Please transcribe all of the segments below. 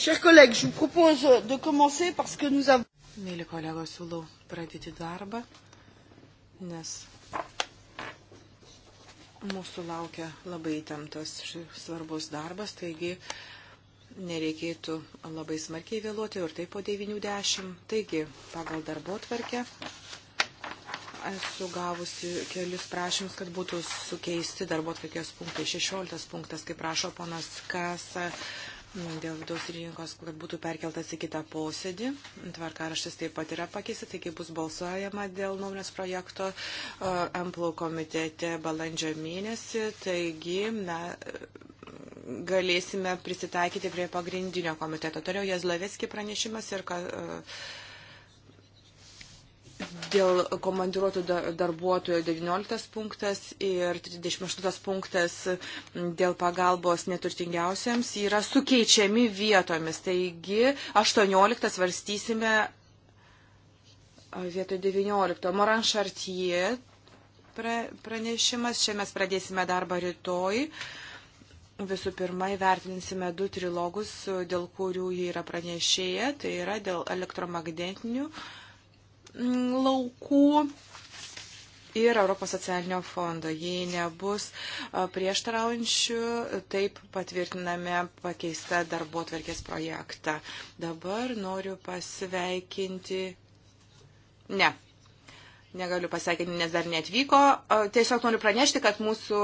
Chers collègues, je vous propose de commencer parce que nous avons. Mėly kolegos, siūlau pradėti darbą, nes mūsų laukia labai įtemptas svarbus darbas, taigi nereikėtų labai smarkiai vėluoti ir tai po 90. Taigi, pagal darbo tvarkę esu gavusi kelius prašymus, kad būtų sukeisti darbo tvarkės punktai. 16 punktas, kaip prašo ponas Kasa, Mm, dėl vidaus rinkos, kad būtų perkeltas į kitą posėdį. Tvarkaraštis taip pat yra pakeisti, taigi bus balsuojama dėl nuomonės projekto e, MPLU komitete balandžio mėnesį. Taigi, na, galėsime prisitaikyti prie pagrindinio komiteto. Toliau Jazlovėski pranešimas ir. Ka, uh, Dėl komandiruotų darbuotojų 19 punktas ir 38 punktas dėl pagalbos neturtingiausiams yra sukeičiami vietomis. Taigi 18 svarstysime vietoj 19. Moran Šartie pranešimas. Čia mes pradėsime darbą rytoj. Visų pirma, įvertinsime du trilogus, dėl kurių jie yra pranešėję. Tai yra dėl elektromagnetinių laukų ir Europos socialinio fondo. Jei nebus prieštaraujančių, taip patvirtiname pakeistą darbo tvarkės projektą. Dabar noriu pasveikinti. Ne. Negaliu pasveikinti, nes dar neatvyko. Tiesiog noriu pranešti, kad mūsų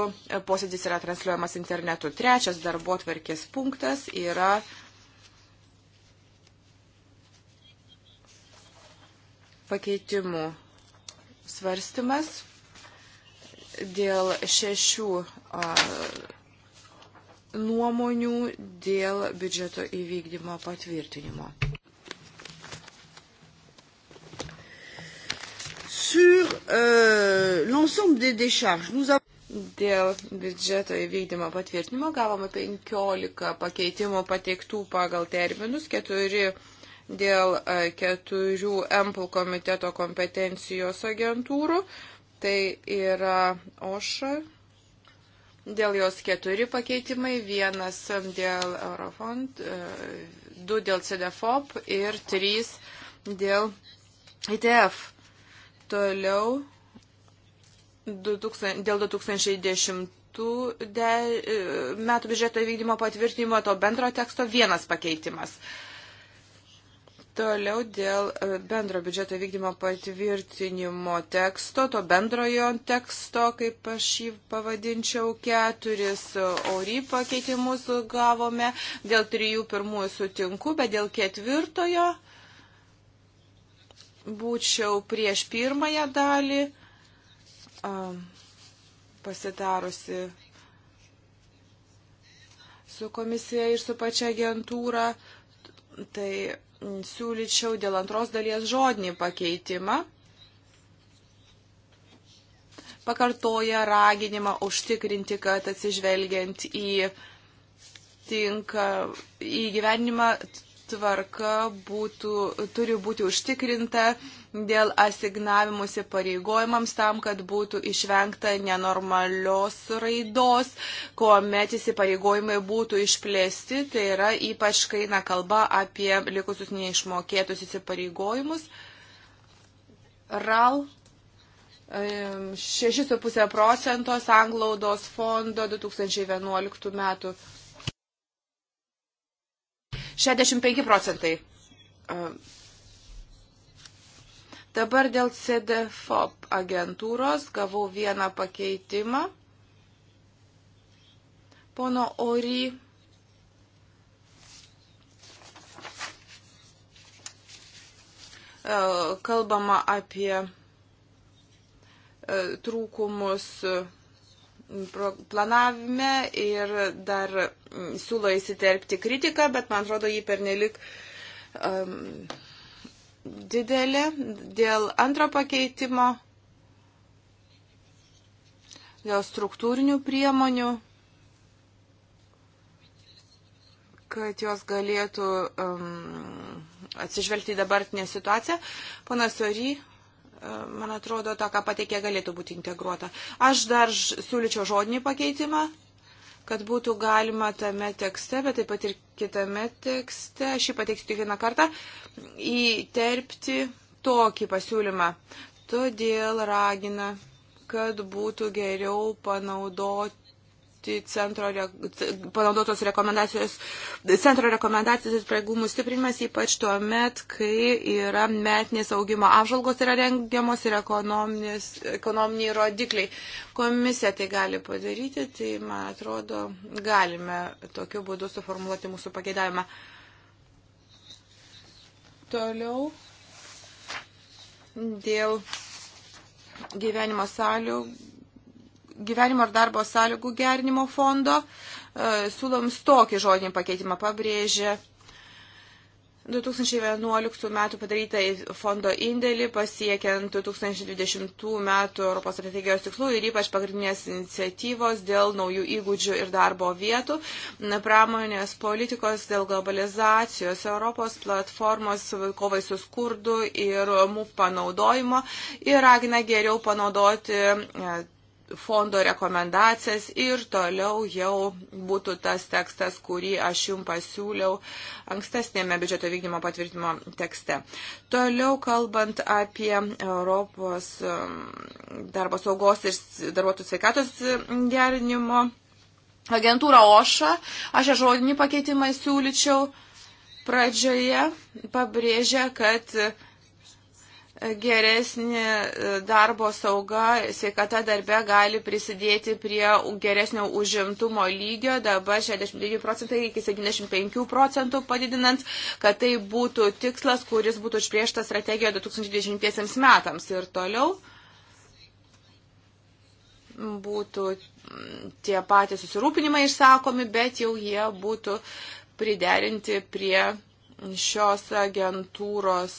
posėdis yra transliuojamas internetu. Trečias darbo tvarkės punktas yra pakeitimų svarstymas dėl šešių a, nuomonių dėl biudžeto įvykdymo patvirtinimo. Sur euh, l'ensemble des décharges, nous avons Dėl biudžeto įvykdymo patvirtinimo gavome 15 pakeitimų pateiktų pagal terminus, 4 dėl e, keturių MPL komiteto kompetencijos agentūrų. Tai yra OŠA, dėl jos keturi pakeitimai, vienas dėl Eurofond, e, du dėl CDFOP ir trys dėl ITF. Toliau 2000, dėl 2010 de, e, metų biudžeto vykdymo patvirtinimo to bendro teksto vienas pakeitimas. Uh, Toliau dėl e, bendro biudžeto vykdymo patvirtinimo teksto, to bendrojo teksto, kaip aš jį pavadinčiau, keturis orį pakeitimus gavome, dėl trijų pirmųjų sutinku, bet dėl ketvirtojo būčiau prieš pirmąją dalį pasitarusi su komisija ir su pačia agentūra. Tai siūlyčiau dėl antros dalies žodinį pakeitimą. Pakartoja raginimą užtikrinti, kad atsižvelgiant į tinka įgyvenimą tvarka būtų, turi būti užtikrinta dėl asignavimus įpareigojimams tam, kad būtų išvengta nenormalios raidos, kuomet įsipareigojimai būtų išplėsti, tai yra ypač kaina kalba apie likusius neišmokėtus įsipareigojimus. RAL 6,5 procento sanglaudos fondo 2011 metų 65 procentai Dabar dėl CDFOP agentūros gavau vieną pakeitimą. Pono Ory. E, kalbama apie e, trūkumus e, planavime ir dar siūlo įsiterpti kritiką, bet man atrodo jį pernelik um, didelė dėl antro pakeitimo, dėl struktūrinių priemonių, kad jos galėtų um, atsižvelgti į dabartinę situaciją. Ponas Ory, um, man atrodo, to, ką pateikė, galėtų būti integruota. Aš dar siūlyčiau žodinį pakeitimą kad būtų galima tame tekste, bet taip pat ir kitame tekste, aš jį pateiksiu tik vieną kartą, įterpti tokį pasiūlymą. Todėl ragina, kad būtų geriau panaudoti įtraukti centro, panaudotos rekomendacijos, centro rekomendacijos ir praigumų stiprinimas, ypač tuo met, kai yra metinės augimo apžalgos yra rengiamos ir ekonominiai rodikliai. Komisija tai gali padaryti, tai, man atrodo, galime tokiu būdu suformuoluoti mūsų pageidavimą. Toliau dėl gyvenimo sąlygų gyvenimo ir darbo sąlygų gerinimo fondo. E, Siūloms tokį žodinį pakeitimą pabrėžė 2011 metų padarytą fondo indėlį pasiekiant 2020 metų Europos strategijos tikslų ir ypač pagrindinės iniciatyvos dėl naujų įgūdžių ir darbo vietų, pramonės politikos dėl globalizacijos, Europos platformos kovai su skurdu ir MUF panaudojimo ir ragina geriau panaudoti e, fondo rekomendacijas ir toliau jau būtų tas tekstas, kurį aš jums pasiūliau ankstesnėme biudžeto vykdymo patvirtimo tekste. Toliau kalbant apie Europos um, darbo saugos ir darbuotojų sveikatos gerinimo agentūrą OŠA, aš žodinį pakeitimą siūlyčiau pradžioje pabrėžia, kad uh, geresnė e, darbo sauga, sveikata darbe gali prisidėti prie geresnio užimtumo lygio, dabar 69 procentai iki 75 procentų padidinant, kad tai būtų tikslas, kuris būtų išprieštas strategijoje 2020 metams ir toliau būtų tie patys susirūpinimai išsakomi, bet jau jie būtų priderinti prie šios agentūros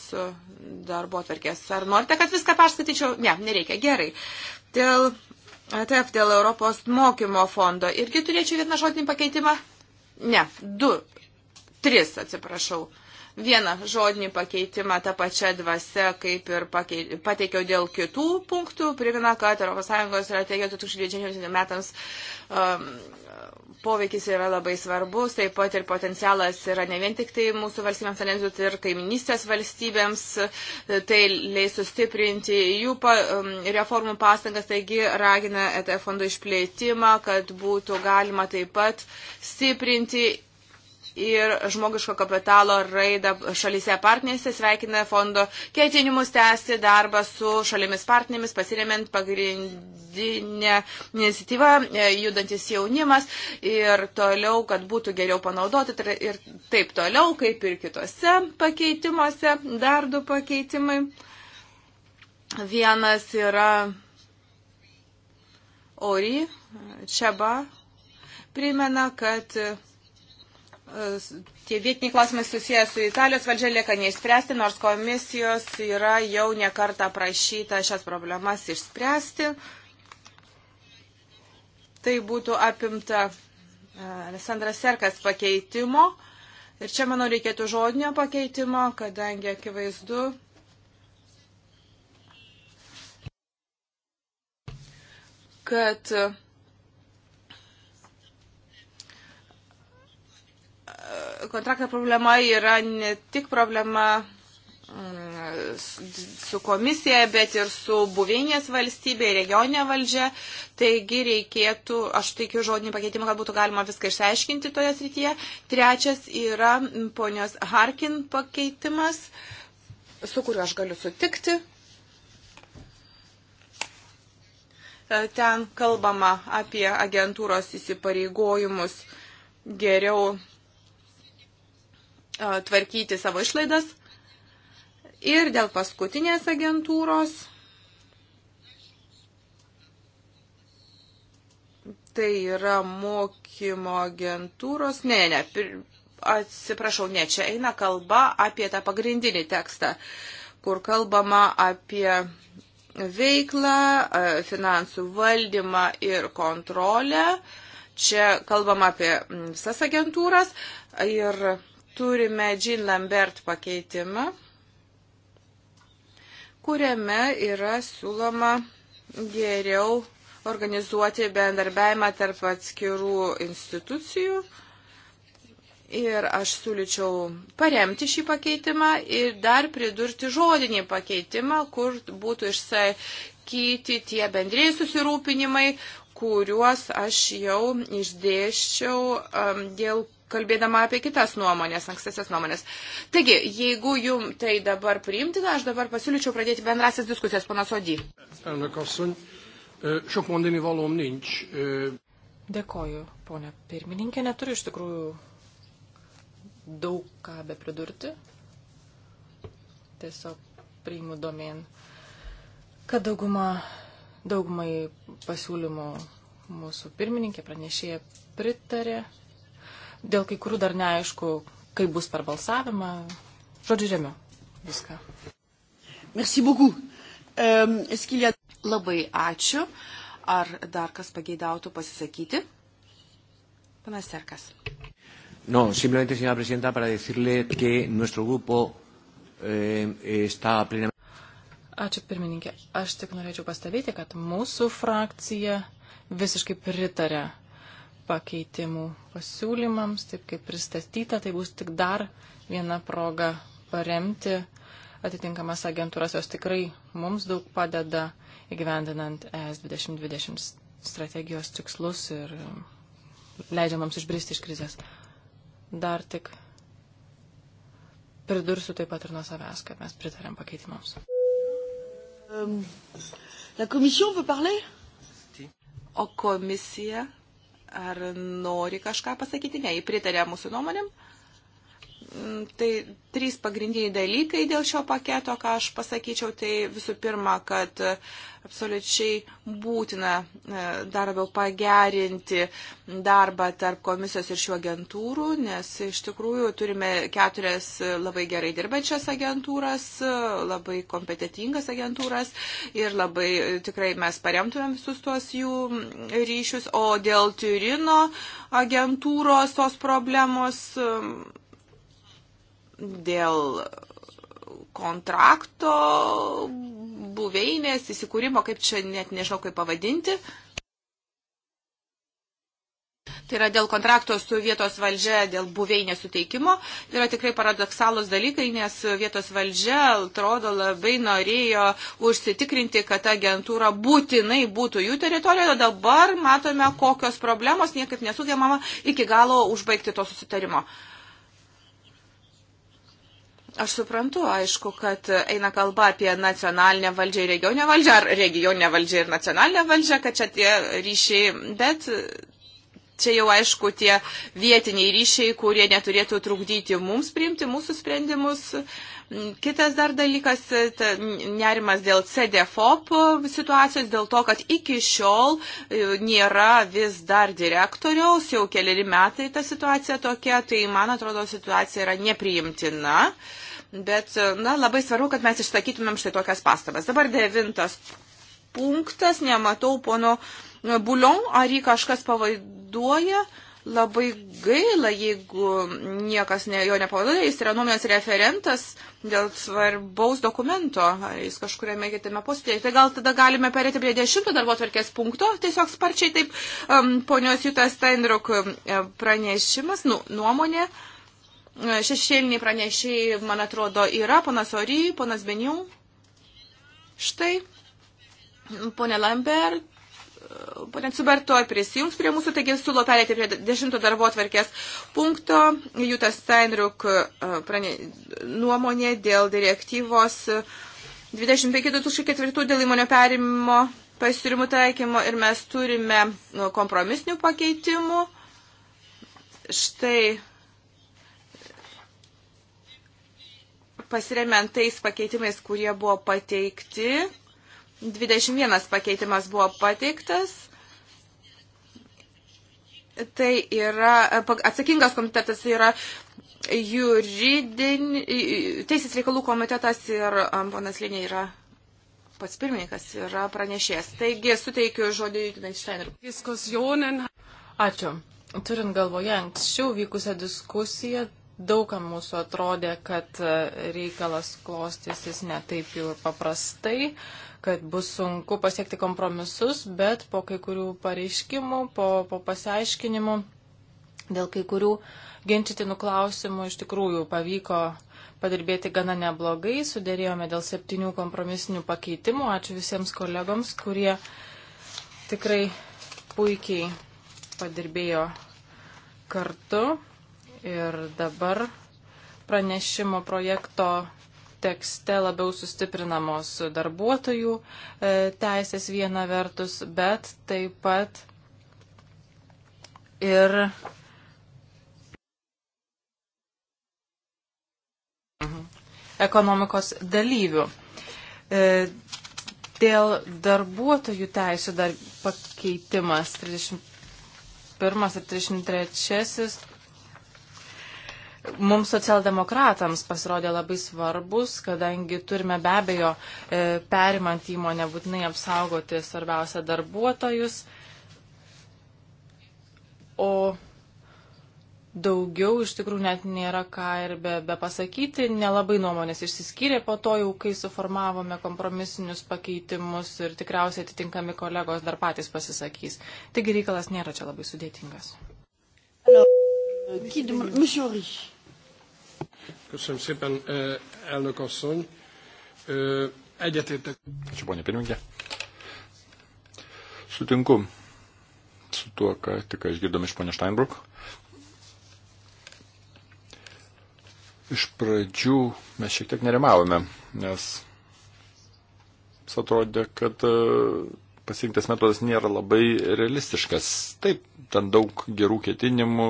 darbo atvarkės. Ar norite, kad viską perskaityčiau? Ne, nereikia. Gerai. Dėl, e taip, dėl Europos mokymo fondo. Irgi turėčiau vieną žodinį pakeitimą? Ne, du, tris, atsiprašau. Uh, vieną žodinį pakeitimą tą pačią dvasę, kaip ir pakei, pateikiau dėl kitų punktų. Primena, kad ES strategija 2020 metams um, poveikis yra labai svarbus, taip pat ir potencialas yra ne vien tik tai mūsų valstybėms, bet ir kaiminystės valstybėms, tai leis sustiprinti jų pa, um, reformų pastangas, taigi ragina ETF fondų išplėtimą, kad būtų galima taip pat stiprinti ir žmogiško kapitalo raidą šalyse partnerėse, sveikina fondo ketinimus tęsti darbą su šalimis partnerėmis, pasiremiant pagrindinę iniciatyvą e, judantis jaunimas ir toliau, kad būtų geriau panaudoti ir taip toliau, kaip ir kitose pakeitimuose, dar du pakeitimai. Vienas yra Ori Čeba primena, kad tie vietiniai klausimai susiję su Italijos valdžia lieka neišspręsti, nors komisijos yra jau nekarta prašyta šias problemas išspręsti. Tai būtų apimta e, Alessandras Serkas pakeitimo. Ir čia, manau, reikėtų žodinio pakeitimo, kadangi akivaizdu. kad uh, kontrakto problema yra ne tik problema mm, su komisija, bet ir su buvinės valstybė, regioninė valdžia. Taigi reikėtų, aš teikiu žodinį pakeitimą, kad būtų galima viską išsiaiškinti toje srityje. Trečias yra ponios Harkin pakeitimas, su kuriuo aš galiu sutikti. Ten kalbama apie agentūros įsipareigojimus geriau tvarkyti savo išlaidas. Ir dėl paskutinės agentūros, tai yra mokymo agentūros, ne, ne, pir, atsiprašau, ne, čia eina kalba apie tą pagrindinį tekstą, kur kalbama apie veiklą, finansų valdymą ir kontrolę. Čia kalbama apie visas agentūras ir turime Jean Lambert pakeitimą, kuriame yra siūloma geriau organizuoti bendarbiavimą tarp atskirų institucijų. Ir aš siūlyčiau paremti šį pakeitimą ir dar pridurti žodinį pakeitimą, kur būtų išsakyti tie bendrėjai susirūpinimai, kuriuos aš jau išdėščiau um, dėl kalbėdama apie kitas nuomonės, ankstesias nuomonės. Taigi, jeigu jum tai dabar priimtina, aš dabar pasiūlyčiau pradėti bendrasias diskusijas, panas Odį. Dėkoju, ponė pirmininkė, neturiu iš tikrųjų daug ką be pridurti. Tiesiog priimu domėn, kad dauguma, daugumai pasiūlymų mūsų pirmininkė pranešėja pritarė Dėl kai kurių dar neaišku, kaip bus per balsavimą. Žodžiu, žemiau viską. Merci beaucoup. Um, a... Labai ačiū. Ar dar kas pageidautų pasisakyti? Panas Serkas. No, simplemente, señora presidenta, para decirle que nuestro grupo eh, está plenamente. Ačiū pirmininkė. Aš tik norėčiau pastebėti, kad mūsų frakcija visiškai pritarė pakeitimų pasiūlymams, taip kaip pristatyta, tai bus tik dar viena proga paremti atitinkamas agentūras, jos tikrai mums daug padeda įgyvendinant ES 2020 strategijos tikslus ir leidžia mums išbristi iš krizės. Dar tik pridursiu taip pat ir nuo savęs, kad mes pritarėm pakeitimams. Um, la komisija veut parler? O komisija Ar nori kažką pasakyti? Ne, jį pritarė mūsų nuomonėm. Mm, tai trys pagrindiniai dalykai dėl šio paketo, ką aš pasakyčiau, tai visų pirma, kad e, absoliučiai būtina e, dar labiau pagerinti darbą tarp komisijos ir šių agentūrų, nes iš tikrųjų turime keturias labai gerai dirbančias agentūras, labai kompetitingas agentūras ir labai tikrai mes paremtumėm visus tuos jų ryšius, o dėl Turino agentūros tos problemos dėl kontrakto buveinės įsikūrimo, kaip čia net nežinau kaip pavadinti. Tai yra dėl kontrakto su vietos valdžia, dėl buveinės suteikimo. Tai yra tikrai paradoksalus dalykai, nes vietos valdžia, atrodo, labai norėjo užsitikrinti, kad agentūra būtinai būtų jų teritorijoje. Dabar matome, kokios problemos, niekaip nesugebama iki galo užbaigti to susitarimo. Uh, Aš suprantu, aišku, kad eina kalba apie nacionalinę valdžią ir regioninę valdžią, ar regioninę valdžią ir nacionalinę valdžią, kad čia tie ryšiai, bet čia jau aišku tie vietiniai ryšiai, kurie neturėtų trukdyti mums priimti mūsų sprendimus. Kitas dar dalykas, ta, nerimas dėl CDFOP situacijos, dėl to, kad iki šiol e, nėra vis dar direktoriaus, jau keliari metai ta situacija tokia, tai man atrodo situacija yra nepriimtina. Uh, Bet, na, labai svarbu, kad mes išsakytumėm štai tokias pastabas. Dabar devintas punktas, nematau pono Bulion, ar jį kažkas pavaduoja. Labai gaila, jeigu niekas ne, jo nepavaduoja, jis yra nuomonės referentas dėl svarbaus dokumento, ar jis kažkuriame kitame posėdėje. Tai gal tada galime perėti prie dešimto darbo tvarkės punkto, tiesiog sparčiai taip um, ponios Jutas Steinruk um, pranešimas, nu, nuomonė. Uh, šešėliniai pranešiai, man atrodo, yra ponas Ory, ponas Benių. Štai, ponė Lambert, ponė Cubertoj prisijungs prie mūsų, taigi siūlo perėti prie dešimto darbo atvarkės punkto. Jutas Steinruk e, prane, nuomonė dėl direktyvos 25.2004 dėl įmonio perimo pasiūlymų taikymo ir mes turime kompromisinių pakeitimų. Štai pasiremiant tais pakeitimais, kurie buvo pateikti, 21 pakeitimas buvo pateiktas. Tai yra, atsakingas komitetas yra juridin, teisės reikalų komitetas ir um, ponas Linė yra pats pirmininkas, yra pranešėjas. Taigi suteikiu žodį Jutinai Steineriu. Ačiū. Turint galvoje anksčiau vykusią diskusiją, daugam mūsų atrodė, kad e, reikalas klostysis ne taip jau ir paprastai, kad bus sunku pasiekti kompromisus, bet po kai kurių pareiškimų, po, po pasiaiškinimų, dėl kai kurių ginčytinų klausimų iš tikrųjų pavyko padirbėti gana neblogai, sudėrėjome dėl septynių kompromisinių pakeitimų. Ačiū visiems kolegoms, kurie tikrai puikiai padirbėjo kartu. Ir dabar pranešimo projekto tekste labiau sustiprinamos darbuotojų e, teisės viena vertus, bet taip pat ir ekonomikos dalyvių. E, dėl darbuotojų teisų dar pakeitimas 31 ir 33 mums socialdemokratams pasirodė labai svarbus, kadangi turime be abejo e, perimant įmonę būtinai apsaugoti svarbiausia darbuotojus. O daugiau iš tikrųjų net nėra ką ir be, be pasakyti, nelabai nuomonės išsiskyrė po to jau, kai suformavome kompromisinius pakeitimus ir tikriausiai atitinkami kolegos dar patys pasisakys. Taigi reikalas nėra čia labai sudėtingas. Alors, qui demande... Monsieur Riche. Köszönöm szépen, elnök asszony. Egyetértek. Ačiū, ponė pirmininkė. Sutinku su tuo, ką tik išgirdom iš ponio Steinbrook. Iš pradžių mes šiek tiek nerimavome, nes atrodė, kad e, pasirinktas metodas nėra labai realistiškas. Taip, ten daug gerų ketinimų,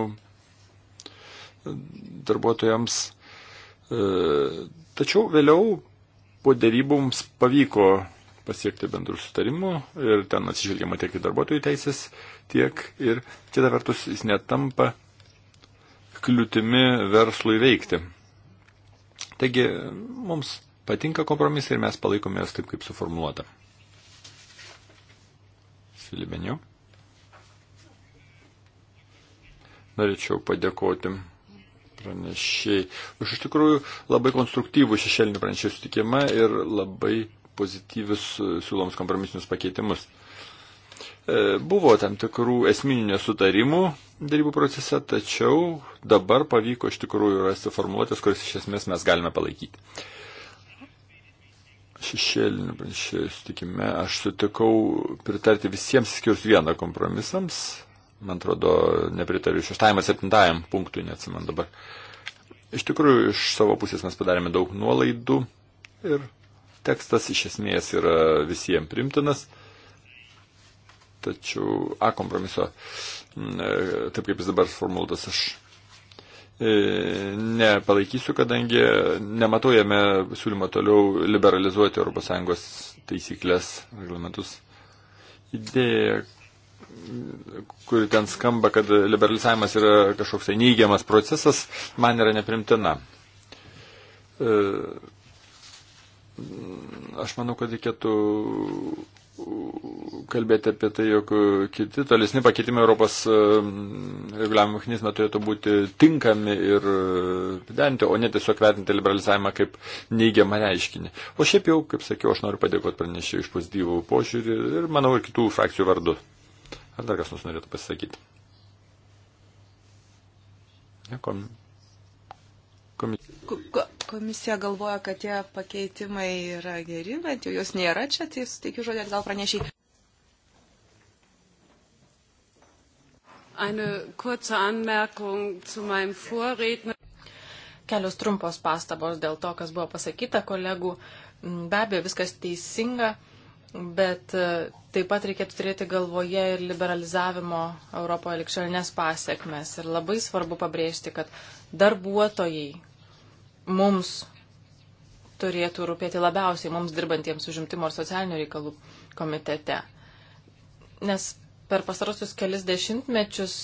darbuotojams. E, tačiau vėliau po dėrybų mums pavyko pasiekti bendrų sutarimų ir ten atsižvelgiama tiek į darbuotojų teisės, tiek ir kita vertus jis netampa kliūtimi verslui veikti. Taigi mums patinka kompromisai ir mes palaikome jas taip, kaip suformuoluota. Filibeniau. Norėčiau padėkoti pranešiai. Už iš tikrųjų labai konstruktyvų šešėlinį pranešėjų sutikimą ir labai pozityvius siūlomus kompromisinius pakeitimus. E, buvo tam tikrų esminių nesutarimų darybų procese, tačiau dabar pavyko iš tikrųjų rasti formuotės, kuris iš esmės mes galime palaikyti šešėlinių pranešėjų sutikime aš sutikau pritarti visiems skirius vieną kompromisams, man atrodo, nepritariu šeštajam ar septintajam punktui, neatsimant dabar. Iš tikrųjų, iš savo pusės mes padarėme daug nuolaidų ir tekstas iš esmės yra visiems primtinas. Tačiau A kompromiso, e, taip kaip jis dabar formuluotas, aš e, nepalaikysiu, kadangi nematau jame siūlymo toliau liberalizuoti ES taisyklės, reglamentus. Idėja, kuri ten skamba, kad liberalizavimas yra kažkoks tai neįgiamas procesas, man yra neprimtina. E, aš manau, kad reikėtų kalbėti apie tai, jog kiti tolesni pakeitimai Europos e, reguliavimo mechanizme turėtų būti tinkami ir e, pidenti, o ne tiesiog vertinti liberalizavimą kaip neigiamą reiškinį. O šiaip jau, kaip sakiau, aš noriu padėkoti pranešėjui iš pozityvų požiūrį ir manau ir kitų frakcijų vardu. Ar dar kas nors norėtų pasisakyti? Ne, kom... Komisija. Ko, komisija galvoja, kad tie pakeitimai yra geri, bet jau jos nėra čia, tai suteikiu žodį atgal pranešiai. Eine kurze Anmerkung zu meinem Vorredner. Kelios trumpos pastabos dėl to, kas buvo pasakyta kolegų. Mm, be abejo, viskas teisinga bet e, taip pat reikėtų turėti galvoje ir liberalizavimo Europoje likščionės pasiekmes. Ir labai svarbu pabrėžti, kad darbuotojai mums turėtų rūpėti labiausiai mums dirbantiems užimtimo ir socialinių reikalų komitete. Nes per pastarosius kelis dešimtmečius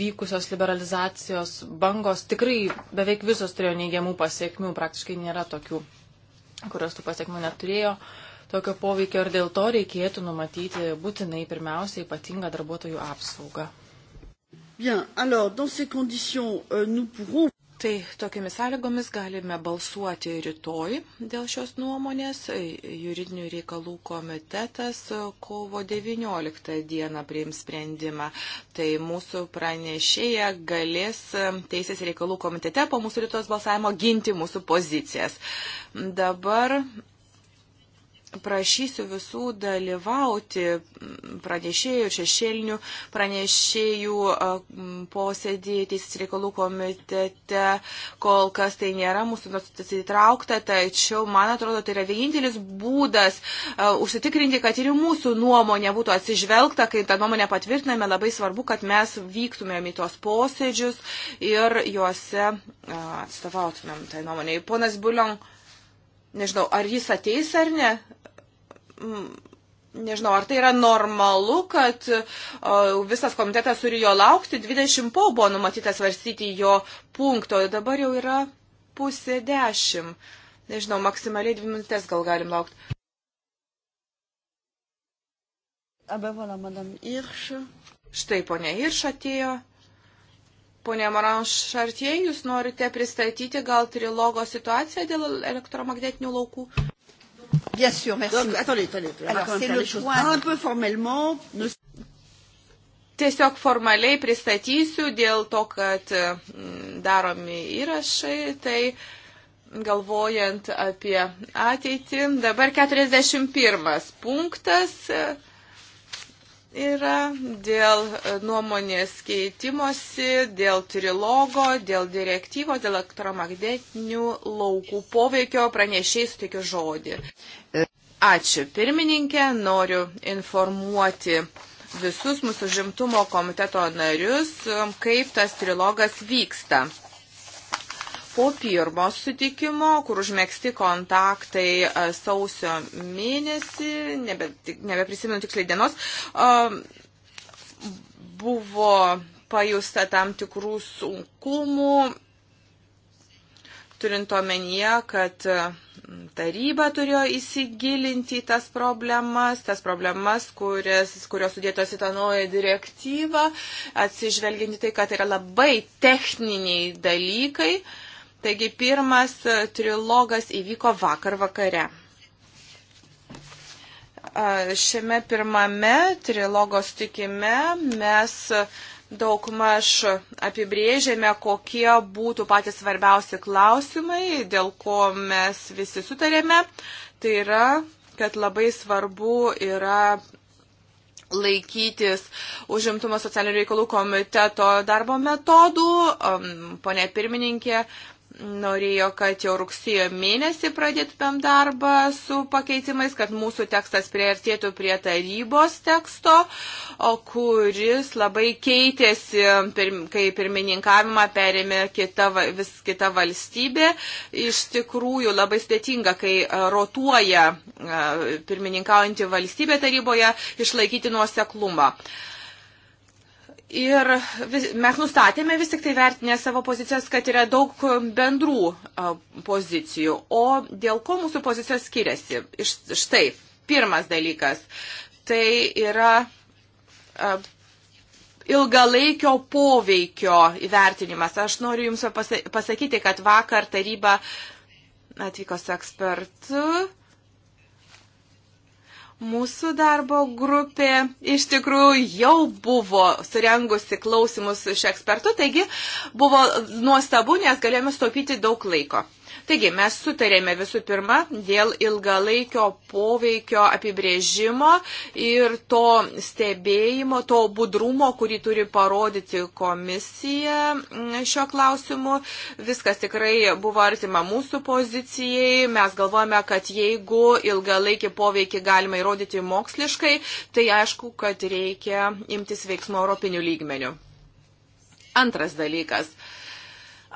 vykusios liberalizacijos bangos tikrai beveik visos turėjo neigiamų pasiekmių, praktiškai nėra tokių, kurios tų pasiekmių neturėjo. Uh, tokio poveikio ir dėl to reikėtų numatyti būtinai pirmiausia ypatingą darbuotojų apsaugą. Bien, alors, dans ces conditions, euh, nous pourrons. Tai tokiamis sąlygomis galime balsuoti rytoj dėl šios nuomonės. Juridinių reikalų komitetas e, kovo 19 dieną priims sprendimą. Tai mūsų pranešėja galės e, Teisės reikalų komitete po mūsų rytos balsavimo ginti mūsų pozicijas. Dabar prašysiu visų dalyvauti pranešėjų, šešėlinių pranešėjų posėdį Teisės reikalų komitete. Kol kas tai nėra mūsų nustatytas įtraukta, tačiau man atrodo, tai yra vienintelis būdas uh, užsitikrinti, kad ir mūsų nuomonė būtų atsižvelgta, kai tą nuomonę patvirtiname, labai svarbu, kad mes vyktumėm į tuos posėdžius ir juose uh, atstovautumėm tai nuomonė. Ponas Bulion nežinau, ar jis ateis ar ne, Mm, nežinau, ar tai yra normalu, kad o, visas komitetas turi jo laukti, 20 po buvo numatyta svarstyti jo punkto, dabar jau yra pusė dešimt. Nežinau, maksimaliai dvi minutės gal galim laukti. Abe, ah, voilà, madam Irš. Štai ponia Irš atėjo. Pone Maranš Šartie, jūs norite pristatyti gal trilogo situaciją dėl elektromagnetinių laukų? Bien sûr, merci. Donc, attendez, attendez. Alors, c'est le point... Un peu formellement... Ne... Tiesiog formaliai pristatysiu dėl to, kad mm, daromi įrašai, tai galvojant apie ateitį. Dabar 41 punktas yra dėl e, nuomonės keitimosi, dėl trilogo, dėl direktyvos, dėl elektromagnetinių laukų poveikio pranešiai sutikiu žodį. E. Ačiū pirmininkė, noriu informuoti visus mūsų žimtumo komiteto narius, e, kaip tas trilogas vyksta po pirmo sutikimo, kur užmėgsti kontaktai e, sausio mėnesį, nebe, nebeprisimenu tiksliai dienos, e, buvo pajusta tam tikrų sunkumų, turint omenyje, kad e, taryba turėjo įsigilinti į tas problemas, tas problemas, kurias, kurios sudėtos į tą naują direktyvą, atsižvelginti tai, kad yra labai techniniai dalykai. Uh, Taigi pirmas e, trilogas įvyko vakar vakare. Šiame pirmame trilogo sutikime mes daugmaž apibrėžėme, kokie būtų patys svarbiausi klausimai, dėl ko mes visi sutarėme. Tai yra, kad labai svarbu yra laikytis užimtumo socialinių reikalų komiteto darbo metodų. Pone pirmininkė, norėjo, kad jau rugsėjo mėnesį pradėtumėm darbą su pakeitimais, kad mūsų tekstas prieartėtų prie tarybos teksto, kuris labai keitėsi, kai pirmininkavimą perėmė kita, vis kita valstybė. Iš tikrųjų labai sudėtinga, kai e, rotuoja e, pirmininkaujantį valstybę taryboje, išlaikyti nuoseklumą. Uh, Ir vis, mes nustatėme vis tik tai vertinę savo pozicijas, kad yra daug bendrų a, pozicijų. O dėl ko mūsų pozicijos skiriasi? Iš, štai, pirmas dalykas. Tai yra a, ilgalaikio poveikio įvertinimas. Aš noriu Jums pasakyti, kad vakar taryba atvyko su ekspertu Mūsų darbo grupė iš tikrųjų jau buvo surengusi klausimus iš ekspertų, taigi buvo nuostabu, nes galėjome stopyti daug laiko. Taigi, mes sutarėme visų pirma dėl ilgalaikio poveikio apibrėžimo ir to stebėjimo, to budrumo, kurį turi parodyti komisija šio klausimu. Viskas tikrai buvo artima mūsų pozicijai. Mes galvojame, kad jeigu ilgalaikį poveikį galima įrodyti moksliškai, tai aišku, kad reikia imtis veiksmų europinių lygmenių. Antras dalykas.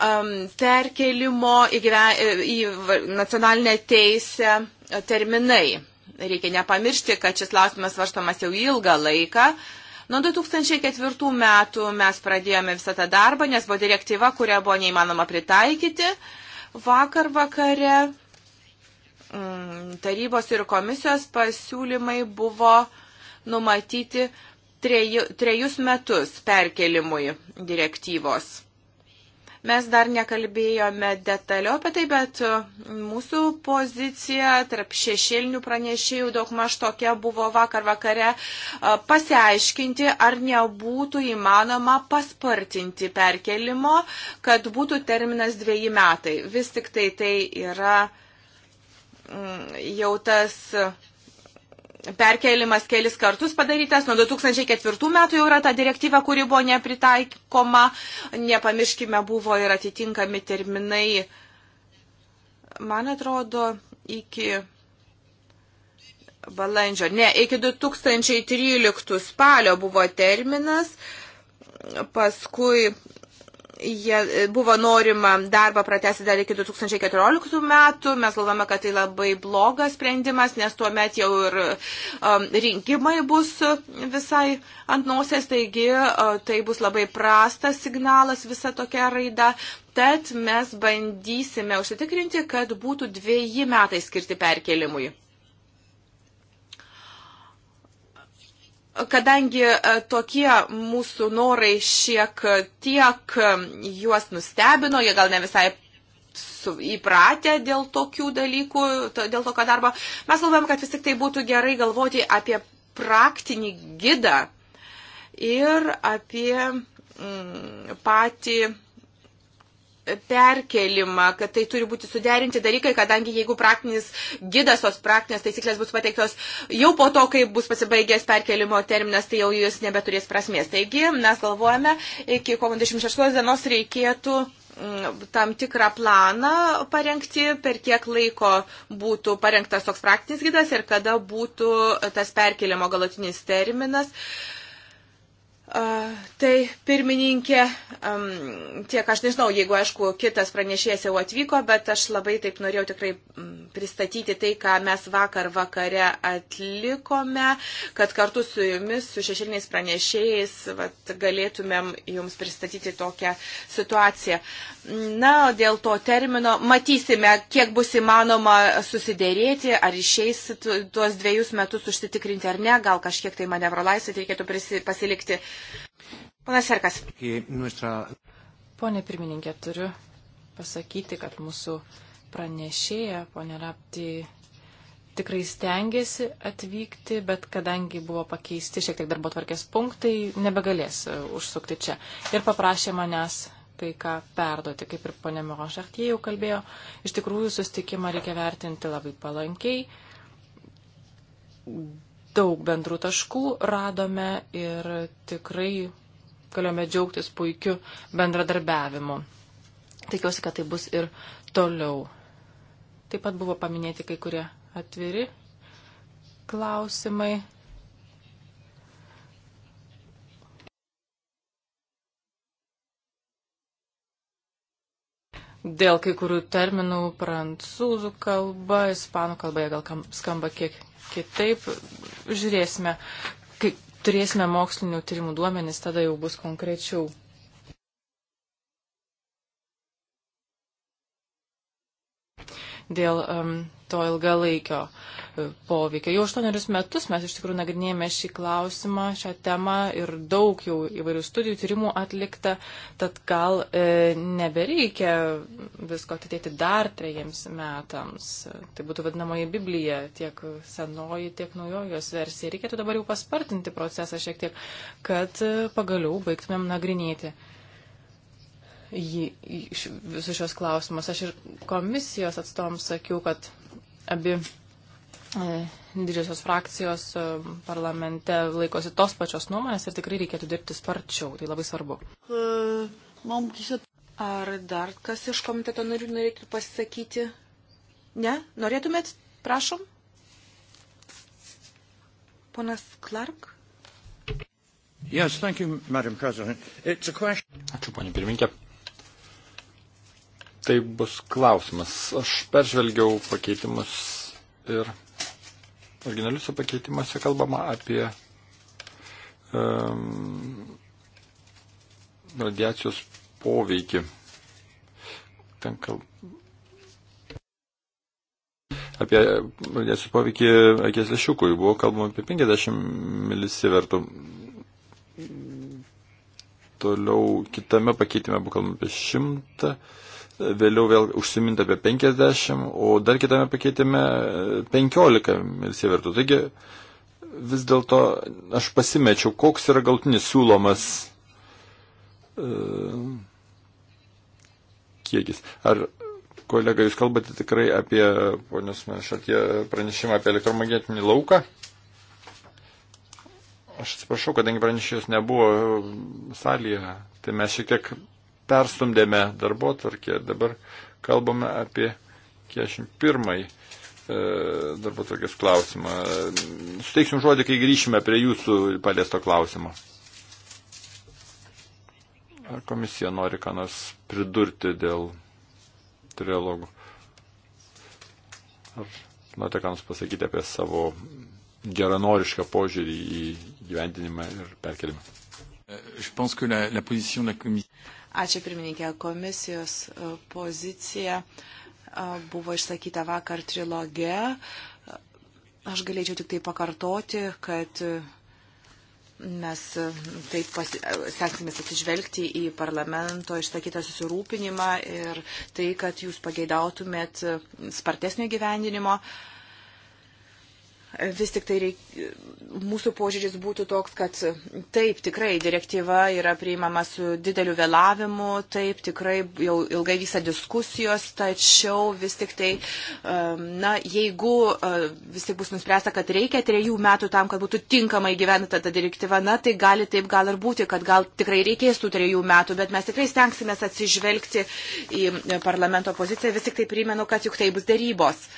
Um, perkelimo į, e, į nacionalinę teisę e, terminai. Reikia nepamiršti, kad šis klausimas varstomas jau ilgą laiką. Nuo 2004 metų mes pradėjome visą tą darbą, nes buvo direktyva, kurią buvo neįmanoma pritaikyti. Vakar vakare mm, tarybos ir komisijos pasiūlymai buvo numatyti treju, trejus metus perkelimui direktyvos. Mes dar nekalbėjome detaliau apie tai, bet e, mūsų pozicija tarp šešėlinių pranešėjų daugmaž tokia buvo vakar vakare e, pasiaiškinti, ar nebūtų įmanoma paspartinti perkelimo, kad būtų terminas dviejai metai. Vis tik tai tai yra mm, jau tas perkelimas kelis kartus padarytas. Nuo 2004 metų jau yra ta direktyva, kuri buvo nepritaikoma. Nepamirškime, buvo ir atitinkami terminai. Man atrodo, iki balandžio. Ne, iki 2013 spalio buvo terminas. Paskui jie e, buvo norima darbą pratesti dar iki 2014 metų. Mes galvome, kad tai labai blogas sprendimas, nes tuo met jau ir um, rinkimai bus visai ant nosės, taigi uh, tai bus labai prastas signalas visa tokia raida. Tad mes bandysime užsitikrinti, kad būtų dviejį metai skirti perkelimui. Kadangi e, tokie mūsų norai šiek tiek e, juos nustebino, jie gal ne visai su, įpratę dėl tokių dalykų, dėl tokio darbo, mes galvojam, kad vis tik tai būtų gerai galvoti apie praktinį gidą ir apie m, mm, patį perkelimą, kad tai turi būti suderinti dalykai, kadangi jeigu praktinis gidas, tos praktinės taisyklės bus pateiktos jau po to, kai bus pasibaigęs perkelimo terminas, tai jau jis nebeturės prasmės. Taigi mes galvojame, iki kovo 26 dienos reikėtų mm, tam tikrą planą parengti, per kiek laiko būtų parengtas toks praktinis gidas ir kada būtų tas perkelimo galutinis terminas. Uh, Tai pirmininkė, tiek aš nežinau, jeigu aišku, kitas pranešėjas jau atvyko, bet aš labai taip norėjau tikrai pristatyti tai, ką mes vakar vakare atlikome, kad kartu su jumis, su šešiliniais pranešėjais, vat, galėtumėm jums pristatyti tokią situaciją. Na, dėl to termino matysime, kiek bus įmanoma susidėrėti, ar išeis tuos dviejus metus užsitikrinti ar ne, gal kažkiek tai manevro laisvę reikėtų pasilikti. Panas Serkas. Pone pirmininkė, turiu pasakyti, kad mūsų pranešėja, ponė Rapti, tikrai stengiasi atvykti, bet kadangi buvo pakeisti šiek tiek darbo tvarkės punktai, nebegalės e, užsukti čia. Ir paprašė manęs kai ką perduoti, kaip ir ponė Moronšachtie jau kalbėjo, iš tikrųjų sustikimą reikia vertinti labai palankiai daug bendrų taškų radome ir tikrai galėjome džiaugtis puikiu bendradarbiavimu. Tikiuosi, kad tai bus ir toliau. Taip pat buvo paminėti kai kurie atviri klausimai. dėl kai kurių terminų prancūzų kalba, ispanų kalba, jie gal kam, skamba kiek kitaip. Žiūrėsime, kai turėsime mokslinių tyrimų duomenis, tada jau bus konkrečiau dėl um, to ilgalaikio e, poveikio. Jau aštuonerius metus mes iš tikrųjų nagrinėjame šį klausimą, šią temą ir daug jau įvairių studijų tyrimų atlikta, tad gal e, nebereikia visko atidėti dar trejiems metams. Tai būtų vadinamoji Biblija, tiek senoji, tiek naujojos versija. Reikėtų dabar jau paspartinti procesą šiek tiek, kad e, pagaliau baigtumėm nagrinėti visus šios klausimus. Aš ir komisijos atstovams sakiau, kad abi e, didžiosios frakcijos e, parlamente laikosi tos pačios nuomonės ir tikrai reikėtų dirbti sparčiau. Tai labai svarbu. E, Ar dar kas iš komiteto narių norėtų pasisakyti? Ne? Norėtumėt? Prašom. Ponas Clark. Yes, thank you, Madam President. It's a question. Ačiū, ponė pirminkė tai bus klausimas. Aš peržvelgiau pakeitimus ir originaliuose pakeitimuose kalbama apie um, radiacijos poveikį. Ten kalb... Apie radiacijos poveikį akies lėšiukui buvo kalbama apie 50 milisivertų. Toliau kitame pakeitime buvo kalbama apie 100 vėliau vėl užsiminta apie 50, o dar kitame pakeitėme 15 e, milisievertų. Taigi vis dėlto aš pasimečiau, koks yra galtinis siūlomas uh, kiekis. Ar kolega, jūs kalbate tikrai apie ponios Manšatie pranešimą apie elektromagnetinį lauką? Aš atsiprašau, kadangi pranešėjus nebuvo e, salėje, tai mes šiek tiek perstumdėme darbo tvarkę, dabar kalbame apie 41 e, darbo tvarkės klausimą. Suteiksim žodį, kai grįšime prie jūsų paliesto klausimo. Ar komisija nori ką nors pridurti dėl trilogų? Ar norite ką nors pasakyti apie savo geranorišką požiūrį į gyvendinimą ir perkelimą? Je pense que la, la position de la commission. Ačiū pirmininkė. Komisijos e, pozicija e, buvo išsakyta vakar triloge. Aš galėčiau tik tai pakartoti, kad e, mes taip pasi, stengsimės atsižvelgti į parlamento išsakytą susirūpinimą ir tai, kad jūs pageidautumėt spartesnio gyvendinimo. Uh, vis tik tai reik, mūsų požiūris būtų toks, kad taip, tikrai direktyva yra priimama su dideliu vėlavimu, taip, tikrai jau ilgai vyksta diskusijos, tačiau vis tik tai, um, na, jeigu uh, vis tik bus nuspręsta, kad reikia trejų metų tam, kad būtų tinkamai gyventa ta direktyva, na, tai gali taip gal ir būti, kad gal tikrai reikės tų trejų metų, bet mes tikrai stengsime atsižvelgti į uh, parlamento poziciją, vis tik tai primenu, kad juk tai bus darybos.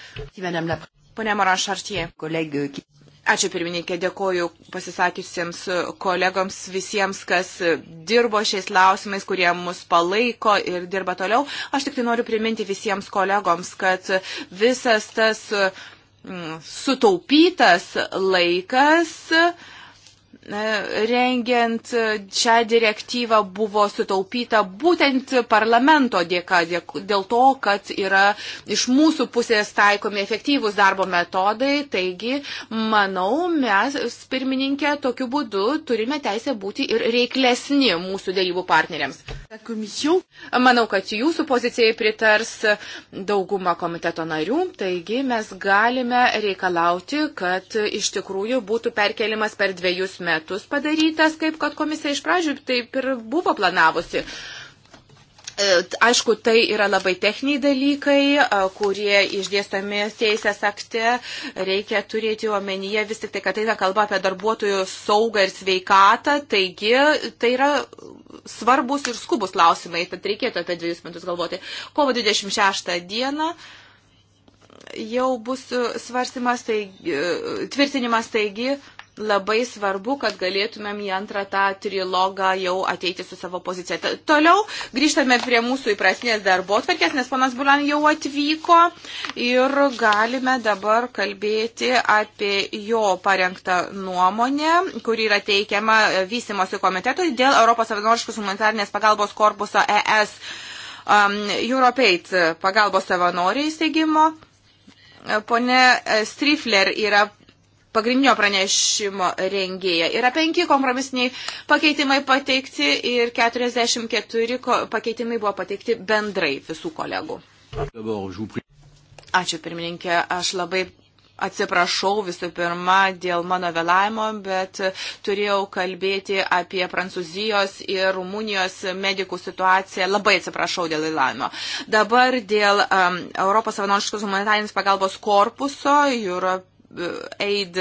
Pone Moran Šartie. Kolegijų. Ačiū pirmininkė, dėkoju pasisakiusiems kolegoms visiems, kas dirbo šiais klausimais, kurie mus palaiko ir dirba toliau. Aš tik tai noriu priminti visiems kolegoms, kad visas tas mm, sutaupytas laikas rengiant e, šią direktyvą buvo sutaupyta būtent parlamento dėka, dėl to, kad yra iš mūsų pusės taikomi efektyvūs darbo metodai. Taigi, manau, mes, pirmininkė, tokiu būdu turime teisę būti ir reiklesni mūsų dėrybų partneriams. Manau, kad jūsų pozicijai pritars dauguma komiteto narių, taigi mes galime reikalauti, kad iš tikrųjų būtų perkelimas per dviejus metus metus padarytas, kaip kad komisija iš pradžių taip ir buvo planavusi. E, aišku, tai yra labai techniniai dalykai, e, kurie išdėstami teisės akte. Reikia turėti omenyje vis tik tai, kad eina tai kalba apie darbuotojų saugą ir sveikatą. Taigi, tai yra svarbus ir skubus klausimai, tad reikėtų apie dviejus metus galvoti. Kovo 26 dieną jau bus svarstymas, tai, tvirtinimas, taigi labai svarbu, kad galėtumėm į antrą tą trilogą jau ateiti su savo pozicija. Ta, toliau grįžtame prie mūsų įprasnės darbo atverkės, nes panas Bulan jau atvyko ir galime dabar kalbėti apie jo parengtą nuomonę, kuri yra teikiama vystimosi komitetui dėl Europos savanoriškos humanitarnės pagalbos korpuso ES um, Europeit pagalbos savanoriai įsteigimo. Pone Strifler yra pagrindinio pranešimo rengėja. Yra penki kompromisiniai pakeitimai pateikti ir 44 pakeitimai buvo pateikti bendrai visų kolegų. Ačiū pirmininkė, aš labai atsiprašau visų pirma dėl mano vėlavimo, bet turėjau kalbėti apie Prancūzijos ir Rumunijos medikų situaciją. Labai atsiprašau dėl vėlavimo. Dabar dėl um, Europos savanoriškos humanitarinės pagalbos korpuso, Europe aid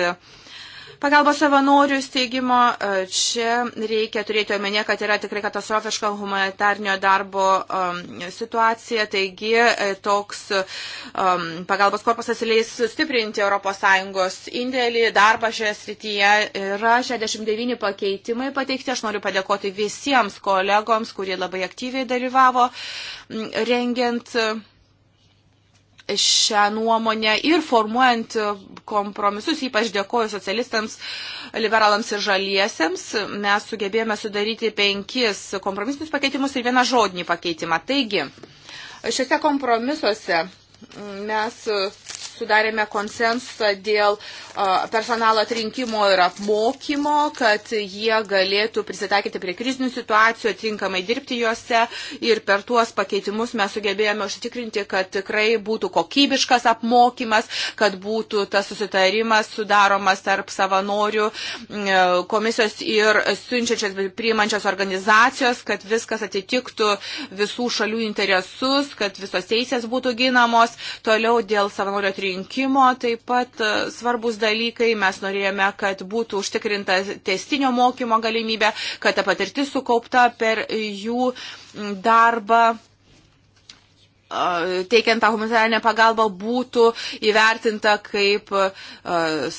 pagalbos savanorių steigimo. E, čia reikia turėti omenyje, kad yra tikrai katastrofiška humanitarnio darbo um, situacija, taigi e, toks um, pagalbos korpusas leis sustiprinti ES indėlį, darbą šioje srityje. Yra 69 pakeitimai pateikti, aš noriu padėkoti visiems kolegoms, kurie labai aktyviai dalyvavo rengiant. Um, šią nuomonę ir formuojant kompromisus, ypač dėkoju socialistams, liberalams ir žaliesiems, mes sugebėjome sudaryti penkis kompromisinius pakeitimus ir vieną žodinį pakeitimą. Taigi, šiuose kompromisuose mes sudarėme konsensą dėl personalo atrinkimo ir apmokymo, kad jie galėtų prisitaikyti prie krizinių situacijų, atinkamai dirbti juose ir per tuos pakeitimus mes sugebėjome užtikrinti, kad tikrai būtų kokybiškas apmokymas, kad būtų tas susitarimas sudaromas tarp savanorių e, komisijos ir siunčiančios, priimančios organizacijos, kad viskas atitiktų visų šalių interesus, kad visos teisės būtų ginamos. Toliau dėl savanorių atrinkimo atrinkimo taip pat e, svarbus dalykai. Mes norėjome, kad būtų užtikrinta testinio mokymo galimybė, kad ta patirtis sukaupta per jų darbą e, teikiant tą humanitarinę pagalbą būtų įvertinta kaip e,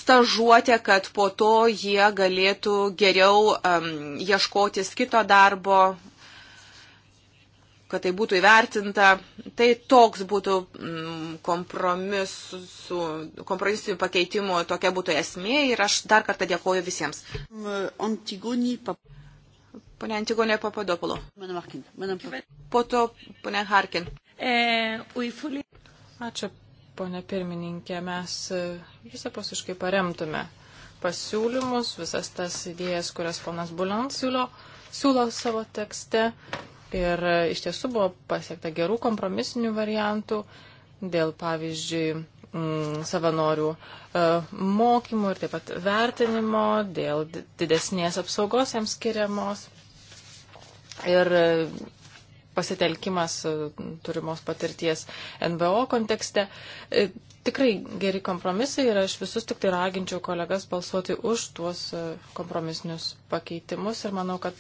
stažuotė, kad po to jie galėtų geriau ieškotis kito darbo kad tai būtų įvertinta. Tai toks būtų kompromisų, kompromisų pakeitimų, tokia būtų esmė ir aš dar kartą dėkoju visiems. Antigonį pap... Pane Antigonė Papadopolo. Po to, pane Harkin. E, Ačiū, pane pirmininkė, mes e, visapusiškai paremtume pasiūlymus, visas tas idėjas, kurias ponas Bulan siūlo, siūlo savo tekste. Ir e, iš tiesų buvo pasiekta gerų kompromisinių variantų dėl, pavyzdžiui, mm, savanorių e, mokymų ir taip pat vertinimo, dėl didesnės apsaugos jiems skiriamos ir e, pasitelkimas turimos patirties NVO kontekste. Tikrai geri kompromisai ir aš visus tik tai raginčiau kolegas balsuoti už tuos kompromisinius pakeitimus ir manau, kad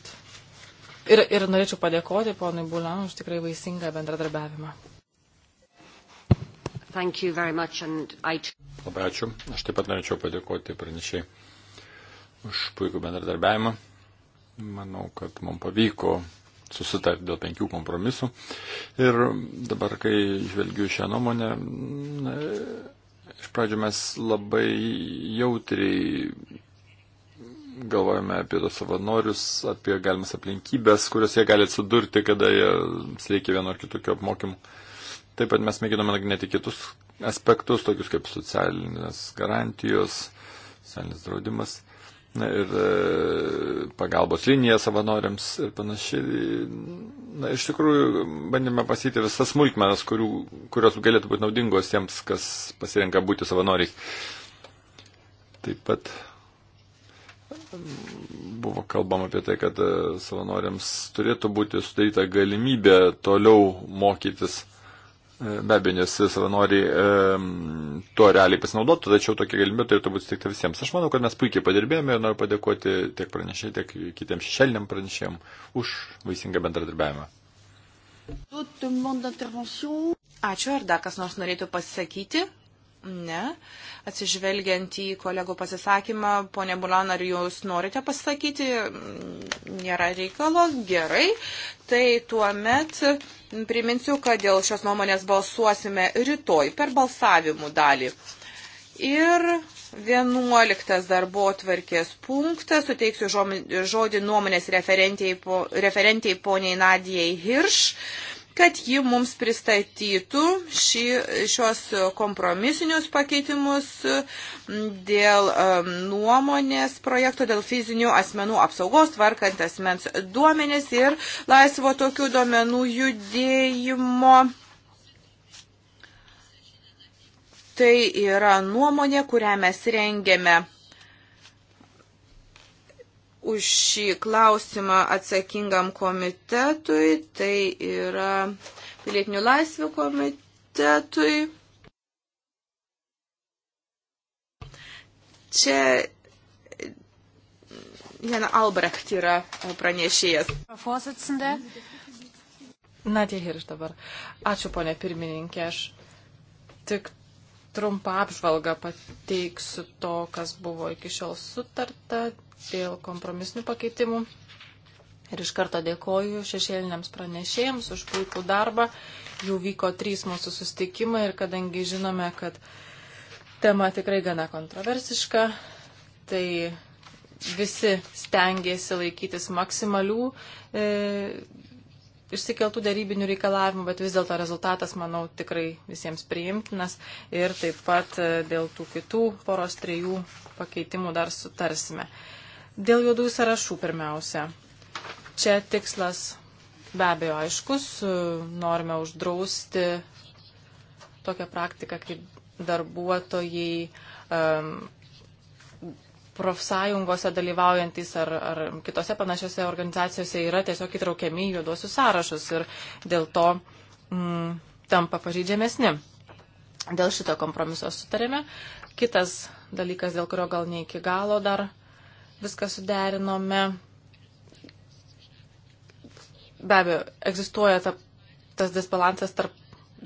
Ir, ir norėčiau padėkoti ponui Bulan už tikrai vaisingą bendradarbiavimą. Much, I... Labai ačiū. Aš taip pat norėčiau padėkoti pranešiai už puikų bendradarbiavimą. Manau, kad mums pavyko susitarti dėl penkių kompromisų. Ir dabar, kai žvelgiu šią nuomonę, na, iš pradžio mes labai jautriai galvojame apie tos savanorius, apie galimas aplinkybės, kurios jie gali atsidurti, kada jie siekia vieno ar kitokio apmokymų. Taip pat mes mėginame nagrinėti kitus aspektus, tokius kaip socialinės garantijos, socialinis draudimas na, ir e, pagalbos linija savanoriams ir panašiai. Na, iš tikrųjų, bandėme pasyti visas smulkmenas, kurių, kurios galėtų būti naudingos tiems, kas pasirenka būti savanoriais. Taip pat Buvo kalbama apie tai, kad e, savanoriams turėtų būti sudaryta galimybė toliau mokytis. E, be abejo, nes savanoriai e, tuo realiai pasinaudotų, tačiau tokia galimybė turėtų būti suteikta visiems. Aš manau, kad mes puikiai padirbėjome ir noriu padėkoti tiek pranešėjai, tiek kitiems šešėliniam pranešėjim už vaisingą bendradarbiavimą. Ačiū, ar dar kas nors norėtų pasisakyti? Ne. Atsižvelgiant į kolegų pasisakymą, ponė Bulan, ar jūs norite pasakyti? Nėra reikalo. Gerai. Tai tuo met priminsiu, kad dėl šios nuomonės balsuosime rytoj per balsavimų dalį. Ir 11 darbo tvarkės punktas, suteiksiu žodį nuomonės referentiai, po, referentiai poniai Nadijai Hirš kad ji mums pristatytų šį, šios kompromisinius pakeitimus dėl um, nuomonės projekto, dėl fizinių asmenų apsaugos, tvarkant asmens duomenės ir laisvo tokių duomenų judėjimo. Tai yra nuomonė, kurią mes rengėme už šį klausimą atsakingam komitetui, tai yra pilietinių laisvių komitetui. Čia Jena Albrecht yra pranešėjas. Natė Hirš dabar. Ačiū, ponė pirmininkė. Aš tik trumpą apžvalgą pateiksiu to, kas buvo iki šiol sutarta dėl kompromisinių pakeitimų. Ir iš karto dėkoju šešėliniams pranešėjams už puikų darbą. Jau vyko trys mūsų sustikimai ir kadangi žinome, kad tema tikrai gana kontroversiška, tai visi stengiasi laikytis maksimalių e, išsikeltų darybinių reikalavimų, bet vis dėlto rezultatas, manau, tikrai visiems priimtinas ir taip pat e, dėl tų kitų poros trijų pakeitimų dar sutarsime. Dėl juodųjų sąrašų pirmiausia. Čia tikslas be abejo aiškus, norime uždrausti tokią praktiką, kaip darbuotojai um, profsąjungose dalyvaujantis ar, ar kitose panašiose organizacijose yra tiesiog įtraukiami į juoduosius sąrašus ir dėl to mm, tampa pažydžiamesni. Dėl šito kompromiso sutarėme. Kitas dalykas, dėl kurio gal ne iki galo dar uh, viską suderinome. Be abejo, egzistuoja ta, tas disbalansas tarp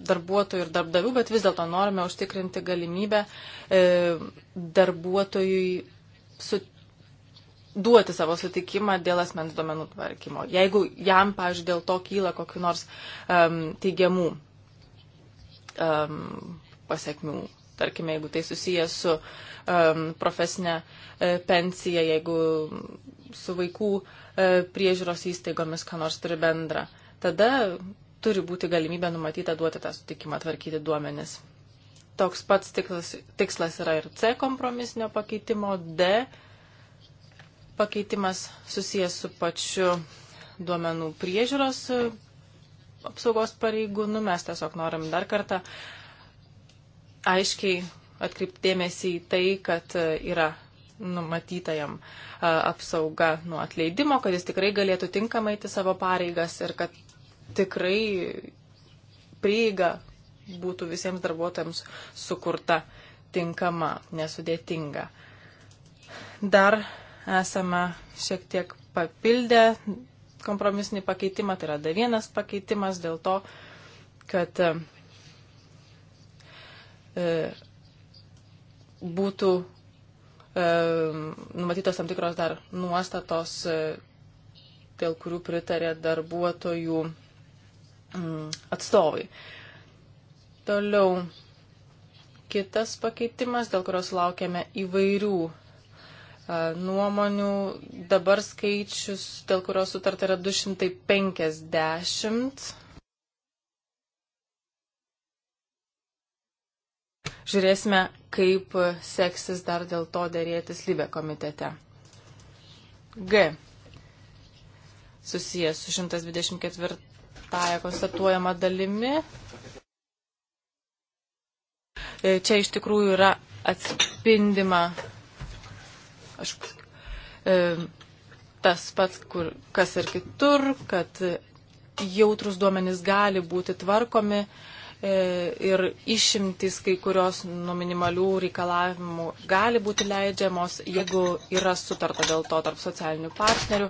darbuotojų ir darbdavių, bet vis dėlto norime užtikrinti galimybę e, darbuotojui su, duoti savo sutikimą dėl asmens duomenų tvarkymo. Jeigu jam, pavyzdžiui, dėl to kyla kokiu nors um, teigiamų um, pasiekmių tarkime, jeigu tai susijęs su um, profesinė e, pensija, jeigu su vaikų e, priežiūros įstaigomis, ką nors turi bendra. Tada turi būti galimybė numatyta duoti tą sutikimą tvarkyti duomenis. Toks pats tikslas, tikslas yra ir C kompromisinio pakeitimo, D pakeitimas susijęs su pačiu duomenų priežiūros e, apsaugos pareigūnu. Mes tiesiog norim dar kartą uh, aiškiai atkreipdėmėsi į tai, kad e, yra numatyta jam e, apsauga nuo atleidimo, kad jis tikrai galėtų tinkamai eiti savo pareigas ir kad tikrai prieiga būtų visiems darbuotojams sukurta tinkama, nesudėtinga. Dar esame šiek tiek papildę kompromisinį pakeitimą, tai yra dar vienas pakeitimas dėl to, kad e, E, būtų e, numatytos tam tikros dar nuostatos, e, dėl kurių pritarė darbuotojų mm, atstovai. Toliau kitas pakeitimas, dėl kurios laukiame įvairių nuomonių. Dabar skaičius, dėl kurios sutarta yra 250 Žiūrėsime, kaip seksis dar dėl to dėrėtis Libė komitete. G. Susijęs su 124 konstatuojama dalimi. E, čia iš tikrųjų yra atspindima aš, e, tas pats, kur, kas ir kitur, kad jautrus duomenys gali būti tvarkomi, e, E, ir išimtys kai kurios nuo minimalių reikalavimų gali būti leidžiamos, jeigu yra sutarta dėl to tarp socialinių partnerių.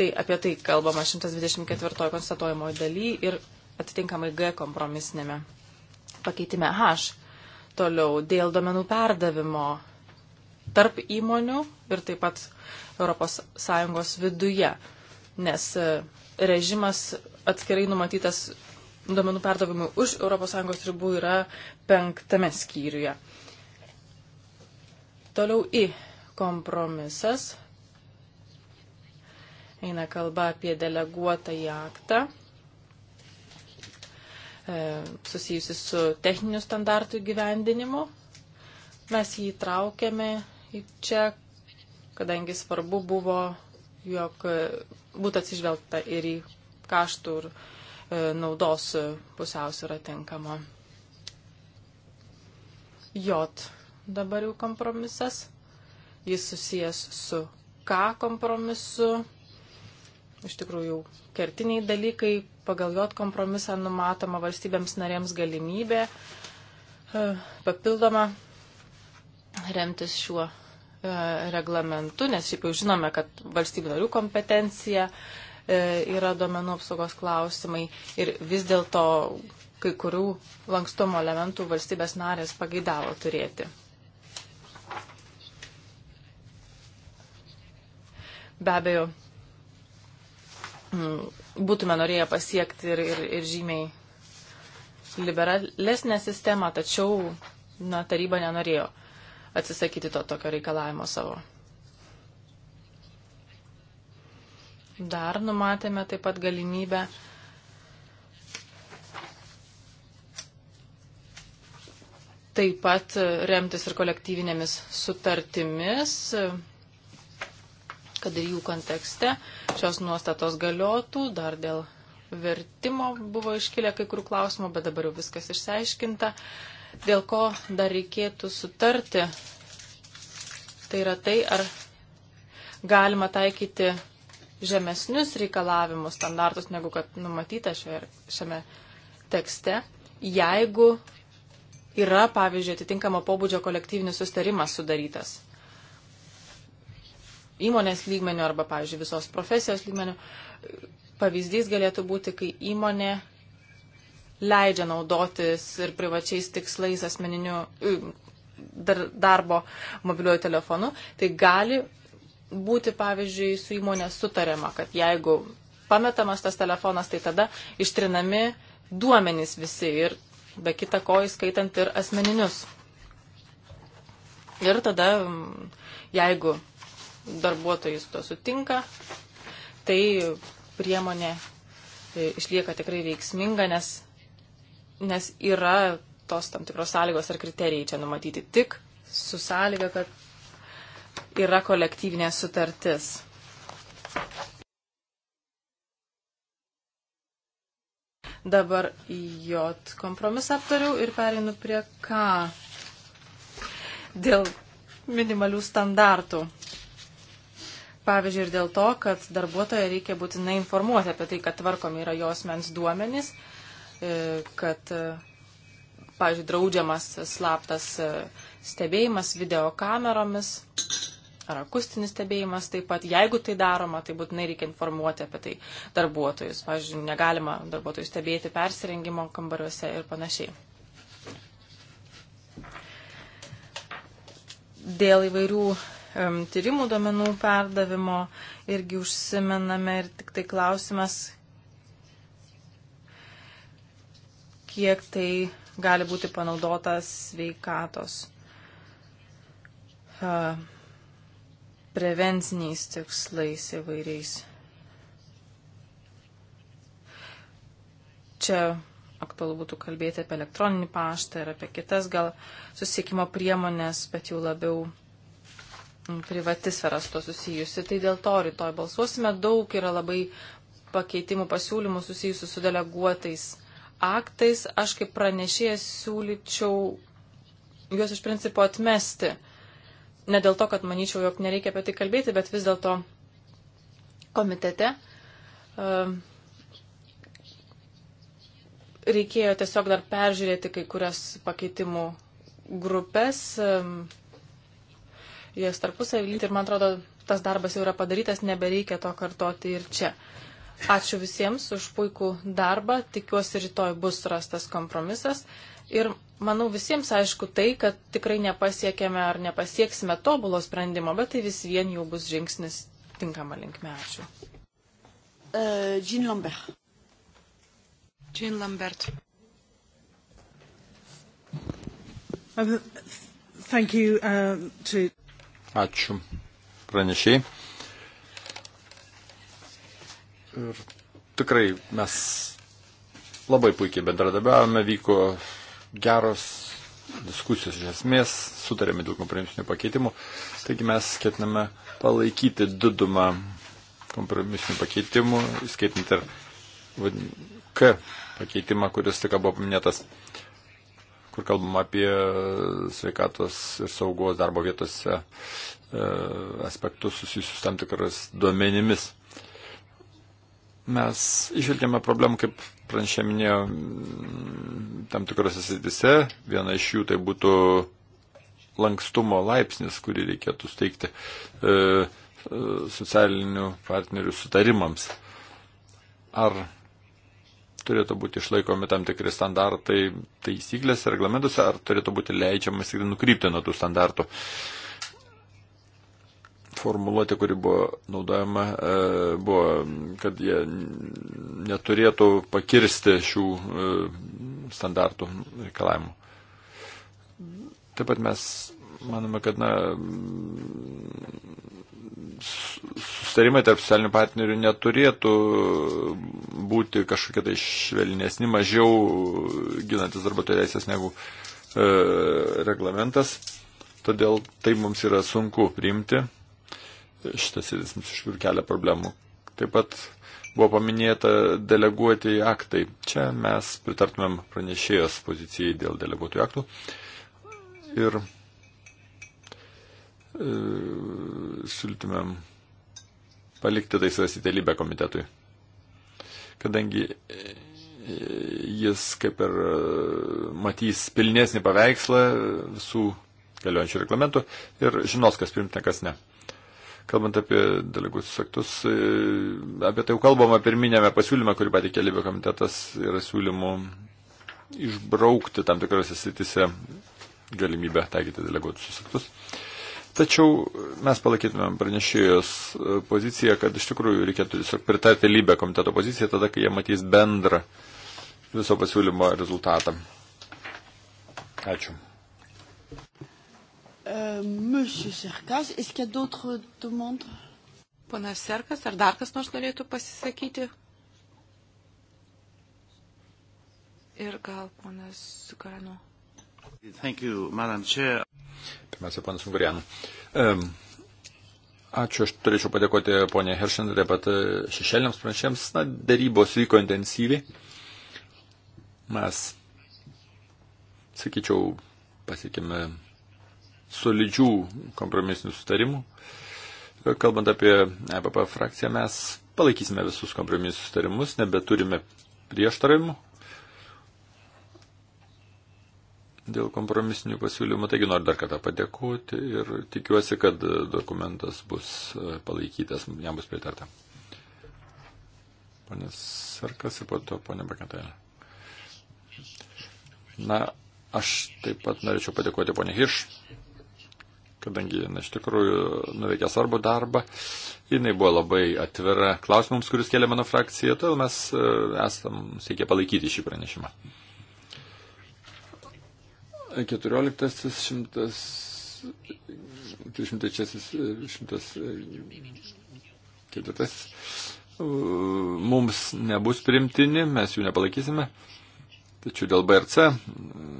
Tai apie tai kalbama 124 konstatuojamoje daly ir atitinkamai G kompromisinėme pakeitime H. Toliau dėl domenų perdavimo tarp įmonių ir taip pat ES viduje, nes e, režimas atskirai numatytas duomenų perdavimui už ES ribų yra penktame skyriuje. Toliau į kompromisas. Eina kalba apie deleguotą į aktą e, susijusi su techninių standartų gyvendinimu. Mes jį traukėme į čia, kadangi svarbu buvo, jog būtų atsižvelgta ir į kaštų ir uh, E, naudos pusiausvyrą tinkamo. J dabar jau kompromisas. Jis susijęs su K kompromisu. Iš tikrųjų, kertiniai dalykai pagal J kompromisą numatoma valstybėms narėms galimybė e, papildoma remtis šiuo e, reglamentu, nes šiaip jau žinome, kad valstybių narių kompetencija E, yra duomenų apsaugos klausimai ir vis dėlto kai kurių lankstumo elementų valstybės narės pageidavo turėti. Be abejo, būtume norėję pasiekti ir, ir, ir žymiai liberalesnę sistemą, tačiau na, taryba nenorėjo atsisakyti to tokio reikalavimo savo. Dar numatėme taip pat galimybę taip pat remtis ir kolektyvinėmis sutartimis, kad ir jų kontekste šios nuostatos galiotų, dar dėl vertimo buvo iškilę kai kurių klausimų, bet dabar jau viskas išsiaiškinta. Dėl ko dar reikėtų sutarti, tai yra tai, ar galima taikyti žemesnius reikalavimus, standartus, negu kad numatyta šioje, šiame tekste, jeigu yra, pavyzdžiui, atitinkamo pobūdžio kolektyvinis sustarimas sudarytas įmonės lygmenių arba, pavyzdžiui, visos profesijos lygmenių. Pavyzdys galėtų būti, kai įmonė leidžia naudotis ir privačiais tikslais asmeniniu dar, darbo mobiliuoju telefonu, tai gali būti, pavyzdžiui, su įmonė sutariama, kad jeigu pametamas tas telefonas, tai tada ištrinami duomenys visi ir be kita ko įskaitant ir asmeninius. Ir tada, mm, jeigu darbuotojai su to sutinka, tai priemonė e, išlieka tikrai veiksminga, nes, nes yra tos tam tikros sąlygos ar kriterijai čia numatyti tik su sąlyga, kad yra kolektyvinė sutartis. Dabar J kompromisą aptariau ir pereinu prie K. Dėl minimalių standartų. Pavyzdžiui, ir dėl to, kad darbuotoją reikia būtinai informuoti apie tai, kad tvarkomi yra jos mens duomenys, e, kad, e, pavyzdžiui, draudžiamas slaptas e, stebėjimas videokameromis ar akustinis stebėjimas taip pat. Jeigu tai daroma, tai būtinai reikia informuoti apie tai darbuotojus. Pavyzdžiui, negalima darbuotojų stebėti persirengimo kambariuose ir panašiai. Dėl įvairių um, tyrimų duomenų perdavimo irgi užsimename ir tik tai klausimas, kiek tai gali būti panaudotas sveikatos. Uh, prevenciniais tikslais įvairiais. Čia aktualu būtų kalbėti apie elektroninį paštą ir apie kitas gal susiekimo priemonės, bet jau labiau mm, privati sfera su to susijusi. Tai dėl to rytoj balsuosime. Daug yra labai pakeitimų pasiūlymų susijusių su deleguotais aktais. Aš kaip pranešėjas siūlyčiau juos iš principo atmesti ne dėl to, kad manyčiau, jog nereikia apie tai kalbėti, bet vis dėlto komitete uh, reikėjo tiesiog dar peržiūrėti kai kurias pakeitimų grupės, um, jas tarpusavį ir man atrodo, tas darbas jau yra padarytas, nebereikia to kartoti ir čia. Ačiū visiems už puikų darbą, tikiuosi rytoj bus rastas kompromisas. Ir manau visiems aišku tai, kad tikrai nepasiekėme ar nepasieksime tobulo sprendimo, bet tai vis vien jau bus žingsnis tinkama linkme. Ačiū. Uh, Jean Lambert. Jean Lambert. Um, thank you uh, to. Ačiū pranešiai. Ir tikrai mes labai puikiai bendradarbiavome, vyko geros diskusijos iš esmės, sutarėme dėl kompromisinių pakeitimų, taigi mes ketiname palaikyti didumą kompromisinių pakeitimų, įskaitant ir K pakeitimą, kuris tik buvo paminėtas, kur kalbam apie sveikatos ir saugos darbo vietose e, aspektus susijusius tam tikras duomenimis. Mes išvelgiame problemą kaip pranešė minėjo mm, tam tikrose sėdise, viena iš jų tai būtų lankstumo laipsnis, kurį reikėtų steigti e, e, socialinių partnerių sutarimams. Ar turėtų būti išlaikomi tam tikri standartai taisyklėse, reglamentuose, ar turėtų būti leidžiamas ir nukrypti nuo tų standartų. E, formuluotė, kuri buvo naudojama, e, buvo, kad jie neturėtų pakirsti šių e, standartų reikalavimų. Taip pat mes manome, kad na, sustarimai tarp socialinių partnerių neturėtų būti kažkokie tai švelnesni, mažiau ginantis darbuotojų teisės negu e, reglamentas. Todėl tai mums yra sunku priimti šitas sėdis mums iš tikrųjų kelia problemų. Taip pat buvo paminėta deleguoti aktai. Čia mes pritartumėm pranešėjos pozicijai dėl deleguotų aktų. Ir e, siūlytumėm palikti tai svarstytelybę komitetui. Kadangi e, jis kaip ir e, matys pilnesnį paveikslą visų galiojančių reglamentų ir žinos, kas primtina, kas ne. Kalbant apie deleguotus aktus, e, apie tai jau kalbama pirminėme pasiūlyme, kurį patikė Libio komitetas, yra siūlymų išbraukti tam tikrose sritise galimybę taikyti deleguotus aktus. Tačiau mes palaikytumėm pranešėjos e, poziciją, kad iš tikrųjų reikėtų tiesiog pritarti lybę komiteto poziciją tada, kai jie matys bendrą viso pasiūlymo rezultatą. Ačiū. Uh, Monsieur Serkas, est-ce qu'il y a d'autres demandes? Ponas Serkas, ar dar kas nors norėtų pasisakyti? Ir gal ponas Sukaranu. Thank you, Madam Chair. Pirmiausia, ponas Sungurianu. Um, Ačiū, aš turėčiau padėkoti ponė Heršin, taip pat e, šešėliams pranešėms. Na, darybos vyko intensyviai. Mes, sakyčiau, pasiekime solidžių kompromisinių sutarimų. Kalbant apie EPP frakciją, mes palaikysime visus kompromisinius sutarimus, nebeturime prieštaravimų dėl kompromisinių pasiūlymų. Taigi noriu dar kartą padėkoti ir tikiuosi, kad dokumentas bus palaikytas, jam bus pritarta. Pane Sarkas ir po to pane Bakantelė. Na, aš taip pat norėčiau padėkoti ponė Hirš kadangi jinai iš tikrųjų nuveikė svarbų darbą. Jinai buvo labai atvira klausimams, kuris kelia mano frakcija, todėl mes e, esam siekia palaikyti šį pranešimą. 14.104 e, e, mums nebus primtini, mes jų nepalaikysime. Tačiau dėl BRC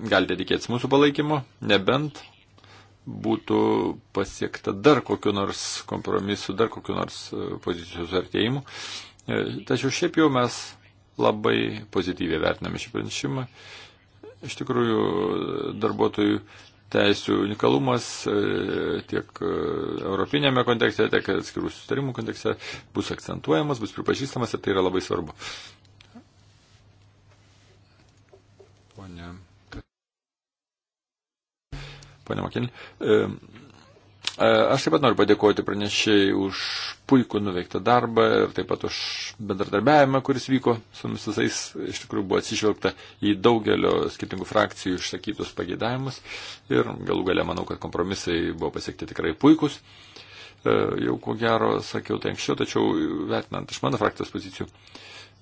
galite tikėtis mūsų palaikymo, nebent būtų pasiekta dar kokiu nors kompromisu, dar kokiu nors e, pozicijos artėjimu. E, tačiau šiaip jau mes labai pozityviai vertiname šį pranešimą. Iš tikrųjų, darbuotojų teisų unikalumas e, tiek europinėme kontekste, tiek atskirų sustarimų kontekste bus akcentuojamas, bus pripažįstamas ir tai yra labai svarbu. Pone ponia Makinė. E, e, aš taip pat noriu padėkoti pranešėjai už puikų nuveiktą darbą ir taip pat už bendradarbiavimą, kuris vyko su mums visais. Iš tikrųjų buvo atsižvelgta į daugelio skirtingų frakcijų išsakytus pageidavimus ir galų gale manau, kad kompromisai buvo pasiekti tikrai puikus. E, jau ko gero sakiau tai anksčiau, tačiau vertinant iš mano frakcijos pozicijų,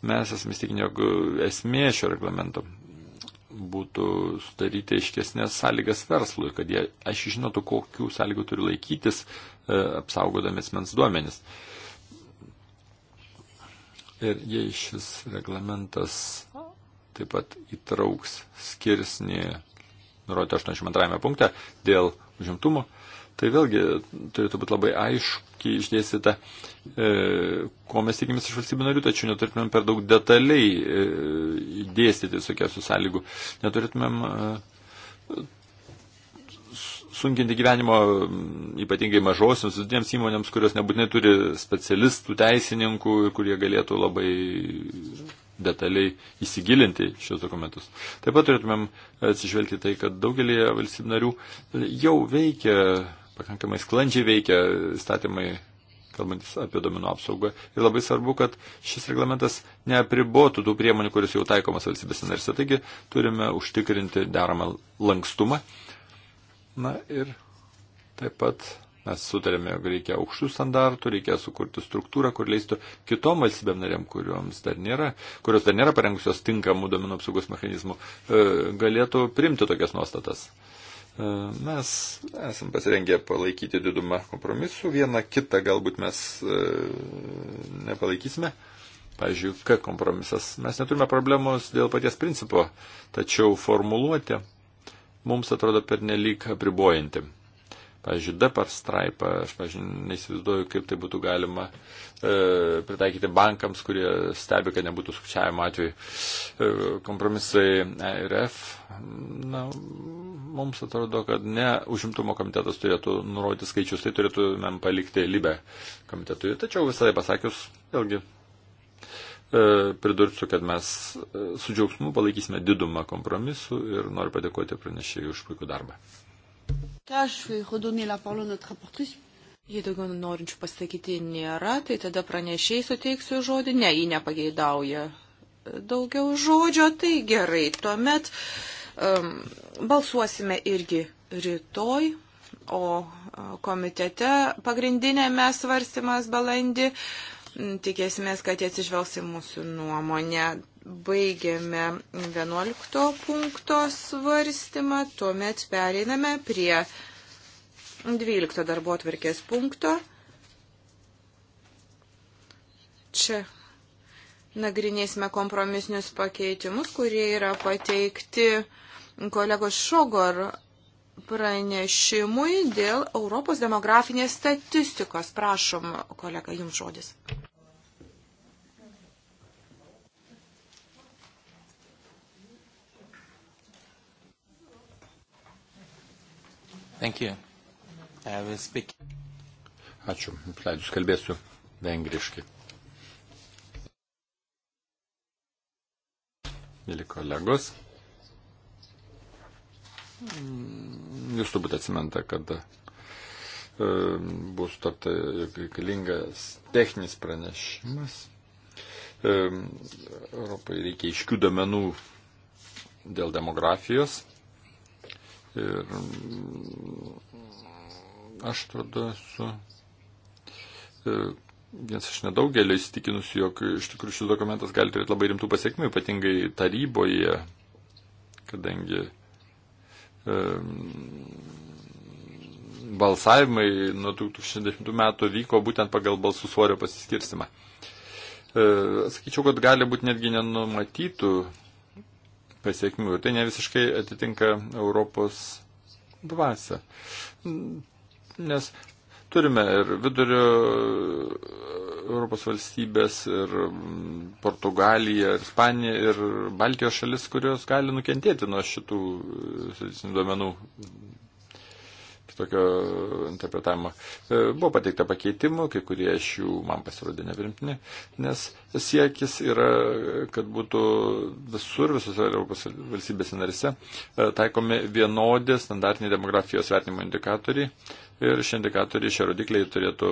mes esame įstikinę, jog esmė šio reglamento būtų sudaryti aiškesnės sąlygas verslui, kad jie aiškiai žinotų, kokių sąlygų turi laikytis, e, apsaugodami asmens duomenis. Ir jei šis reglamentas taip pat įtrauks skirsnį, nurodyti 82 punkte, dėl užimtumo, tai vėlgi turėtų būti labai aiškiai išdėstyta, e, ko mes tikimės iš valstybių narių, tačiau neturėtumėm per daug detaliai e, dėstyti visokiausių sąlygų. Neturėtumėm e, sunkinti gyvenimo ypatingai mažosiams, didiems įmonėms, kurios nebūtinai turi specialistų, teisininkų ir kurie galėtų labai detaliai įsigilinti šios dokumentus. Taip pat turėtumėm atsižvelgti tai, kad daugelį valstybių narių jau veikia pakankamai sklandžiai veikia statymai, kalbantis apie domenų apsaugą. Ir labai svarbu, kad šis reglamentas neapribotų tų priemonių, kuris jau taikomas valstybės narėse. Taigi turime užtikrinti deramą lankstumą. Na ir taip pat mes sutarėme, jog reikia aukštų standartų, reikia sukurti struktūrą, kur leistų kitom valstybėm narėm, kurioms dar nėra, kurios dar nėra parengusios tinkamų domenų apsaugos mechanizmų, e, galėtų primti tokias nuostatas. E, mes esam pasirengę palaikyti didumą kompromisų, vieną kitą galbūt mes e, nepalaikysime. Pavyzdžiui, K kompromisas. Mes neturime problemos dėl paties principo, tačiau formuluoti mums atrodo pernelyg apribojanti. Pavyzdžiui, D par straipą, aš, pavyzdžiui, neįsivaizduoju, kaip tai būtų galima e, pritaikyti bankams, kurie stebi, kad nebūtų sukčiavimo atveju. E, kompromisai E ir F. Na, mums atrodo, kad ne užimtumo komitetas turėtų nurodyti skaičius, tai turėtumėm palikti libę komitetui. Tačiau visai pasakius, vėlgi e, pridursiu, kad mes e, su džiaugsmu palaikysime didumą kompromisų ir noriu padėkoti pranešėjai už puikų darbą. Jei daugiau norinčių pasakyti nėra, tai tada pranešiai suteiksiu žodį. Ne, jį nepageidauja daugiau žodžio, tai gerai. Tuomet um, balsuosime irgi rytoj, o e, komitete pagrindinėme svarstymas balandį. Tikėsimės, kad jie atsižvelgs į mūsų nuomonę. Baigėme 11 punkto svarstymą, tuomet pereiname prie 12 darbo atvarkės punkto. Čia nagrinėsime kompromisinius pakeitimus, kurie yra pateikti kolegos Šogor pranešimui dėl Europos demografinės statistikos. Prašom, kolega, jums žodis. Thank you. I will speak. Ačiū. Leidžiu, kalbėsiu vengriškai. Mėly kolegos, jūs turbūt atsimenta, kad e, bus tarta reikalingas techninis pranešimas. E, Europai reikia iškių domenų dėl demografijos Ir mm, aš tada su e, vienas iš nedaugelio įsitikinusi, jog iš tikrųjų šis dokumentas gali turėti labai rimtų pasiekmių, ypatingai taryboje, kadangi e, mm, balsavimai nuo 2010 metų vyko būtent pagal balsų svorio pasiskirstimą. E, sakyčiau, kad gali būti netgi nenumatytų pasiekmių. Ir tai ne visiškai atitinka Europos dvasę. Nes turime ir vidurio Europos valstybės, ir Portugaliją, ir Ispaniją, ir Baltijos šalis, kurios gali nukentėti nuo šitų duomenų tokio interpretavimo. E, buvo pateikta pakeitimų, kai kurie iš jų man pasirodė neprimtini, nes siekis yra, kad būtų visur, visose Europos valstybėse narise e, taikomi vienodi standartiniai demografijos vertinimo indikatoriai ir šie indikatoriai, šie rodikliai turėtų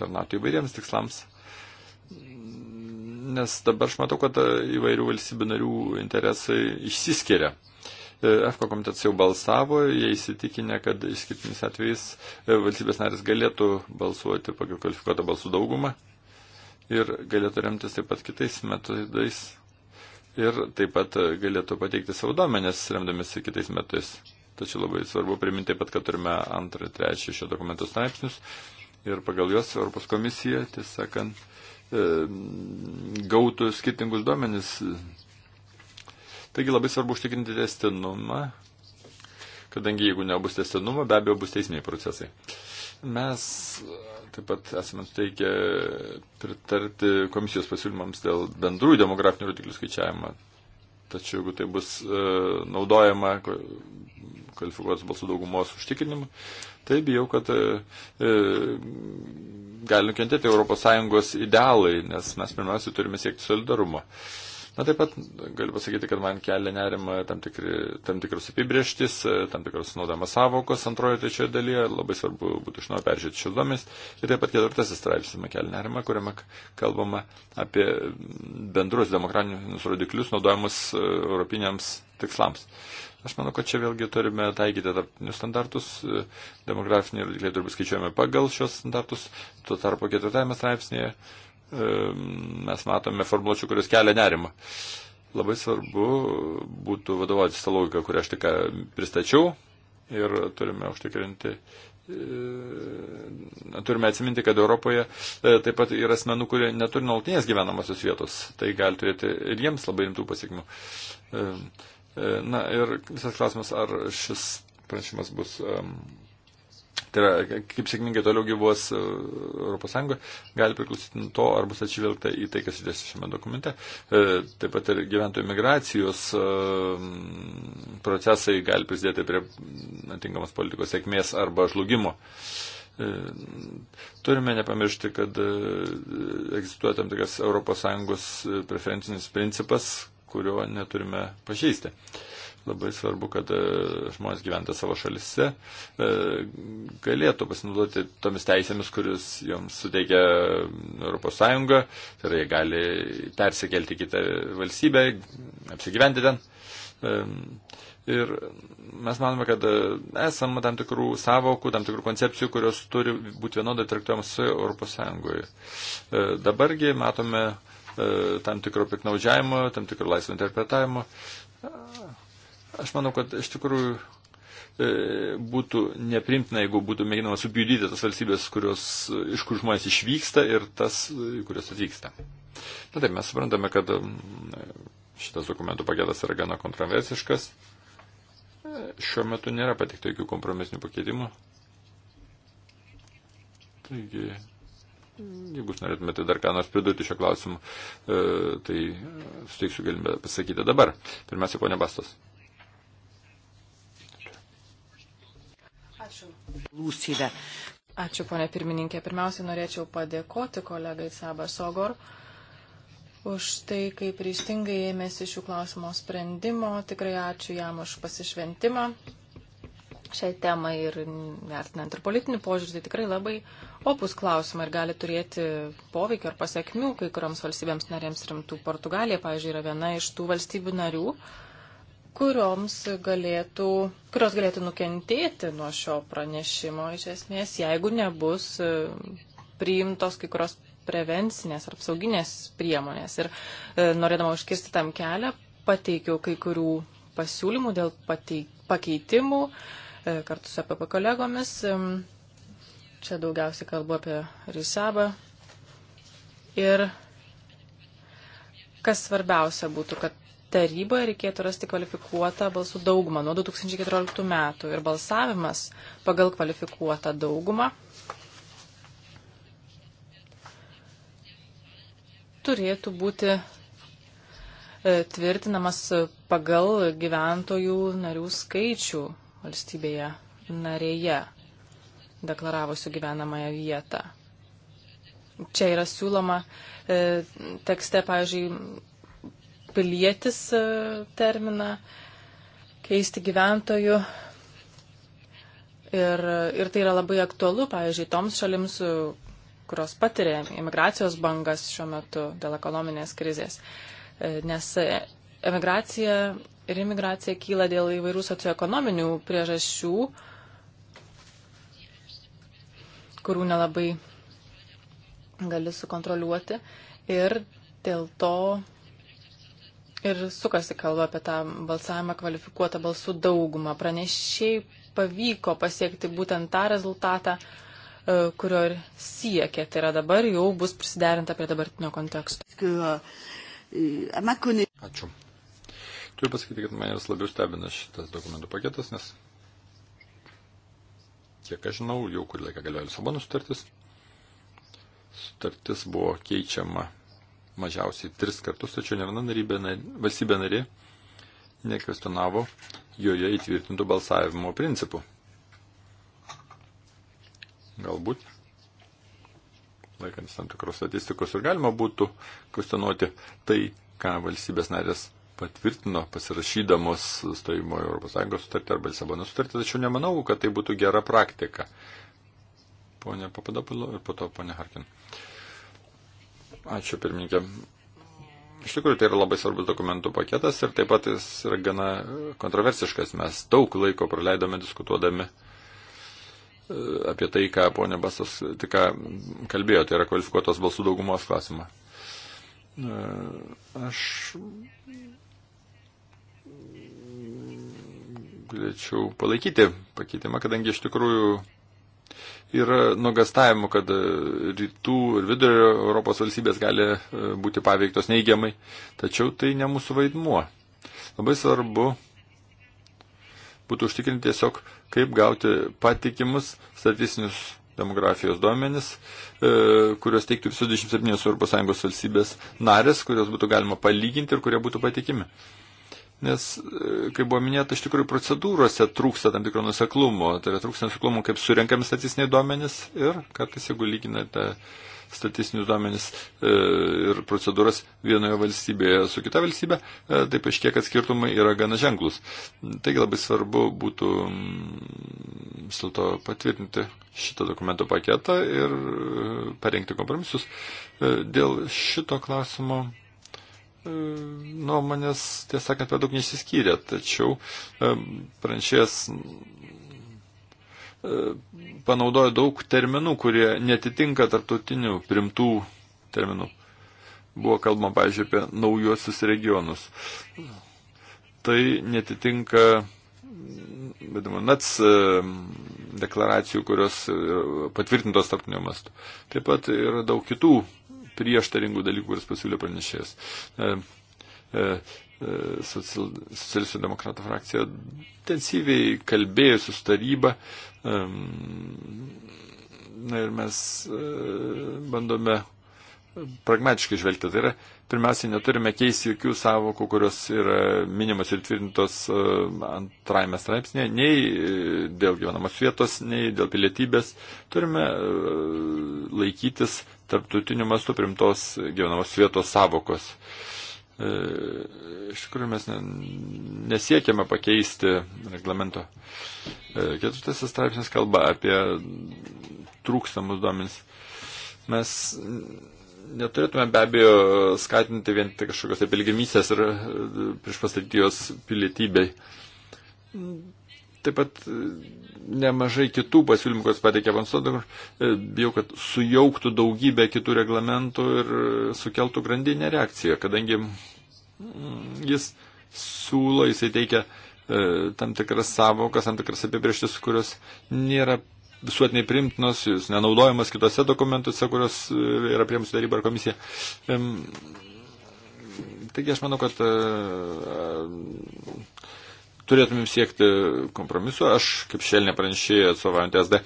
tarnauti įvairiems tikslams nes dabar aš matau, kad įvairių valstybių narių interesai išsiskiria. EFKO komitetas jau balsavo, jie įsitikinę, kad išskirtinis atvejais e, valstybės narės galėtų balsuoti pagal kvalifikuotą balsų daugumą ir galėtų remtis taip pat kitais metodais ir taip pat galėtų pateikti savo duomenės remdamėsi kitais metais. Tačiau labai svarbu priminti taip pat, kad turime antrą ir trečią šio dokumento straipsnius ir pagal juos Europos komisija, tiesą sakant, e, gautų skirtingus duomenis Taigi labai svarbu užtikrinti testinumą, kadangi jeigu nebus testinumo, be abejo bus teisminiai procesai. Mes e, taip pat esame suteikę pritarti komisijos pasiūlymams dėl bendrųjų demografinių rodiklių skaičiavimo. Tačiau jeigu tai bus e, naudojama kvalifikuotos balsų daugumos užtikrinimu, tai bijau, kad e, e gali nukentėti ES idealai, nes mes pirmiausia turime siekti solidarumo. E, Na taip pat galiu pasakyti, kad man kelia nerima tam, tikri, tam tikros apibrieštis, tam tikros naudamas savokos antrojo trečiojo dalyje, labai svarbu būtų iš naujo peržiūrėti šios duomenys. Ir taip pat ketvirtasis straipsnis man kelia nerima, kuriame kalbama apie bendrus demokratinius rodiklius naudojamus e, europiniams tikslams. Aš manau, kad čia vėlgi turime taikyti tarptautinius standartus, e, demografiniai rodikliai turi būti skaičiuojami pagal šios standartus, tuo tarpu ketvirtajame straipsnėje E, mes matome formuluočių, kurios kelia nerimą. Labai svarbu būtų vadovautis tą logiką, kurią aš tik pristačiau ir turime užtikrinti e, turime atsiminti, kad Europoje e, taip pat yra asmenų, kurie neturi nuolatinės gyvenamosios vietos. Tai gali turėti ir jiems labai rimtų pasiekmių. Na ir visas klausimas, ar šis pranešimas bus Tai yra, kaip sėkmingai toliau gyvos ES, gali priklausyti nuo to, ar bus atšvilgta į tai, kas įdėsi šiame dokumente. E, taip pat ir gyventojų migracijos e, procesai gali prisidėti prie atinkamos politikos sėkmės arba žlugimo. E, turime nepamiršti, kad egzistuoja tam tikras ES preferencinis principas, kurio neturime pažeisti. Uh, Labai svarbu, kad e, žmonės gyventa savo šalise, e, galėtų pasinaudoti tomis teisėmis, kuris joms suteikia mm, ES, tai yra jie gali persikelti kitą valstybę, apsigyventi ten. E, ir mes manome, kad esame tam tikrų savokų, tam tikrų koncepcijų, kurios turi būti vienodai traktuojamos Europos Sąjungoje. Dabargi matome tam tikro piknaudžiavimo, tam tikro laisvo interpretavimo. Aš manau, kad iš tikrųjų e, būtų neprimtina, jeigu būtų mėginama subjudyti tas valstybės, kurios, e, iš kur žmonės išvyksta ir tas, e, kurios atvyksta. Na taip, mes suprantame, kad šitas dokumentų paketas yra gana kontroversiškas. Šiuo metu nėra patikta jokių kompromisinių pakeitimų. Taigi, jeigu jūs norėtumėte dar ką nors pridurti šio klausimu, tai suteiksiu galimybę pasakyti dabar. Pirmiausia, ponia Bastos. Lūsyve. Ačiū, ponė pirmininkė. Pirmiausiai norėčiau padėkoti kolegai Saba Sogor už tai, kaip ryštingai ėmėsi šių klausimo sprendimo. Tikrai ačiū jam už pasišventimą šiai temai ir vertinant ir politinį požiūrį, tai tikrai labai opus klausimai ir gali turėti poveikio ar pasiekmių kai kurioms valstybėms narėms rimtų. Portugalija, pavyzdžiui, yra viena iš tų valstybių narių, uh, kurioms galėtų, kurios galėtų nukentėti nuo šio pranešimo iš esmės, jeigu nebus e, priimtos kai kurios prevencinės ar apsauginės priemonės. Ir e, norėdama užkirsti tam kelią, pateikiau kai kurių pasiūlymų dėl pateik, pakeitimų e, kartu su APP kolegomis. E, čia daugiausiai kalbu apie Rysabą. Ir kas svarbiausia būtų, kad taryboje reikėtų rasti kvalifikuotą balsų daugumą nuo 2014 metų ir balsavimas pagal kvalifikuotą daugumą turėtų būti e, tvirtinamas pagal gyventojų narių skaičių valstybėje narėje deklaravusių gyvenamąją vietą. Čia yra siūloma e, tekste, pavyzdžiui, pilietis e, terminą, keisti gyventojų. Ir, ir tai yra labai aktualu, pavyzdžiui, toms šalims, e, kurios patiria imigracijos bangas šiuo metu dėl ekonominės krizės. E, nes emigracija ir imigracija kyla dėl įvairių socioekonominių priežasčių, kurių nelabai gali sukontroliuoti. Ir dėl to Ir sukasi kalba apie tą balsavimą kvalifikuotą balsų daugumą. Pranešiai pavyko pasiekti būtent tą rezultatą, e, kurio ir siekė. Tai yra dabar jau bus prisiderinta prie dabartinio konteksto. E, Ačiū. Turiu pasakyti, kad manęs labiau stebina šitas dokumentų paketas, nes kiek aš žinau, jau kurį laiką galioja Lisabono sutartis. Sutartis buvo keičiama mažiausiai tris kartus, tačiau ne viena narybė, valstybė narė nekvestionavo joje įtvirtintų balsavimo principų. Galbūt, laikantis tam tikros statistikos, ir galima būtų kvestionuoti tai, ką valstybės narės patvirtino pasirašydamos stojimo į Europos Sąjungos sutartį arba Lisabono sutartį, tačiau nemanau, kad tai būtų gera praktika. Pone Papadopilo ir po to pone Harkin. Uh, Ačiū pirmininkė. Iš tikrųjų, tai yra labai svarbus dokumentų paketas ir taip pat jis yra gana kontroversiškas. Mes daug laiko praleidome diskutuodami e, apie tai, ką ponė Basas tik kalbėjo, tai yra kvalifikuotos balsų daugumos klausimą. E, aš galėčiau palaikyti pakeitimą, kadangi iš tikrųjų yra nuogastavimų, kad e, rytų ir vidurio Europos valstybės gali e, būti paveiktos neigiamai, tačiau tai ne mūsų vaidmuo. Labai svarbu būtų užtikrinti tiesiog, kaip gauti patikimus statistinius demografijos duomenis, e, kurios teiktų visos 27 Europos Sąjungos valstybės narės, kurios būtų galima palyginti ir kurie būtų patikimi. Nes, e, kaip buvo minėta, iš tikrųjų procedūrose trūksta tam tikro nuseklumo. Tai yra trūksta nuseklumo, kaip surinkami statistiniai duomenys ir kartais, jeigu lyginate statistinius duomenys e, ir procedūras vienoje valstybėje su kita valstybė, e, tai paaiškėja, kad skirtumai yra gana ženklus. Taigi labai svarbu būtų mm, vis dėlto patvirtinti šitą dokumento paketą ir parengti kompromisus. Dėl šito klausimo E, nuomonės, tiesą sakant, per daug nesiskyrė, tačiau e, pranešėjas e, panaudojo daug terminų, kurie netitinka tarptautinių primtų terminų. Buvo kalbama, pavyzdžiui, apie naujuosius regionus. Tai netitinka, vadinamą, NATS deklaracijų, kurios patvirtintos tarptautiniu mastu. Taip pat yra daug kitų prieštaringų dalykų, kuris pasiūlė pranešėjas. E, e, e, social, Socialistų demokratų frakcija intensyviai kalbėjo su taryba. E, na ir mes e, bandome pragmatiškai žvelgti. Tai yra, pirmiausia, neturime keisti jokių savokų, kurios yra minimas ir tvirtintos e, antrajame straipsnėje, nei e, dėl gyvenamos vietos, nei dėl pilietybės. Turime laikytis tarptautiniu mastu primtos gyvenamos vietos savokos. E, iš tikrųjų mes nesiekiame pakeisti reglamento. E, ketvirtasis straipsnis kalba apie trūkstamus duomenys. Mes neturėtume be abejo skatinti vien tik kažkokios apilgimysės tai ir e, priešpastatyti jos pilietybei Taip pat e, nemažai kitų pasiūlymų, kas pateikė Vansodavar, e, bijau, kad sujauktų daugybę kitų reglamentų ir e, sukeltų grandinę reakciją, kadangi jis siūlo, jisai teikia tam tikras savokas, tam tikras apibrieštis, kurios nėra visuotiniai primtinos, jis nenaudojamas kitose dokumentuose, kurios yra priemusi taryba ar komisija. Taigi aš manau, kad turėtumėm siekti kompromiso. Aš, kaip šelnė pranešėjai atstovaujant SD e,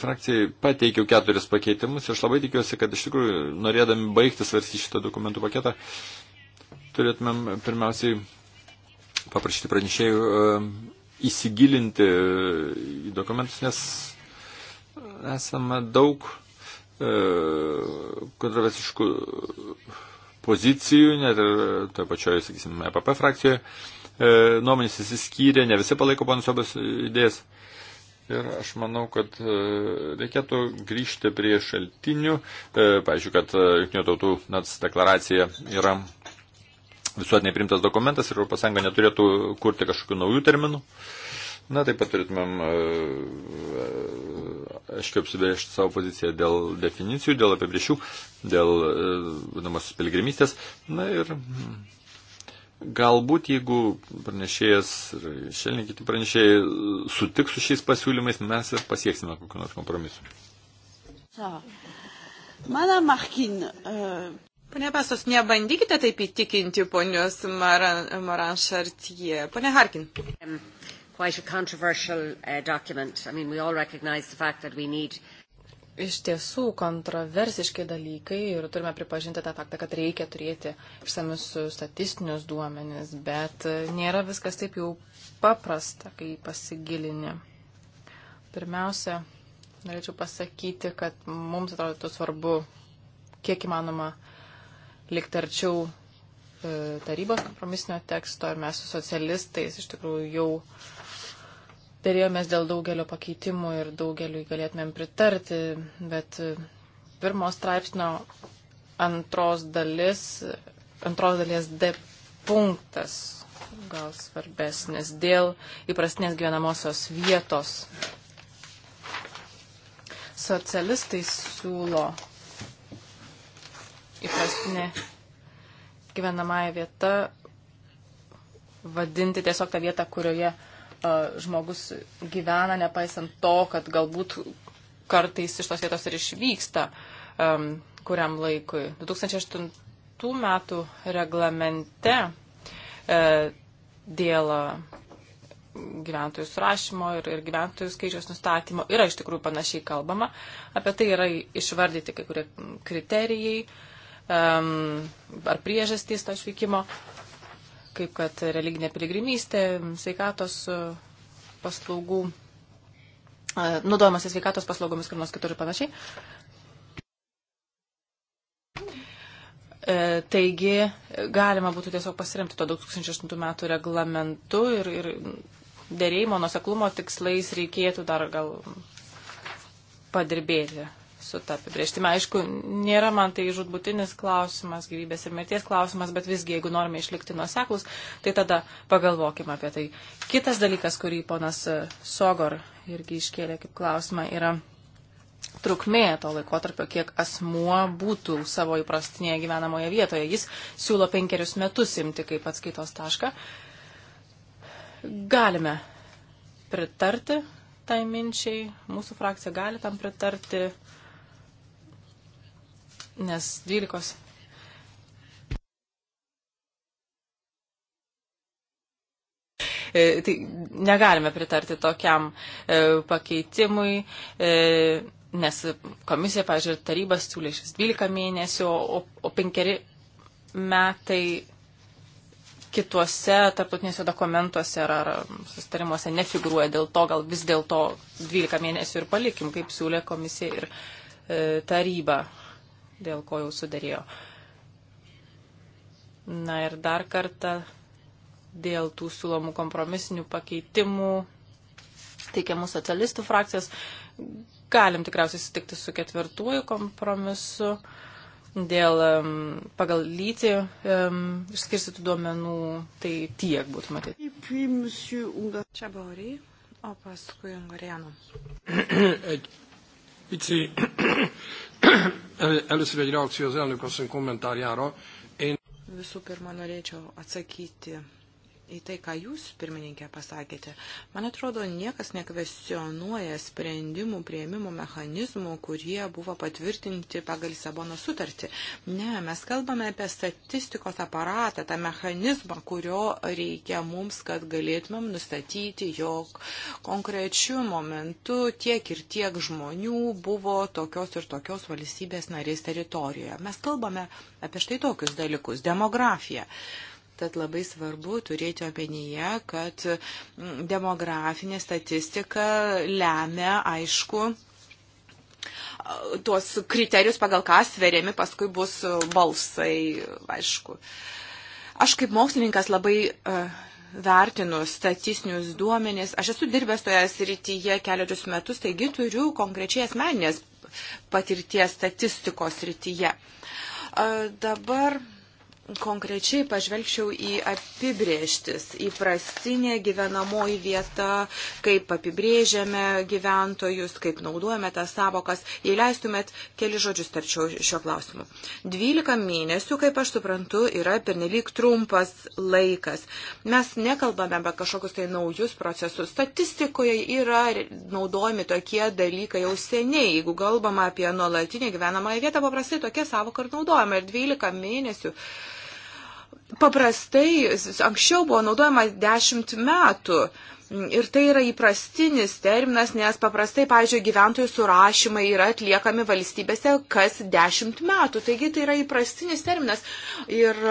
frakcijai, pateikiau keturis pakeitimus ir aš labai tikiuosi, kad iš tikrųjų, norėdami baigti svarstyti šitą dokumentų paketą, turėtumėm pirmiausiai paprašyti pranešėjų e, įsigilinti į dokumentus, nes esame daug e, kontroversiškų pozicijų, net ir toje pačioje, sakysime, EPP frakcijoje. E, nuomonės įsiskyrė, ne visi palaiko ponas Jobas idėjas. Ir aš manau, kad e, reikėtų grįžti prie šaltinių. E, pavyzdžiui, kad Junktinių tautų nats deklaracija yra visuotinai primtas dokumentas ir ES neturėtų kurti kažkokių naujų terminų. Na, taip pat turėtumėm, aiškiai, apsibrėžti savo poziciją dėl definicijų, dėl apibrėžčių, dėl, vadinamos, piligrimystės. Na ir Galbūt jeigu pranešėjas ir šiandien kiti pranešėjai sutiks su šiais pasiūlymais, mes ir pasieksime kokiu nors kompromisu. Mana Markin. Uh... Pane Pasos, nebandykite taip įtikinti ponios Maran, Maran Šartie. Pane Harkin. Um, quite a controversial uh, document. I mean, we all recognize the fact that we need uh, iš tiesų kontroversiški dalykai ir turime pripažinti tą faktą, kad reikia turėti išsamius statistinius duomenis, bet nėra viskas taip jau paprasta, kai pasigilini. Pirmiausia, norėčiau pasakyti, kad mums atrodo svarbu, kiek įmanoma, likti arčiau e, tarybos kompromisinio teksto ir mes su socialistais iš tikrųjų jau Dėrėjomės dėl daugelio pakeitimų ir daugeliu galėtumėm pritarti, bet e, pirmo straipsnio antros dalis, antros dalies D punktas gal svarbesnis dėl įprastinės gyvenamosios vietos. Socialistai siūlo įprastinė gyvenamąją vietą vadinti tiesiog tą vietą, kurioje uh, žmogus gyvena, nepaisant to, kad galbūt kartais iš tos vietos ir išvyksta um, kuriam laikui. 2008 metų reglamente e, dėl gyventojų surašymo ir, ir gyventojų skaičiaus nustatymo yra iš tikrųjų panašiai kalbama. Apie tai yra išvardyti kai kurie kriterijai um, ar priežastys to išvykimo kaip kad religinė piligrimystė, sveikatos e, paslaugų, e, naudojimas sveikatos paslaugomis, kur nors kitur ir panašiai. E, taigi galima būtų tiesiog pasiremti to 2008 metų reglamentu ir, ir dėrėjimo nuseklumo tikslais reikėtų dar gal padirbėti su tą apibrieštime. Aišku, nėra man tai žudbutinis klausimas, gyvybės ir mirties klausimas, bet visgi, jeigu norime išlikti nuoseklus, tai tada pagalvokime apie tai. Kitas dalykas, kurį ponas e, Sogor irgi iškėlė kaip klausimą, yra trukmė to laikotarpio, kiek asmuo būtų savo įprastinėje gyvenamoje vietoje. Jis siūlo penkerius metus imti kaip atskaitos tašką. Galime pritarti tai minčiai, mūsų frakcija gali tam pritarti, nes 12. E, tai negalime pritarti tokiam e, pakeitimui, e, nes komisija, pažiūrėjau, tarybas siūlė šis 12 mėnesių, o, o 5 metai kituose tarptautinėse dokumentuose ar, ar sustarimuose nefigūruoja. Dėl to gal vis dėlto 12 mėnesių ir palikim, kaip siūlė komisija ir e, taryba dėl ko jau sudarėjo. Na ir dar kartą dėl tų siūlomų kompromisinių pakeitimų teikiamų socialistų frakcijas. Galim tikriausiai sutikti su ketvirtuoju kompromisu dėl pagal lytį um, išskirstytų duomenų, tai tiek būtų matyti. Čia Baurį, o paskui Ungarėnų. Először egy reakció az elnök asszony kommentárjára. Én... Visų pirma, norėčiau atsakyti į tai, ką jūs, pirmininkė, pasakėte. Man atrodo, niekas nekvesionuoja sprendimų prieimimo mechanizmų, kurie buvo patvirtinti pagal Lisabono sutartį. Ne, mes kalbame apie statistikos aparatą, tą mechanizmą, kurio reikia mums, kad galėtumėm nustatyti, jog konkrečiu momentu tiek ir tiek žmonių buvo tokios ir tokios valstybės narės teritorijoje. Mes kalbame apie štai tokius dalykus - demografiją. Yeah. Tad labai svarbu turėti omenyje, kad mm, demografinė statistika lemia, aišku, tuos kriterijus, pagal ką sveriami paskui bus balsai, aišku. Aš kaip mokslininkas labai uh, vertinu statistinius duomenis. Aš esu dirbęs toje srityje keliarius metus, taigi turiu konkrečiai asmeninės patirties statistikos srityje. Uh, dabar konkrečiai pažvelgčiau į apibrieštis, įprastinė gyvenamoji vieta, kaip apibrėžiame gyventojus, kaip naudojame tas savokas. Jei leistumėt, keli žodžius tarčiau šiuo klausimu. 12 mėnesių, kaip aš suprantu, yra pernelyg trumpas laikas. Mes nekalbame apie kažkokius tai naujus procesus. Statistikoje yra naudojami tokie dalykai jau seniai. Jeigu kalbama apie nuolatinį gyvenamąją vietą, paprastai tokia savoka ir naudojama. Ir 12 mėnesių paprastai anksčiau buvo naudojama 10 metų. Mm, ir tai yra įprastinis terminas, nes paprastai, pavyzdžiui, gyventojų surašymai yra atliekami valstybėse kas dešimt metų. Taigi tai yra įprastinis terminas. Ir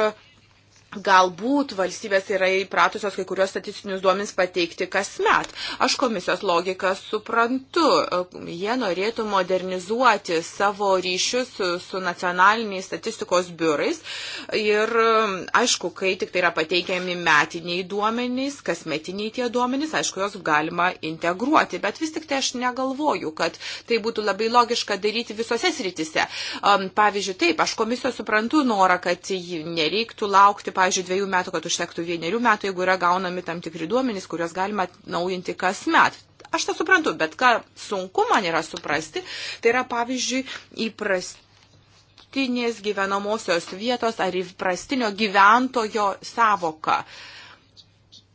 Galbūt valstybės yra įpratusios kai kurios statistinius duomenys pateikti kasmet. Aš komisijos logiką suprantu. Jie norėtų modernizuoti savo ryšius su, su nacionaliniais statistikos biurais. Ir aišku, kai tik tai yra pateikiami metiniai duomenys, kasmetiniai tie duomenys, aišku, jos galima integruoti. Bet vis tik tai aš negalvoju, kad tai būtų labai logiška daryti visose sritise. Pavyzdžiui, taip, aš komisijos suprantu norą, kad nereiktų laukti pavyzdžiui, dviejų metų, kad užtektų vienerių metų, jeigu yra gaunami tam tikri duomenys, kuriuos galima naujinti kasmet. Aš tą suprantu, bet ką sunku man yra suprasti, tai yra, pavyzdžiui, įprasti įprastinės gyvenamosios vietos ar įprastinio gyventojo savoka. Uh,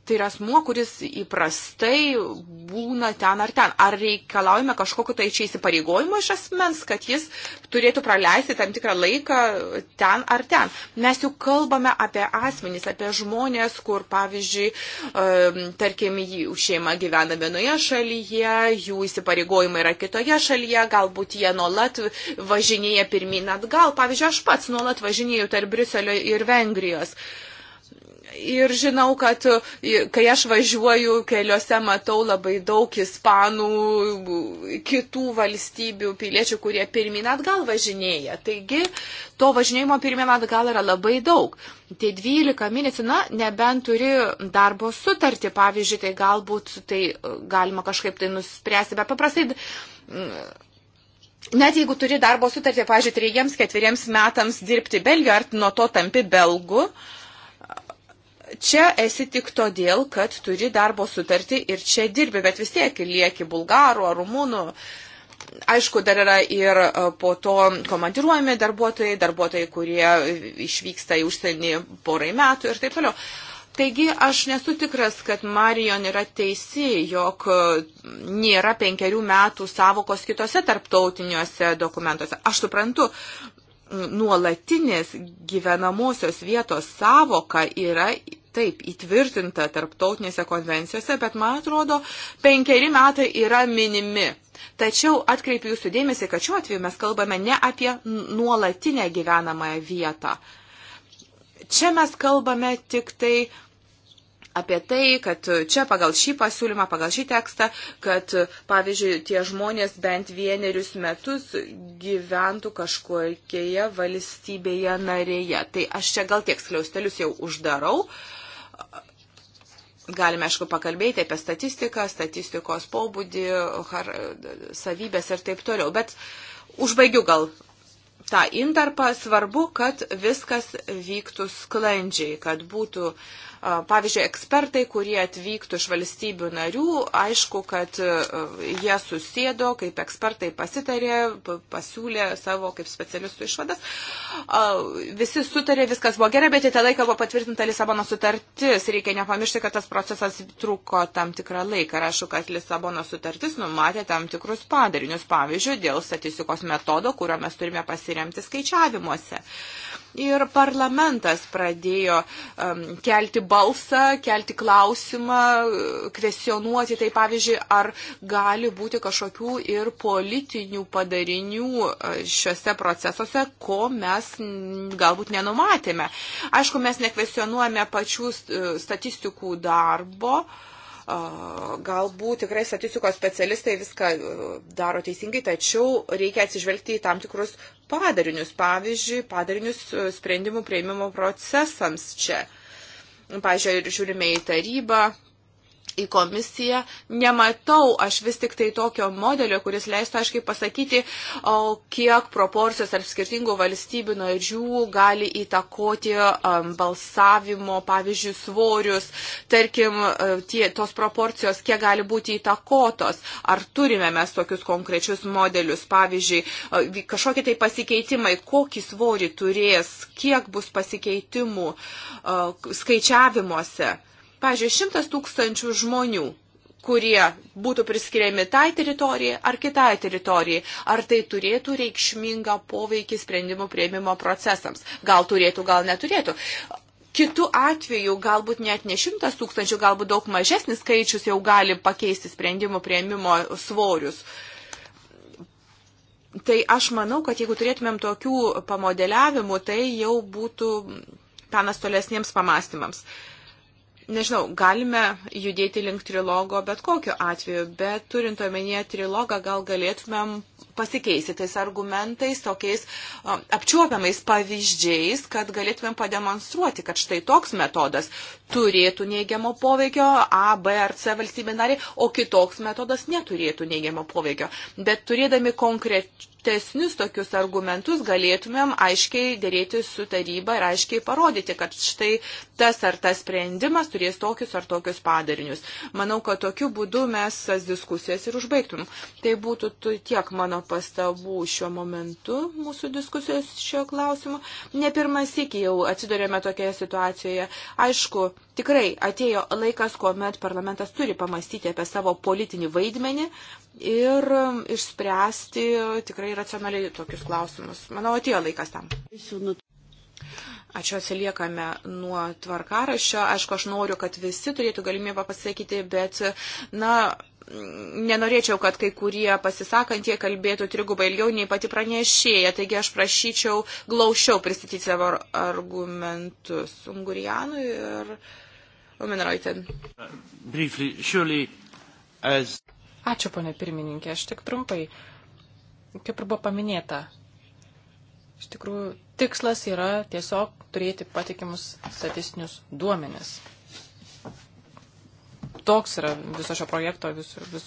tai yra asmuo, kuris įprastai būna ten ar ten. Ar reikalaujame kažkokio tai čia įsipareigojimo iš asmens, kad jis turėtų praleisti tam tikrą laiką ten ar ten. Mes jau kalbame apie asmenys, apie žmonės, kur, pavyzdžiui, tarkim, jų šeima gyvena vienoje šalyje, jų įsipareigojimai yra kitoje šalyje, galbūt jie nuolat važinėja pirmin atgal. Pavyzdžiui, aš pats nuolat važinėjau tarp Briuselio ir Vengrijos. Uh, Ir žinau, kad e, kai aš važiuoju keliuose, matau labai daug ispanų, kitų valstybių piliečių, kurie pirmin atgal važinėja. Taigi to važinėjimo pirmin atgal yra labai daug. Tai 12 mėnesių, na, nebent turi darbo sutartį, pavyzdžiui, tai galbūt tai e, galima kažkaip tai nuspręsti, bet paprastai. Mm, net jeigu turi darbo sutartį, pavyzdžiui, trejiems, ketveriems metams dirbti Belgijoje, ar nuo to tampi belgu, uh, čia esi tik todėl, kad turi darbo sutartį ir čia dirbi, bet vis tiek lieki bulgarų ar rumunų. Aišku, dar yra ir e, po to komandiruojami darbuotojai, darbuotojai, kurie e, išvyksta į užsienį porai metų ir taip toliau. Taigi aš nesu tikras, kad Marion yra teisi, jog e, nėra penkerių metų savokos kitose tarptautiniuose dokumentuose. Aš suprantu, nuolatinės gyvenamosios vietos savoka yra taip įtvirtinta tarptautinėse konvencijose, bet man atrodo, penkeri metai yra minimi. Tačiau atkreipiu jūsų dėmesį, kad šiuo atveju mes kalbame ne apie nuolatinę gyvenamąją vietą. Čia mes kalbame tik tai uh, apie tai, kad čia pagal šį pasiūlymą, pagal šį tekstą, kad, pavyzdžiui, tie žmonės bent vienerius metus gyventų kažkokioje valstybėje narėje. Tai aš čia gal tiek skliaustelius jau uždarau. Galime, aišku, pakalbėti apie statistiką, statistikos pobūdį, har, savybės ir taip toliau. Bet užbaigiu gal tą intarpą, svarbu, kad viskas vyktų sklandžiai, kad būtų Pavyzdžiui, ekspertai, kurie atvyktų iš valstybių narių, aišku, kad e, jie susėdo, kaip ekspertai pasitarė, pasiūlė savo kaip specialistų išvadas. Visi sutarė, viskas buvo gerai, bet į tą laiką buvo patvirtinta Lisabono sutartis. Reikia nepamiršti, kad tas procesas truko tam tikrą laiką. Rašu, kad Lisabono sutartis numatė tam tikrus padarinius, pavyzdžiui, dėl statistikos metodo, kurio mes turime pasiremti skaičiavimuose ir parlamentas pradėjo um, kelti balsą, kelti klausimą, kvesionuoti, tai pavyzdžiui, ar gali būti kažkokių ir politinių padarinių e, šiuose procesuose, ko mes galbūt nenumatėme. Aišku, mes nekvesionuojame pačių e, statistikų darbo, uh, Galbūt tikrai statistikos specialistai viską e, daro teisingai, tačiau reikia atsižvelgti į tam tikrus padarinius, pavyzdžiui, padarinius e, sprendimų prieimimo procesams čia. Pavyzdžiui, žiūrime į tarybą, į komisiją, nematau aš vis tik tai tokio modelio, kuris leistų aiškiai pasakyti, o, kiek proporcijos tarp skirtingų valstybių narių gali įtakoti um, balsavimo, pavyzdžiui, svorius, tarkim, e, tie, tos proporcijos, kiek gali būti įtakotos. Ar turime mes tokius konkrečius modelius, pavyzdžiui, kažkokie tai pasikeitimai, kokį svorį turės, kiek bus pasikeitimų uh, skaičiavimuose. Pavyzdžiui, šimtas tūkstančių žmonių kurie būtų priskiriami tai teritorijai ar kitai teritorijai. Ar tai turėtų reikšmingą poveikį sprendimų prieimimo procesams? Gal turėtų, gal neturėtų. Kitu atveju galbūt net ne šimtas tūkstančių, galbūt daug mažesnis skaičius jau gali pakeisti sprendimų prieimimo svorius. Tai aš manau, kad jeigu turėtumėm tokių pamodeliavimų, tai jau būtų penas tolesniems pamastymams. Uh, nežinau, galime judėti link trilogo bet kokiu atveju, bet turint omenyje trilogą gal galėtumėm pasikeisti tais argumentais, tokiais apčiuopiamais pavyzdžiais, kad galėtumėm pademonstruoti, kad štai toks metodas turėtų neigiamo poveikio A, B ar C valstybė nariai, o kitoks metodas neturėtų neigiamo poveikio. Bet turėdami konkretesnius tokius argumentus galėtumėm aiškiai dėrėti su taryba ir aiškiai parodyti, kad štai tas ar tas sprendimas turės tokius ar tokius padarinius. Manau, kad tokiu būdu mes tas diskusijas ir užbaigtum. Tai būtų tiek mano pastabų šiuo momentu mūsų diskusijos šio klausimu. Ne pirmas iki jau atsidurėme tokioje situacijoje. Aišku, tikrai atėjo laikas, kuomet parlamentas turi pamastyti apie savo politinį vaidmenį ir um, išspręsti tikrai racionaliai tokius klausimus. Manau, atėjo laikas tam. Ačiū atsiliekame nuo tvarkaraščio. Aišku, aš noriu, kad visi turėtų galimybę pasakyti, bet, na, nenorėčiau, kad kai kurie pasisakantie kalbėtų trigubai ilgiau nei pati pranešėja. Taigi aš prašyčiau glaušiau pristatyti savo argumentus Ungurijanui ir Omenroiten. Ačiū, ponė pirmininkė. Aš tik trumpai, kaip ir buvo paminėta, Iš tikrųjų, tikslas yra tiesiog turėti patikimus statistinius duomenis. Toks yra viso šio projekto, viso, vis,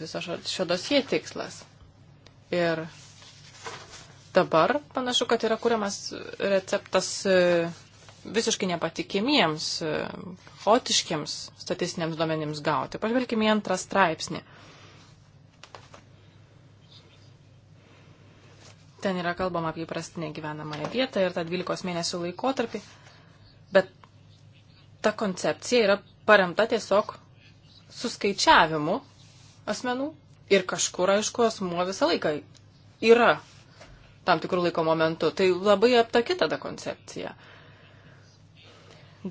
viso šio, šio dosie tikslas. Ir dabar panašu, kad yra kuriamas receptas e, visiškai nepatikimiems, e, chaotiškiams statistiniams duomenims gauti. Pažvelkime į antrą straipsnį. Ten yra kalbama apie įprastinę gyvenamąją vietą ir tą 12 mėnesių laikotarpį, bet ta koncepcija yra paremta tiesiog suskaičiavimu asmenų ir kažkur, aišku, asmuo visą laiką yra tam tikrų laiko momentų. Tai labai aptaki tada koncepcija.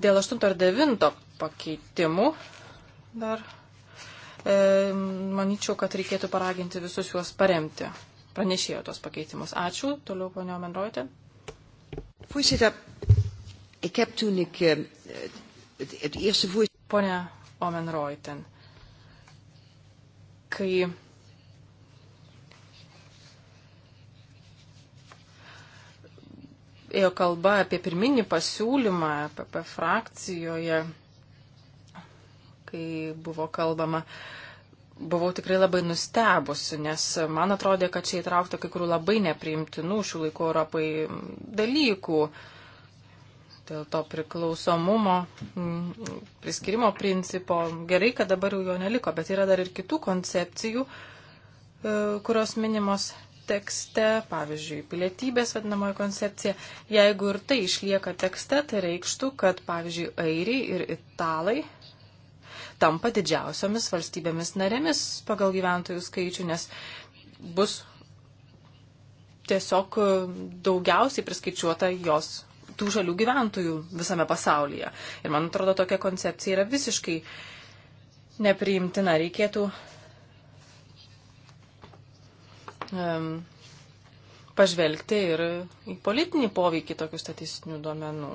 Dėl 8 ar 9 pakeitimų dar e, manyčiau, kad reikėtų paraginti visus juos paremti pranešėjo tos pakeitimus. Ačiū. Toliau ponio Menroitė. Pone Omenroiten, kai ėjo kalba apie pirminį pasiūlymą PP frakcijoje, kai buvo kalbama uh, buvau tikrai labai nustebusi, nes man atrodė, kad čia įtraukta kai kurių labai nepriimtinų šių laikų Europai dalykų. Dėl to priklausomumo, priskirimo principo. Gerai, kad dabar jau jo neliko, bet yra dar ir kitų koncepcijų, e, kurios minimos tekste, pavyzdžiui, pilietybės vadinamoji koncepcija. Jeigu ir tai išlieka tekste, tai reikštų, kad, pavyzdžiui, airiai ir italai tampa didžiausiamis valstybėmis narėmis pagal gyventojų skaičių, nes bus tiesiog daugiausiai priskaičiuota jos tų šalių gyventojų visame pasaulyje. Ir man atrodo, tokia koncepcija yra visiškai nepriimtina. Reikėtų um, pažvelgti ir į politinį poveikį tokių statistinių duomenų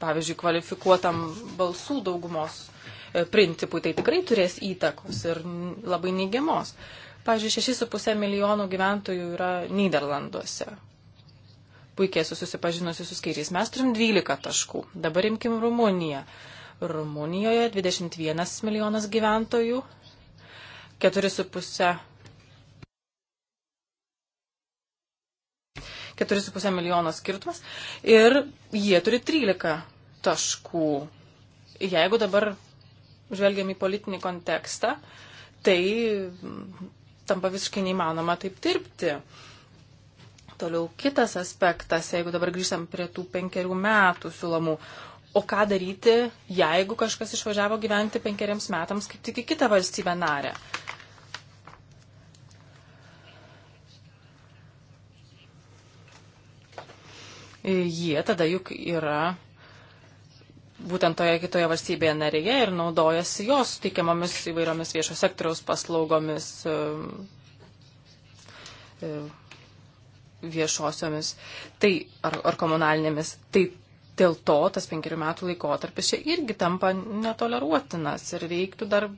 pavyzdžiui, kvalifikuotam balsų daugumos e, principui, tai tikrai turės įtakos ir labai neigiamos. Pavyzdžiui, 6,5 milijonų gyventojų yra Niderlanduose. Puikiai susipažinusi su skaičiais. Mes turim 12 taškų. Dabar imkim Rumuniją. Rumunijoje 21 milijonas gyventojų, 4,5 4,5 milijono skirtumas ir jie turi 13 taškų. Jeigu dabar žvelgiam į politinį kontekstą, tai mm, tampa visiškai neįmanoma taip dirbti. Toliau kitas aspektas, jeigu dabar grįžtam prie tų penkerių metų siūlomų o ką daryti, jeigu kažkas išvažiavo gyventi penkeriams metams kaip tik į kitą valstybę narę. jie tada juk yra būtent toje kitoje valstybėje narėje ir naudojasi jos teikiamomis įvairiomis viešo sektoriaus paslaugomis, e, e, viešosiomis tai, ar, ar komunalinėmis. Tai dėl to tas penkerių metų laikotarpis čia irgi tampa netoleruotinas ir reiktų dar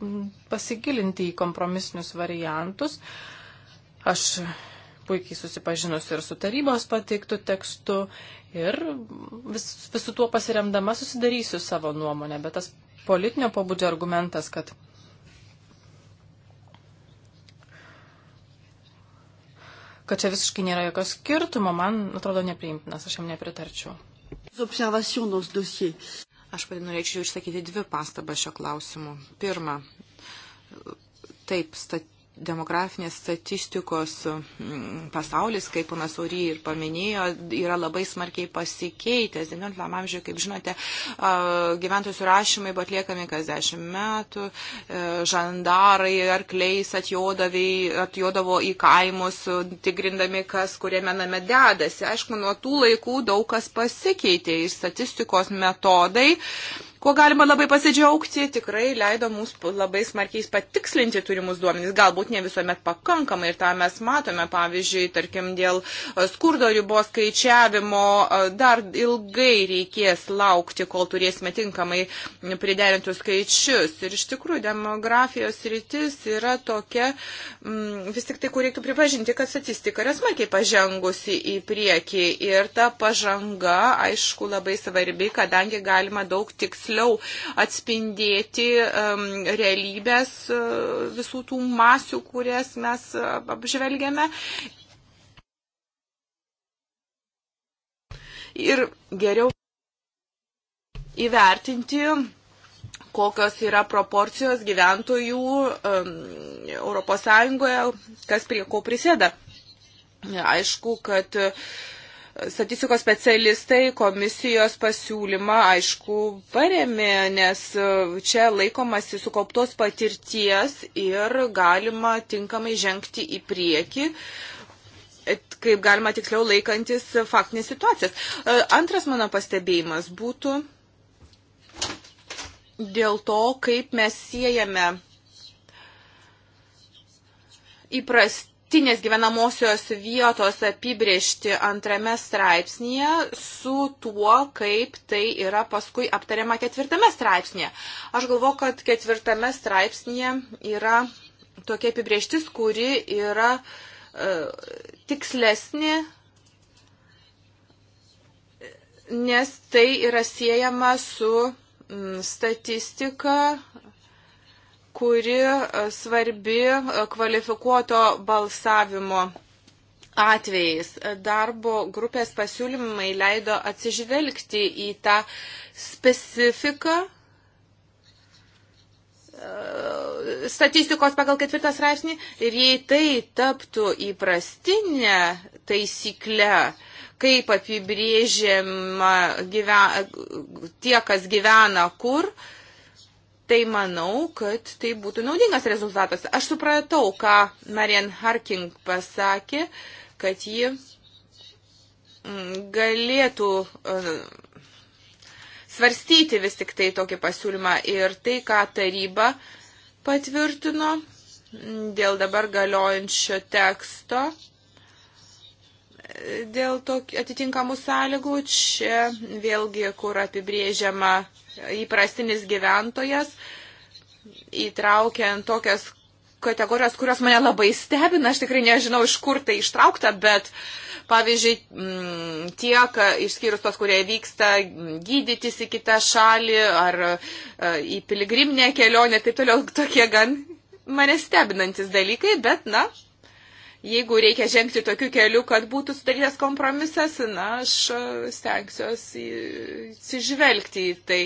pasigilinti į kompromisinius variantus. Aš puikiai susipažinusi ir su tarybos pateiktų tekstu ir vis, visu tuo pasiremdama susidarysiu savo nuomonę, bet tas politinio pobūdžio argumentas, kad kad čia visiškai nėra jokio skirtumo, man atrodo nepriimtinas, aš jam nepritarčiau. Aš pati norėčiau išsakyti dvi pastabas šio klausimu. Pirma, taip, stat demografinės statistikos mm, pasaulis, kaip ponas Ury ir paminėjo, yra labai smarkiai pasikeitęs. 19 amžiuje, kaip žinote, gyventojų surašymai buvo atliekami kas 10 metų, e, žandarai arkliais atjodavo į kaimus, tikrindami, kas kuriame name dedasi. Aišku, nuo tų laikų daug kas pasikeitė ir statistikos metodai kuo galima labai pasidžiaugti, tikrai leido mums labai smarkiai patikslinti turimus duomenys, galbūt ne visuomet pakankamai ir tą mes matome, pavyzdžiui, tarkim, dėl e, skurdo ribos skaičiavimo e, dar ilgai reikės laukti, kol turėsime tinkamai priderintus skaičius. Ir iš tikrųjų, demografijos rytis yra tokia, m, mm, vis tik tai, kur reiktų pripažinti, kad statistika yra smarkiai pažengusi į priekį ir ta pažanga, aišku, labai svarbi, kadangi galima daug tiksliai tiksliau atspindėti um, realybės uh, visų tų masių, kurias mes uh, apžvelgiame. Ir geriau įvertinti kokios yra proporcijos gyventojų um, ES, kas prie ko prisėda. Aišku, kad uh, Statistikos specialistai komisijos pasiūlymą, aišku, paremė, nes e, čia laikomasi sukauptos patirties ir galima tinkamai žengti į priekį kaip galima tiksliau laikantis faktinės situacijas. E, antras mano pastebėjimas būtų dėl to, kaip mes siejame įprasti nuolatinės gyvenamosios vietos apibriežti antrame straipsnėje su tuo, kaip tai yra paskui aptariama ketvirtame straipsnėje. Aš galvoju, kad ketvirtame straipsnėje yra tokia apibriežtis, kuri yra uh, tikslesnė nes tai yra siejama su statistika kuri e, svarbi e, kvalifikuoto balsavimo atvejais. Darbo grupės pasiūlymai leido atsižvelgti į tą specifiką e, statistikos pagal ketvirtą straipsnį ir jei tai taptų įprastinė taisykle, kaip apibrėžiama gyven, tie, kas gyvena kur, uh, tai manau, kad tai būtų naudingas rezultatas. Aš supratau, ką Marian Harking pasakė, kad ji mm, galėtų e, svarstyti vis tik tai tokį pasiūlymą ir tai, ką taryba patvirtino dėl dabar galiojančio teksto, e, dėl atitinkamų sąlygų, čia vėlgi, kur apibrėžiama įprastinis gyventojas, įtraukiant tokias kategorijos, kurios mane labai stebina, aš tikrai nežinau, iš kur tai ištraukta, bet pavyzdžiui, mm, tiek išskyrus tos, kurie vyksta gydytis į kitą šalį ar e, į piligriminę kelionę, taip toliau tokie gan mane stebinantis dalykai, bet, na, jeigu reikia žengti tokiu keliu, kad būtų sudarytas kompromisas, na, aš e, stengsiuosi atsižvelgti į tai.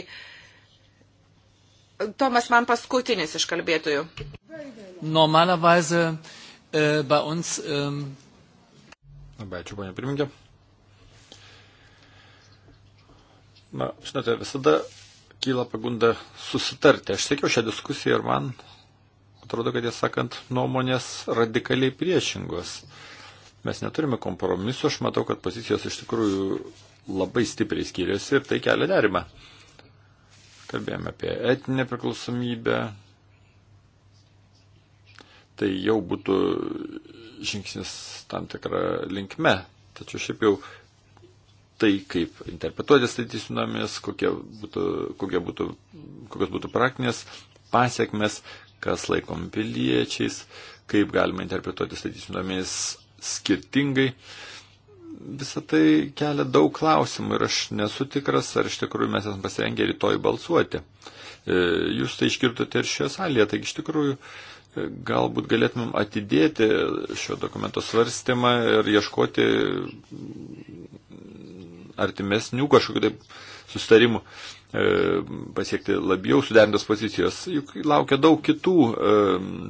Tomas man paskutinis iš kalbėtojų. Normalerweise äh, bei uns. Ähm Labai ačiū, ponia pirmininkė. Na, žinote, visada kyla pagunda susitarti. Aš sėkiau šią diskusiją ir man atrodo, kad, tiesąkant, nuomonės radikaliai priešingos. Mes neturime kompromisu, aš matau, kad pozicijos iš tikrųjų labai stipriai skiriasi ir tai kelia nerimą. Kalbėjome apie etinę priklausomybę. Tai jau būtų žingsnis tam tikrą linkme. Tačiau šiaip jau tai, kaip interpretuoti statistinėmis, kokie būtų, kokie būtų, kokios būtų praktinės pasiekmes, kas laikom piliečiais, kaip galima interpretuoti statistinių duomenys skirtingai. Visą tai kelia daug klausimų ir aš nesu tikras, ar iš tikrųjų mes esame pasirengę rytoj balsuoti. E, jūs tai išgirdote ir šioje salėje, taigi iš tikrųjų e, galbūt galėtumėm atidėti šio dokumento svarstymą ir ieškoti artimesnių kažkokių taip sustarimų. E, pasiekti labiau suderintos pozicijos. Juk laukia daug kitų e,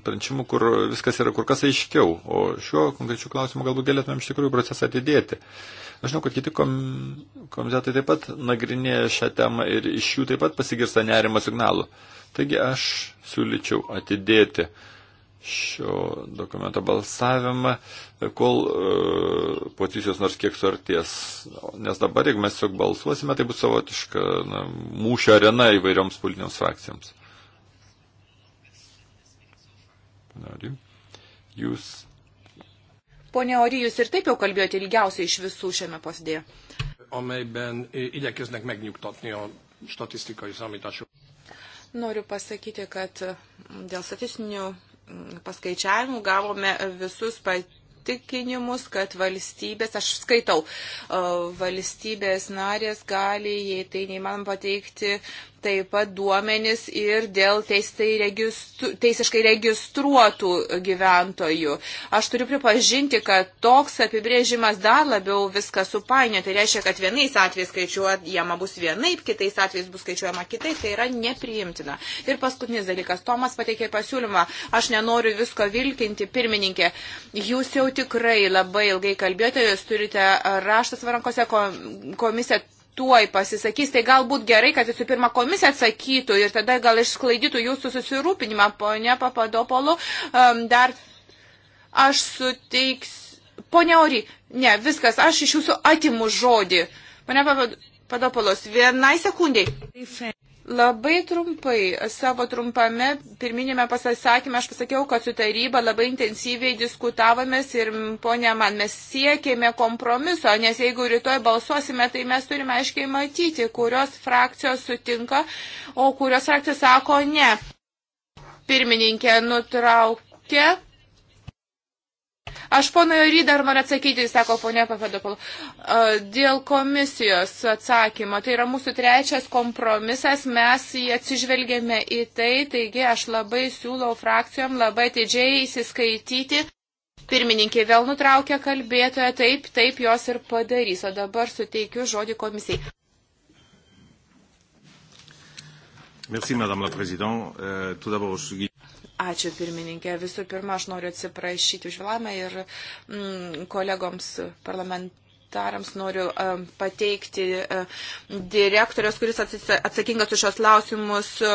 pranešimų, kur viskas yra kur kas aiškiau, o šiuo konkrečiu klausimu galbūt galėtumėm iš tikrųjų procesą atidėti. Aš žinau, kad kiti kom... komitetai taip pat nagrinėja šią temą ir iš jų taip pat pasigirsta nerimo signalų. Taigi aš siūlyčiau atidėti uh, šio dokumento balsavimą, kol e, pozicijos nors kiek suarties. Nes dabar, jeigu mes tiesiog balsuosime, tai bus savotiška na, mūšio arena įvairioms politinėms frakcijoms. Nori. Jūs. Pone Ori, jūs ir taip jau kalbėjote ilgiausiai iš visų šiame posėdėje. Amelyben igyekeznek megnyugtatni a statisztikai számítások. Noriu pasakyti, kad dėl statistinių paskaičiavimų gavome visus patikinimus, kad valstybės, aš skaitau, e, valstybės narės gali, jei tai neįmanom pateikti, taip pat duomenis ir dėl registru, teisiškai registruotų gyventojų. Aš turiu pripažinti, kad toks apibrėžimas dar labiau viską supainio. Tai reiškia, kad vienais atvejais skaičiuojama bus vienaip, kitais atvejais bus skaičiuojama kitaip. Tai yra nepriimtina. Ir paskutinis dalykas. Tomas pateikė pasiūlymą. Aš nenoriu visko vilkinti. Pirmininkė, jūs jau tikrai labai ilgai kalbėjote, jūs turite raštas varankose komisija tuoj pasisakys, tai galbūt gerai, kad visų pirma komisija atsakytų ir tada gal išsklaidytų jūsų susirūpinimą, ponia Papadopolo. Um, dar aš suteiks. Pone Ori, ne, viskas, aš iš jūsų atimu žodį. Pane Papadopolos, vienai sekundėjai. Labai trumpai, savo trumpame pirminėme pasisakymė aš pasakiau, kad su taryba labai intensyviai diskutavomės ir, ponia man, mes siekėme kompromiso, nes jeigu rytoj balsuosime, tai mes turime aiškiai matyti, kurios frakcijos sutinka, o kurios frakcijos sako ne. Pirmininkė nutraukė. Aš pono Jory dar man atsakyti, jis sako, ponė Papadopolo, dėl komisijos atsakymo, tai yra mūsų trečias kompromisas, mes jį atsižvelgėme į tai, taigi aš labai siūlau frakcijom labai atidžiai įsiskaityti. Pirmininkė vėl nutraukė kalbėtoją, taip, taip jos ir padarys, o dabar suteikiu žodį komisijai. Merci, Madame la Présidente. Euh, tout d'abord, je suis Ačiū pirmininkė. Visų pirma, aš noriu atsiprašyti už vėlamę ir mm, kolegoms parlament parlamentarams noriu pateikti e, direktorius, kuris atsakingas už šios klausimus e,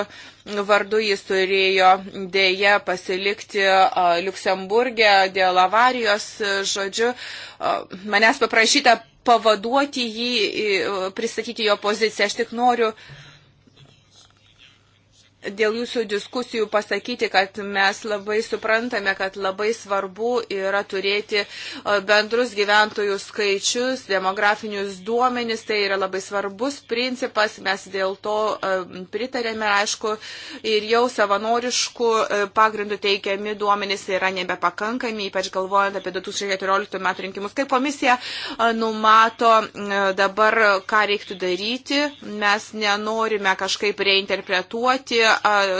vardu. Jis turėjo dėje pasilikti e, Luksemburgė dėl avarijos. Žodžiu, manęs paprašyta pavaduoti jį, pristatyti jo poziciją. Aš tik noriu dėl jūsų diskusijų pasakyti, kad mes labai suprantame, kad labai svarbu yra turėti e, bendrus gyventojų skaičius, demografinius duomenis, tai yra labai svarbus principas, mes dėl to e, pritarėme, aišku, ir jau savanoriškų e, pagrindų teikiami duomenys yra nebepakankami, ypač galvojant apie 2014 metų rinkimus. Kaip komisija numato dabar, ką reiktų daryti, mes nenorime kažkaip reinterpretuoti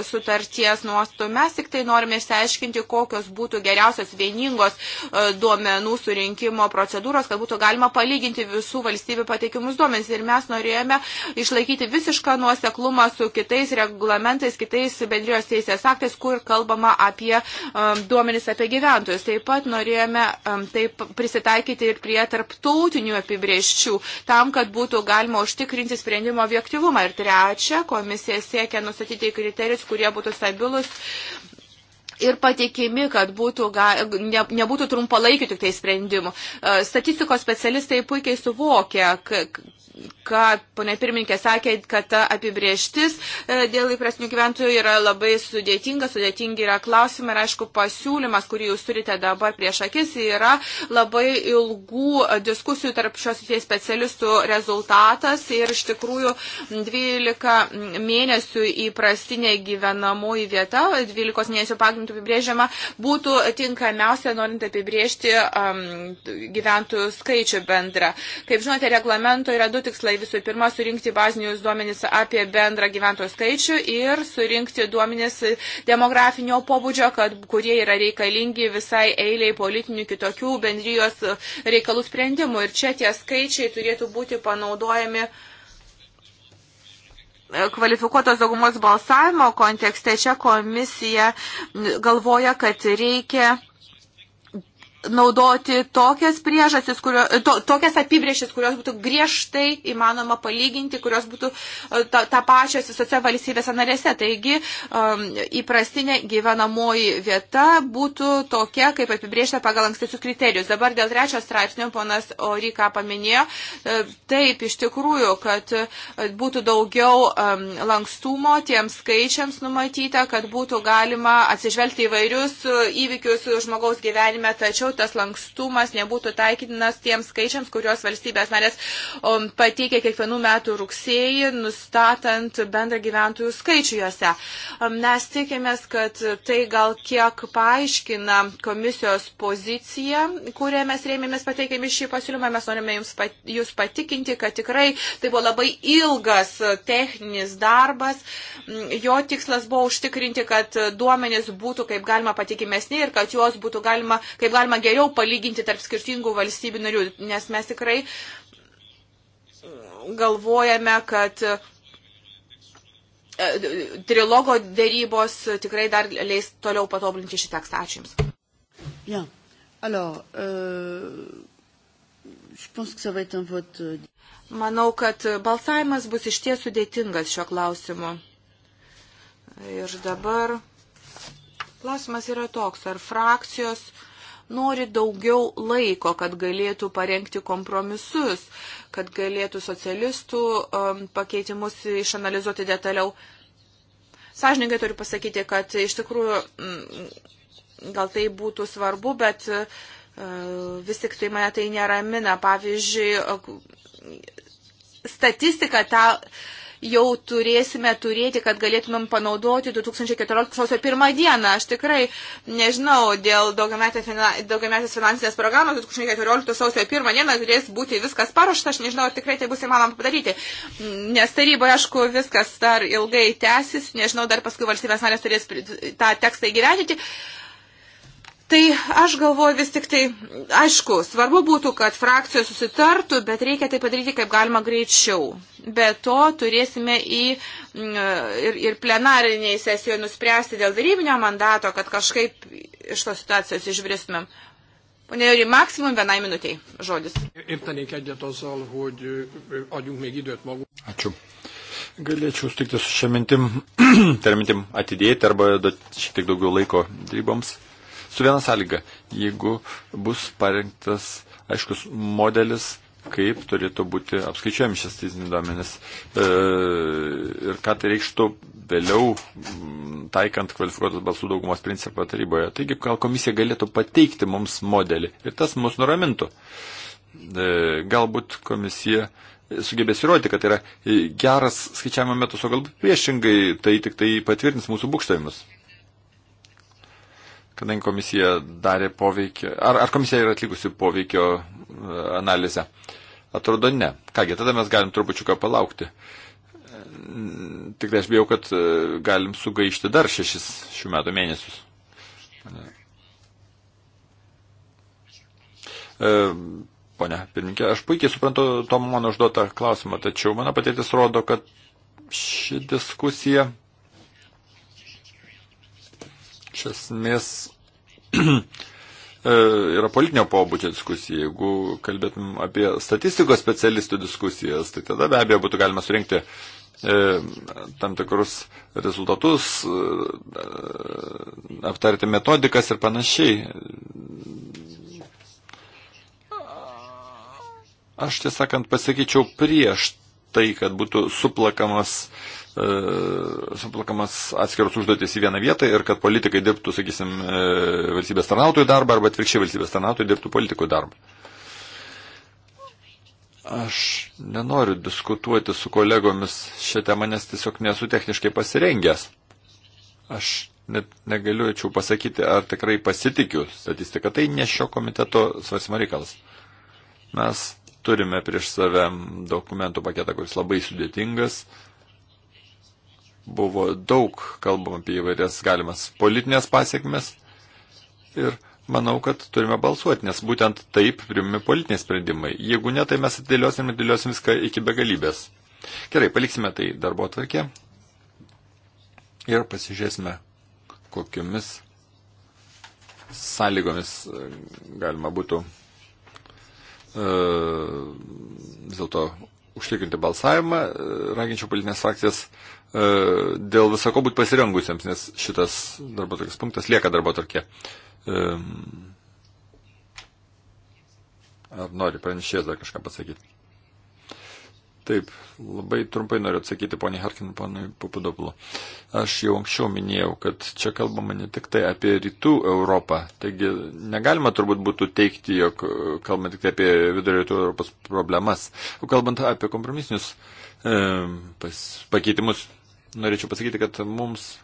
sutarties nuostų. Mes tik tai norime išsiaiškinti, kokios būtų geriausios vieningos duomenų surinkimo procedūros, kad būtų galima palyginti visų valstybių pateikimus duomenys. Ir mes norėjome išlaikyti visišką nuoseklumą su kitais reglamentais, kitais bendrijos teisės aktais, kur kalbama apie duomenys apie gyventojus. Taip pat norėjome taip prisitaikyti ir prie tarptautinių apibrieščių, tam, kad būtų galima užtikrinti sprendimo objektivumą. Ir trečia, komisija siekia nustatyti kriterijus, kurie būtų stabilus, ir patikimi, kad būtų ga, ne, nebūtų trumpalaikių tik tai sprendimų. E, statistikos specialistai puikiai suvokia, ką ponė pirmininkė sakė, kad ta apibrieštis e, dėl įprasnių gyventojų yra labai sudėtinga, sudėtingi yra klausimai ir aišku pasiūlymas, kurį jūs turite dabar prieš akis, yra labai ilgų diskusijų tarp šios specialistų rezultatas ir iš tikrųjų 12 mėnesių įprastinė gyvenamoji vieta, 12 mėnesių pagrindų reglamentų apibrėžiama, būtų tinkamiausia, norint apibrėžti um, gyventojų skaičių bendrą. Kaip žinote, reglamento yra du tikslai. Visų pirma, surinkti bazinius duomenis apie bendrą gyventojų skaičių ir surinkti duomenis demografinio pobūdžio, kad, kurie yra reikalingi visai eiliai politinių kitokių bendrijos reikalų sprendimų. Ir čia tie skaičiai turėtų būti panaudojami. Uh, kvalifikuotos daugumos balsavimo kontekste čia komisija galvoja, kad reikia naudoti tokias priežastis, kurio, to, tokias apibriešis, kurios būtų griežtai įmanoma palyginti, kurios būtų e, ta, ta pačios visose valstybėse narėse. Taigi um, įprastinė gyvenamoji vieta būtų tokia, kaip apibriešta pagal ankstesius kriterijus. Dabar dėl trečios straipsnio ponas Orika paminėjo, e, taip iš tikrųjų, kad e, būtų daugiau um, lankstumo tiems skaičiams numatyta, kad būtų galima atsižvelgti įvairius įvykius žmogaus gyvenime, tačiau tas lankstumas nebūtų taikytinas tiems skaičiams, kuriuos valstybės narės um, pateikė kiekvienų metų rugsėjį, nustatant bendrą gyventojų skaičių juose. Um, mes tikėmės, kad tai gal kiek paaiškina komisijos poziciją, kurią mes rėmėmės pateikėmi šį pasiūlymą. Mes norime jums pat, jūs patikinti, kad tikrai tai buvo labai ilgas techninis darbas. Jo tikslas buvo užtikrinti, kad duomenys būtų kaip galima patikimesni ir kad juos būtų galima, kaip galima galima geriau palyginti tarp skirtingų valstybių narių, nes mes tikrai galvojame, kad e, trilogo dėrybos tikrai dar leis toliau patobulinti šį tekstą. Ačiū Jums. Bien. Alors, euh, je pense que ça va être un vote. Euh, Manau, kad balsavimas bus iš ties sudėtingas šio klausimu. Ir dabar klausimas yra toks, ar frakcijos uh, nori daugiau laiko, kad galėtų parengti kompromisus, kad galėtų socialistų um, pakeitimus išanalizuoti detaliau. Sažininkai turiu pasakyti, kad iš tikrųjų m, mm, gal tai būtų svarbu, bet uh, vis tik tai mane tai neramina. Pavyzdžiui, uh, statistika tą. Ta jau turėsime turėti, kad galėtumėm panaudoti 2014 pirmą dieną. Aš tikrai nežinau, dėl daugiametės finansinės programos 2014 sausio pirmą dieną turės būti viskas paruošta. Aš nežinau, ar tikrai tai bus įmanoma padaryti. Nes taryboje, aišku, viskas dar ilgai tęsis. Nežinau, dar paskui valstybės narės turės tą tekstą įgyvendyti. Uh, Tai aš galvoju vis tik tai, aišku, svarbu būtų, kad frakcijos susitartų, bet reikia tai padaryti kaip galima greičiau. Be to turėsime į, mm, ir, ir plenariniai sesijoje nuspręsti dėl darybinio mandato, kad kažkaip iš tos situacijos išbristumėm. Pone Jori, maksimum vienai minutiai žodis. Ačiū. Galėčiau sutikti su šią mintim, termintim atidėti arba šiek tiek daugiau laiko dryboms su viena sąlyga, jeigu bus parengtas aiškus modelis, kaip turėtų būti apskaičiuojami šie statistiniai duomenys e, ir ką tai reikštų vėliau taikant kvalifikuotos balsų daugumos principą taryboje. Taigi, gal komisija galėtų pateikti mums modelį ir tas mus nuramintų. E, galbūt komisija sugebės įrodyti, kad tai yra geras skaičiavimo metus, o galbūt priešingai tai tik tai patvirtins mūsų būkštavimus kadangi komisija darė poveikį, ar, ar komisija yra atlikusi poveikio e, analizę? Atrodo, ne. Kągi, tada mes galim trupučiuką palaukti. Tik aš bijau, kad e, galim sugaišti dar šešis šių metų mėnesius. E, Pone pirmininkė, aš puikiai suprantu to mano užduotą klausimą, tačiau mano patirtis rodo, kad ši diskusija iš esmės e, yra politinio pobūdžio diskusija. Jeigu kalbėtum apie statistikos specialistų diskusijas, tai tada be abejo būtų galima surinkti e, tam tikrus rezultatus, e, aptarti metodikas ir panašiai. Aš tiesąkant pasakyčiau prieš tai, kad būtų suplakamas E, suplakamas atskiros užduotis į vieną vietą ir kad politikai dirbtų, sakysim, e, valstybės tarnautojų darbą arba atvirkščiai valstybės tarnautojų dirbtų politikų darbą. Aš nenoriu diskutuoti su kolegomis šią temą, nes tiesiog nesu techniškai pasirengęs. Aš net negaliuočiau pasakyti, ar tikrai pasitikiu statistiką. Tai ne šio komiteto svarsimo reikalas. Mes turime prieš save dokumentų paketą, kuris labai sudėtingas, buvo daug kalbama apie įvairias galimas politinės pasiekmes ir manau, kad turime balsuoti, nes būtent taip primimi politiniai sprendimai. Jeigu ne, tai mes atidėliosim ir dėliosim viską iki begalybės. Gerai, paliksime tai darbo atvarkė ir pasižiūrėsime, kokiomis sąlygomis e, galima būtų e, vis dėlto užtikrinti balsavimą. E, raginčiau politinės frakcijas E, dėl visako būti pasirengusiems, nes šitas darbo toks punktas lieka darbo tokie. Ar nori pranešės dar kažką pasakyti? Taip, labai trumpai noriu atsakyti poniai Harkin, ponui Papadopulo. Aš jau anksčiau minėjau, kad čia kalbama ne tik tai apie rytų Europą. Taigi negalima turbūt būtų teikti, jog kalbama tik tai apie vidurio rytų Europos problemas. O kalbant apie kompromisinius e, pas, pakeitimus, norėčiau pasakyti, kad mums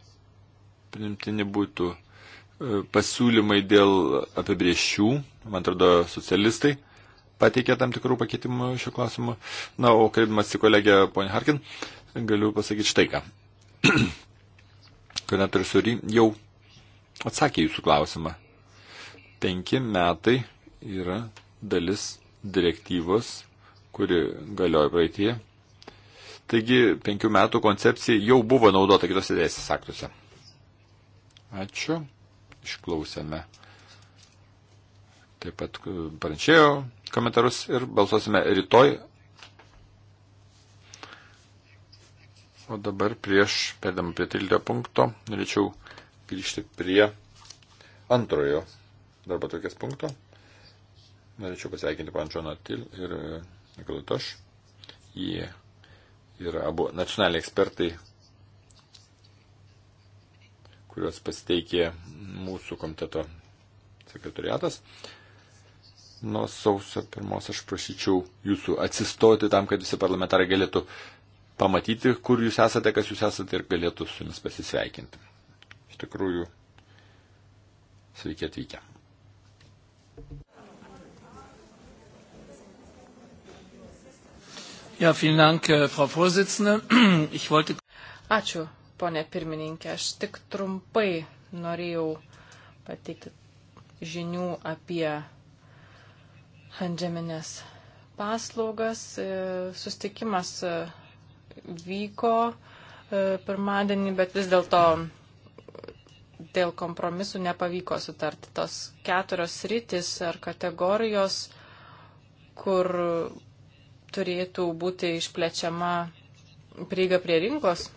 primtini būtų e, pasiūlymai dėl apibriešių, man atrodo, socialistai pateikė tam tikrų pakeitimų šiuo klausimu. Na, o kreipdamas į kolegę ponį Harkin, galiu pasakyti štai ką. Koordinatorius Suri jau atsakė jūsų klausimą. Penki metai yra dalis direktyvos, kuri galioja praeitie Taigi penkių metų koncepcija jau buvo naudota kitose teisės aktuose. Ačiū. Išklausėme taip pat e, pranešėjo komentarus ir balsuosime rytoj. O dabar prieš, pėdam prie 13 punkto, norėčiau grįžti prie antrojo darbo tokias punkto. Norėčiau pasveikinti pančioną Til ir e, Nikolai Toš. Jie yeah ir abu nacionaliniai ekspertai, kuriuos pasteikė mūsų komiteto sekretariatas. Nuo sausio pirmos aš prašyčiau jūsų atsistoti tam, kad visi parlamentarai galėtų pamatyti, kur jūs esate, kas jūs esate ir galėtų su jumis pasisveikinti. Iš tikrųjų, sveiki atvykę. Ja, vielen Dank, äh, Frau Vorsitzende. Ich wollte... Ačiū, ponė pirmininkė. Aš tik trumpai norėjau pateikti žinių apie antžeminės paslaugas. E, sustikimas e, vyko e, pirmadienį, bet vis dėlto dėl kompromisų nepavyko sutarti. Tos keturios rytis ar kategorijos, kur turėtų būti išplečiama prieiga prie rinkos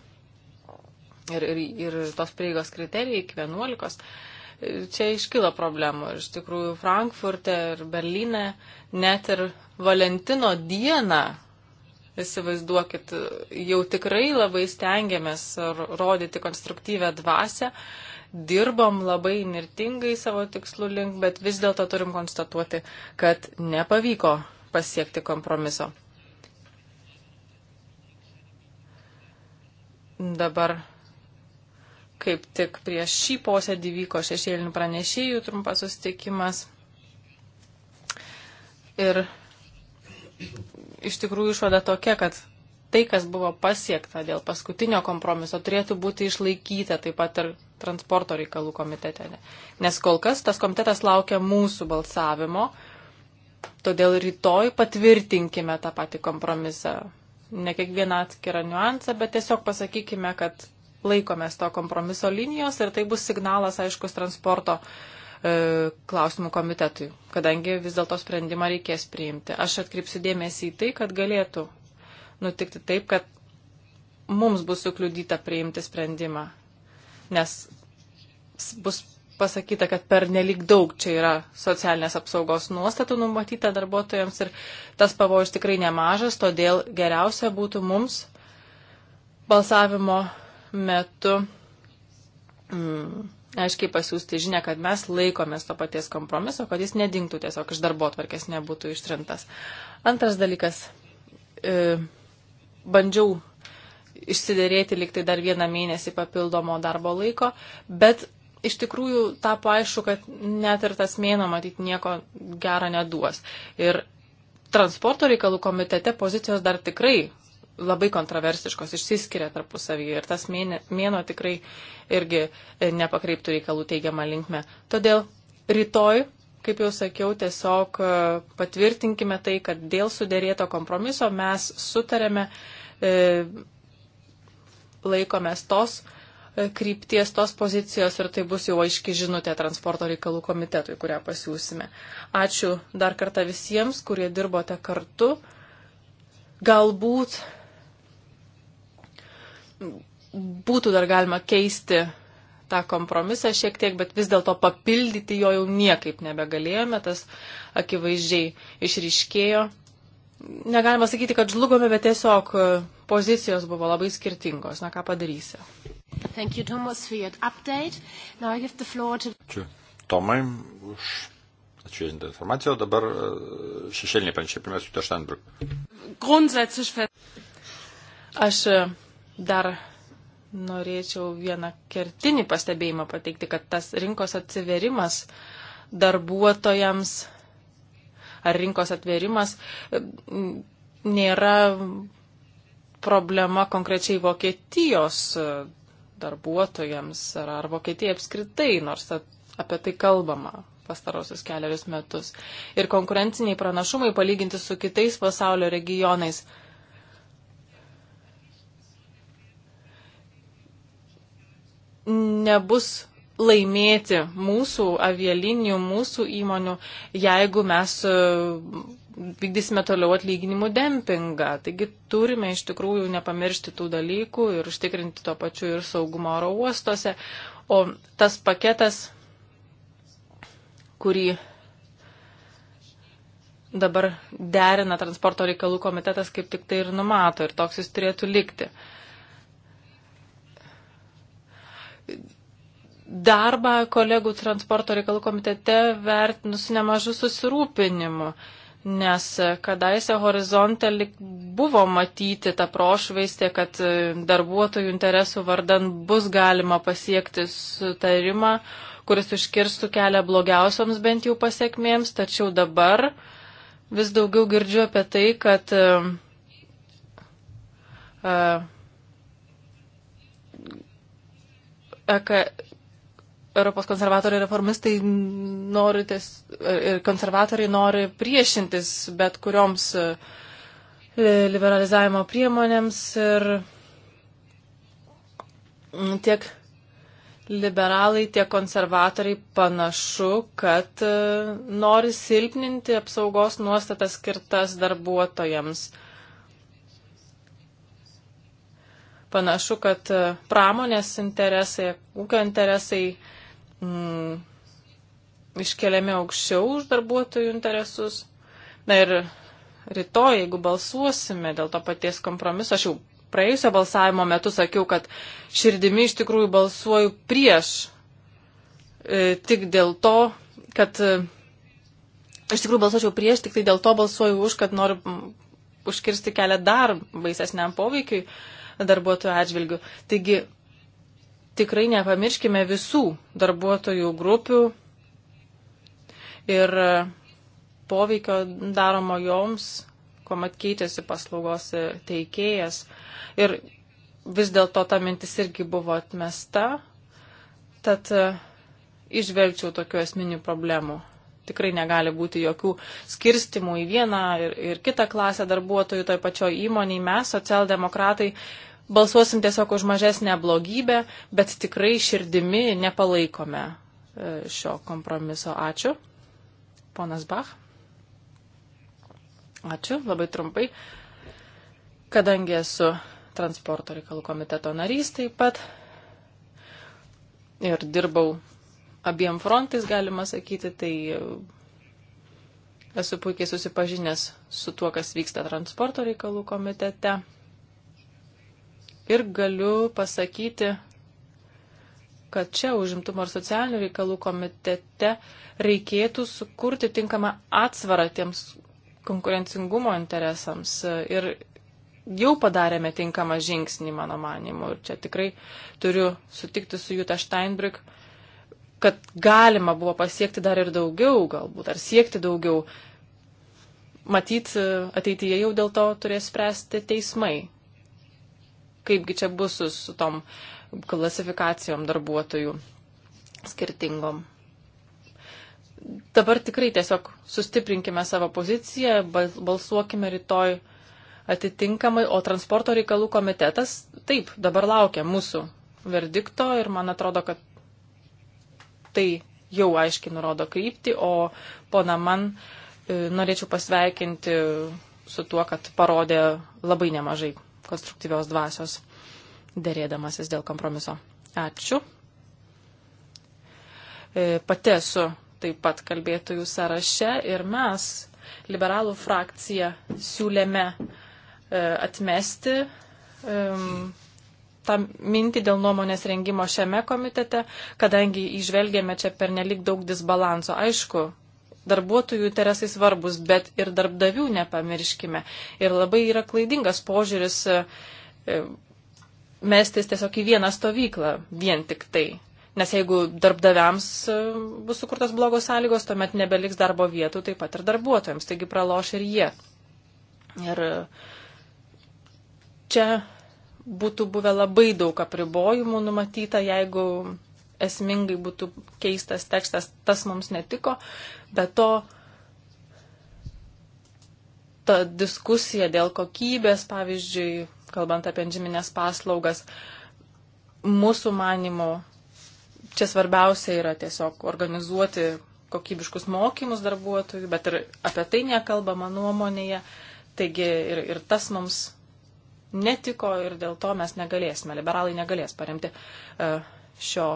ir, ir, ir tos prieigos kriterijai iki 11. Čia iškilo problemų. Iš tikrųjų, Frankfurte ir Berlyne net ir Valentino dieną, įsivaizduokit, jau tikrai labai stengiamės rodyti konstruktyvę dvasę, dirbom labai nirtingai savo tikslų link, bet vis dėlto turim konstatuoti, kad nepavyko pasiekti kompromiso. Dabar kaip tik prieš šį posėdį vyko šešėlinių pranešėjų trumpas susitikimas. Ir iš tikrųjų išvada tokia, kad tai, kas buvo pasiekta dėl paskutinio kompromiso, turėtų būti išlaikyta taip pat ir transporto reikalų komitete. Nes kol kas tas komitetas laukia mūsų balsavimo, todėl rytoj patvirtinkime tą patį kompromisą ne kiekvieną atskirą niuansą, bet tiesiog pasakykime, kad laikomės to kompromiso linijos ir tai bus signalas aiškus transporto e, klausimų komitetui, kadangi vis dėlto sprendimą reikės priimti. Aš atkreipsiu dėmesį į tai, kad galėtų nutikti taip, kad mums bus sukliudyta priimti sprendimą, nes bus pasakyta, kad per nelik daug čia yra socialinės apsaugos nuostatų numatyta darbuotojams ir tas pavojus tikrai nemažas, todėl geriausia būtų mums balsavimo metu mm, aiškiai pasiūsti žinę, kad mes laikomės to paties kompromiso, kad jis nedingtų tiesiog iš darbo atvarkės, nebūtų ištrintas. Antras dalykas, e, bandžiau išsiderėti liktai dar vieną mėnesį papildomo darbo laiko, bet iš tikrųjų tapo aišku, kad net ir tas mėno matyt nieko gera neduos. Ir transporto reikalų komitete pozicijos dar tikrai labai kontroversiškos, išsiskiria tarpusavyje ir tas mėne, mėno tikrai irgi e, nepakreiptų reikalų teigiamą linkmę. Todėl rytoj, kaip jau sakiau, tiesiog e, patvirtinkime tai, kad dėl sudėrėto kompromiso mes sutarėme, e, laikomės tos krypties tos pozicijos ir tai bus jau aiški žinutė transporto reikalų komitetui, kurią pasiūsime. Ačiū dar kartą visiems, kurie dirbote kartu. Galbūt būtų dar galima keisti tą kompromisą šiek tiek, bet vis dėlto papildyti jo jau niekaip nebegalėjome, tas akivaizdžiai išryškėjo. Negalima sakyti, kad žlugome, bet tiesiog pozicijos buvo labai skirtingos. Na ką padarysi? Thank you, Thomas, for your update. Now I give the floor to... Ačiū Tomai už atšviežintą informaciją, o dabar e, šešėlinė pranešė, pirmiausia, Jutta Steinbrück. Aš e, dar norėčiau vieną kertinį pastebėjimą pateikti, kad tas rinkos atsiverimas darbuotojams ar rinkos atverimas e, nėra problema konkrečiai Vokietijos darbuotojams ar, ar Vokietijai apskritai, nors apie tai kalbama pastarosius keliarius metus. Ir konkurenciniai pranašumai palyginti su kitais pasaulio regionais. Nebus laimėti mūsų avialinių, mūsų įmonių, jeigu mes vykdysime toliau atlyginimų dempingą. Taigi turime iš tikrųjų nepamiršti tų dalykų ir užtikrinti to pačiu ir saugumo oro uostuose. O tas paketas, kurį dabar derina transporto reikalų komitetas, kaip tik tai ir numato ir toks jis turėtų likti. Darbą kolegų transporto reikalų komitete vertinu su nemažu susirūpinimu. Uh, nes kadaise horizonte buvo matyti ta prošvaistė, kad e, darbuotojų interesų vardan bus galima pasiekti sutarimą, kuris užkirstų kelią blogiausioms bent jau pasiekmėms, tačiau dabar vis daugiau girdžiu apie tai, kad uh, e, EK, e, Europos konservatoriai reformistai nori ties, ir konservatoriai nori priešintis bet kurioms e, liberalizavimo priemonėms ir mm, tiek liberalai, tiek konservatoriai panašu, kad e, nori silpninti apsaugos nuostatas skirtas darbuotojams. Panašu, kad e, pramonės interesai, ūkio interesai mm, iškeliami aukščiau už darbuotojų interesus. Na ir rytoj, jeigu balsuosime dėl to paties kompromiso, aš jau praėjusio balsavimo metu sakiau, kad širdimi iš tikrųjų balsuoju prieš e, tik dėl to, kad e, iš tikrųjų balsuočiau prieš, tik tai dėl to balsuoju už, kad noriu užkirsti kelią dar baisesniam poveikiui darbuotojų atžvilgių. Taigi tikrai nepamirškime visų darbuotojų grupių ir poveikio daromo joms, kuomet keitėsi paslaugos teikėjas. Ir vis dėlto ta mintis irgi buvo atmesta, tad e, išvelgčiau tokių esminių problemų. Tikrai negali būti jokių skirstimų į vieną ir, ir kitą klasę darbuotojų toje tai pačioje įmonėje. Mes, socialdemokratai, balsuosim tiesiog už mažesnę blogybę, bet tikrai širdimi nepalaikome e, šio kompromiso. Ačiū. Ponas Bach. Ačiū, labai trumpai. Kadangi esu transporto reikalų komiteto narys taip pat ir dirbau abiem frontais, galima sakyti, tai esu puikiai susipažinęs su tuo, kas vyksta transporto reikalų komitete. Ir galiu pasakyti, kad čia užimtumo ir socialinių reikalų komitete reikėtų sukurti tinkamą atsvarą tiems konkurencingumo interesams. Ir jau padarėme tinkamą žingsnį, mano manimu. Ir čia tikrai turiu sutikti su Jutta Steinbrück, kad galima buvo pasiekti dar ir daugiau, galbūt, ar siekti daugiau. Matyt, ateityje jau dėl to turės spręsti teismai kaipgi čia bus su, su tom klasifikacijom darbuotojų skirtingom. Dabar tikrai tiesiog sustiprinkime savo poziciją, balsuokime rytoj atitinkamai, o transporto reikalų komitetas taip dabar laukia mūsų verdikto ir man atrodo, kad tai jau aiškiai nurodo kryptį, o pona man e, norėčiau pasveikinti su tuo, kad parodė labai nemažai konstruktyvios dvasios dėrėdamasis dėl kompromiso. Ačiū. E, pati esu taip pat kalbėtojų sąraše ir mes, liberalų frakcija, siūlėme e, atmesti um, tą mintį dėl nuomonės rengimo šiame komitete, kadangi išvelgėme čia pernelik daug disbalanso. Aišku, darbuotojų interesai svarbus, bet ir darbdavių nepamirškime. Ir labai yra klaidingas požiūris e, e, mestis tiesiog į vieną stovyklą vien tik tai. Nes jeigu darbdaviams e, bus sukurtos blogos sąlygos, tuomet nebeliks darbo vietų taip pat ir darbuotojams, taigi praloš ir jie. Ir čia būtų buvę labai daug apribojimų numatyta, jeigu esmingai būtų keistas tekstas, tas mums netiko, bet to ta diskusija dėl kokybės, pavyzdžiui, kalbant apie antžeminės paslaugas, mūsų manimo, čia svarbiausia yra tiesiog organizuoti kokybiškus mokymus darbuotojų, bet ir apie tai nekalbama nuomonėje. Taigi ir, ir tas mums netiko ir dėl to mes negalėsime, liberalai negalės paremti e, šio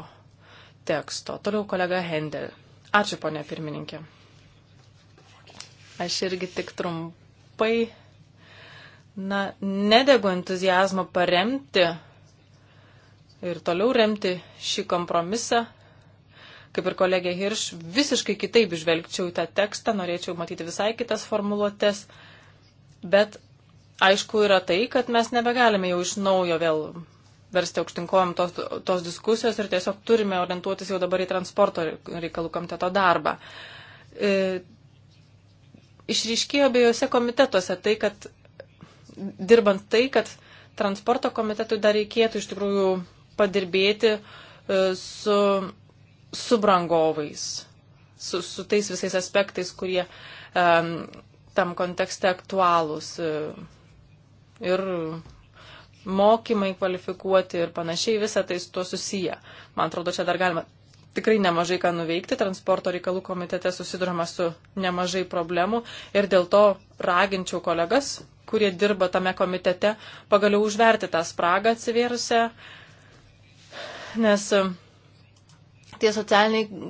teksto. Toliau kolega Hendel. Ačiū, ponė pirmininkė. Aš irgi tik trumpai, na, nedegu entuzijazmo paremti ir toliau remti šį kompromisą. Kaip ir kolegė Hirš, visiškai kitaip žvelgčiau į tą tekstą, norėčiau matyti visai kitas formuluotės, bet aišku yra tai, kad mes nebegalime jau iš naujo vėl versti aukštinkojom tos, tos diskusijos ir tiesiog turime orientuotis jau dabar į transporto reikalų komiteto darbą. E, išryškėjo abiejose komitetuose tai, kad dirbant tai, kad transporto komitetui dar reikėtų iš tikrųjų padirbėti e, su, su brangovais, su, su tais visais aspektais, kurie um, tam kontekste aktualūs. E, ir mokymai kvalifikuoti ir panašiai, visą tai su tuo susiję. Man atrodo, čia dar galima tikrai nemažai ką nuveikti. Transporto reikalų komitete susidurama su nemažai problemų ir dėl to raginčiau kolegas, kurie dirba tame komitete, pagaliau užverti tą spragą atsivėrusią, nes tie socialiniai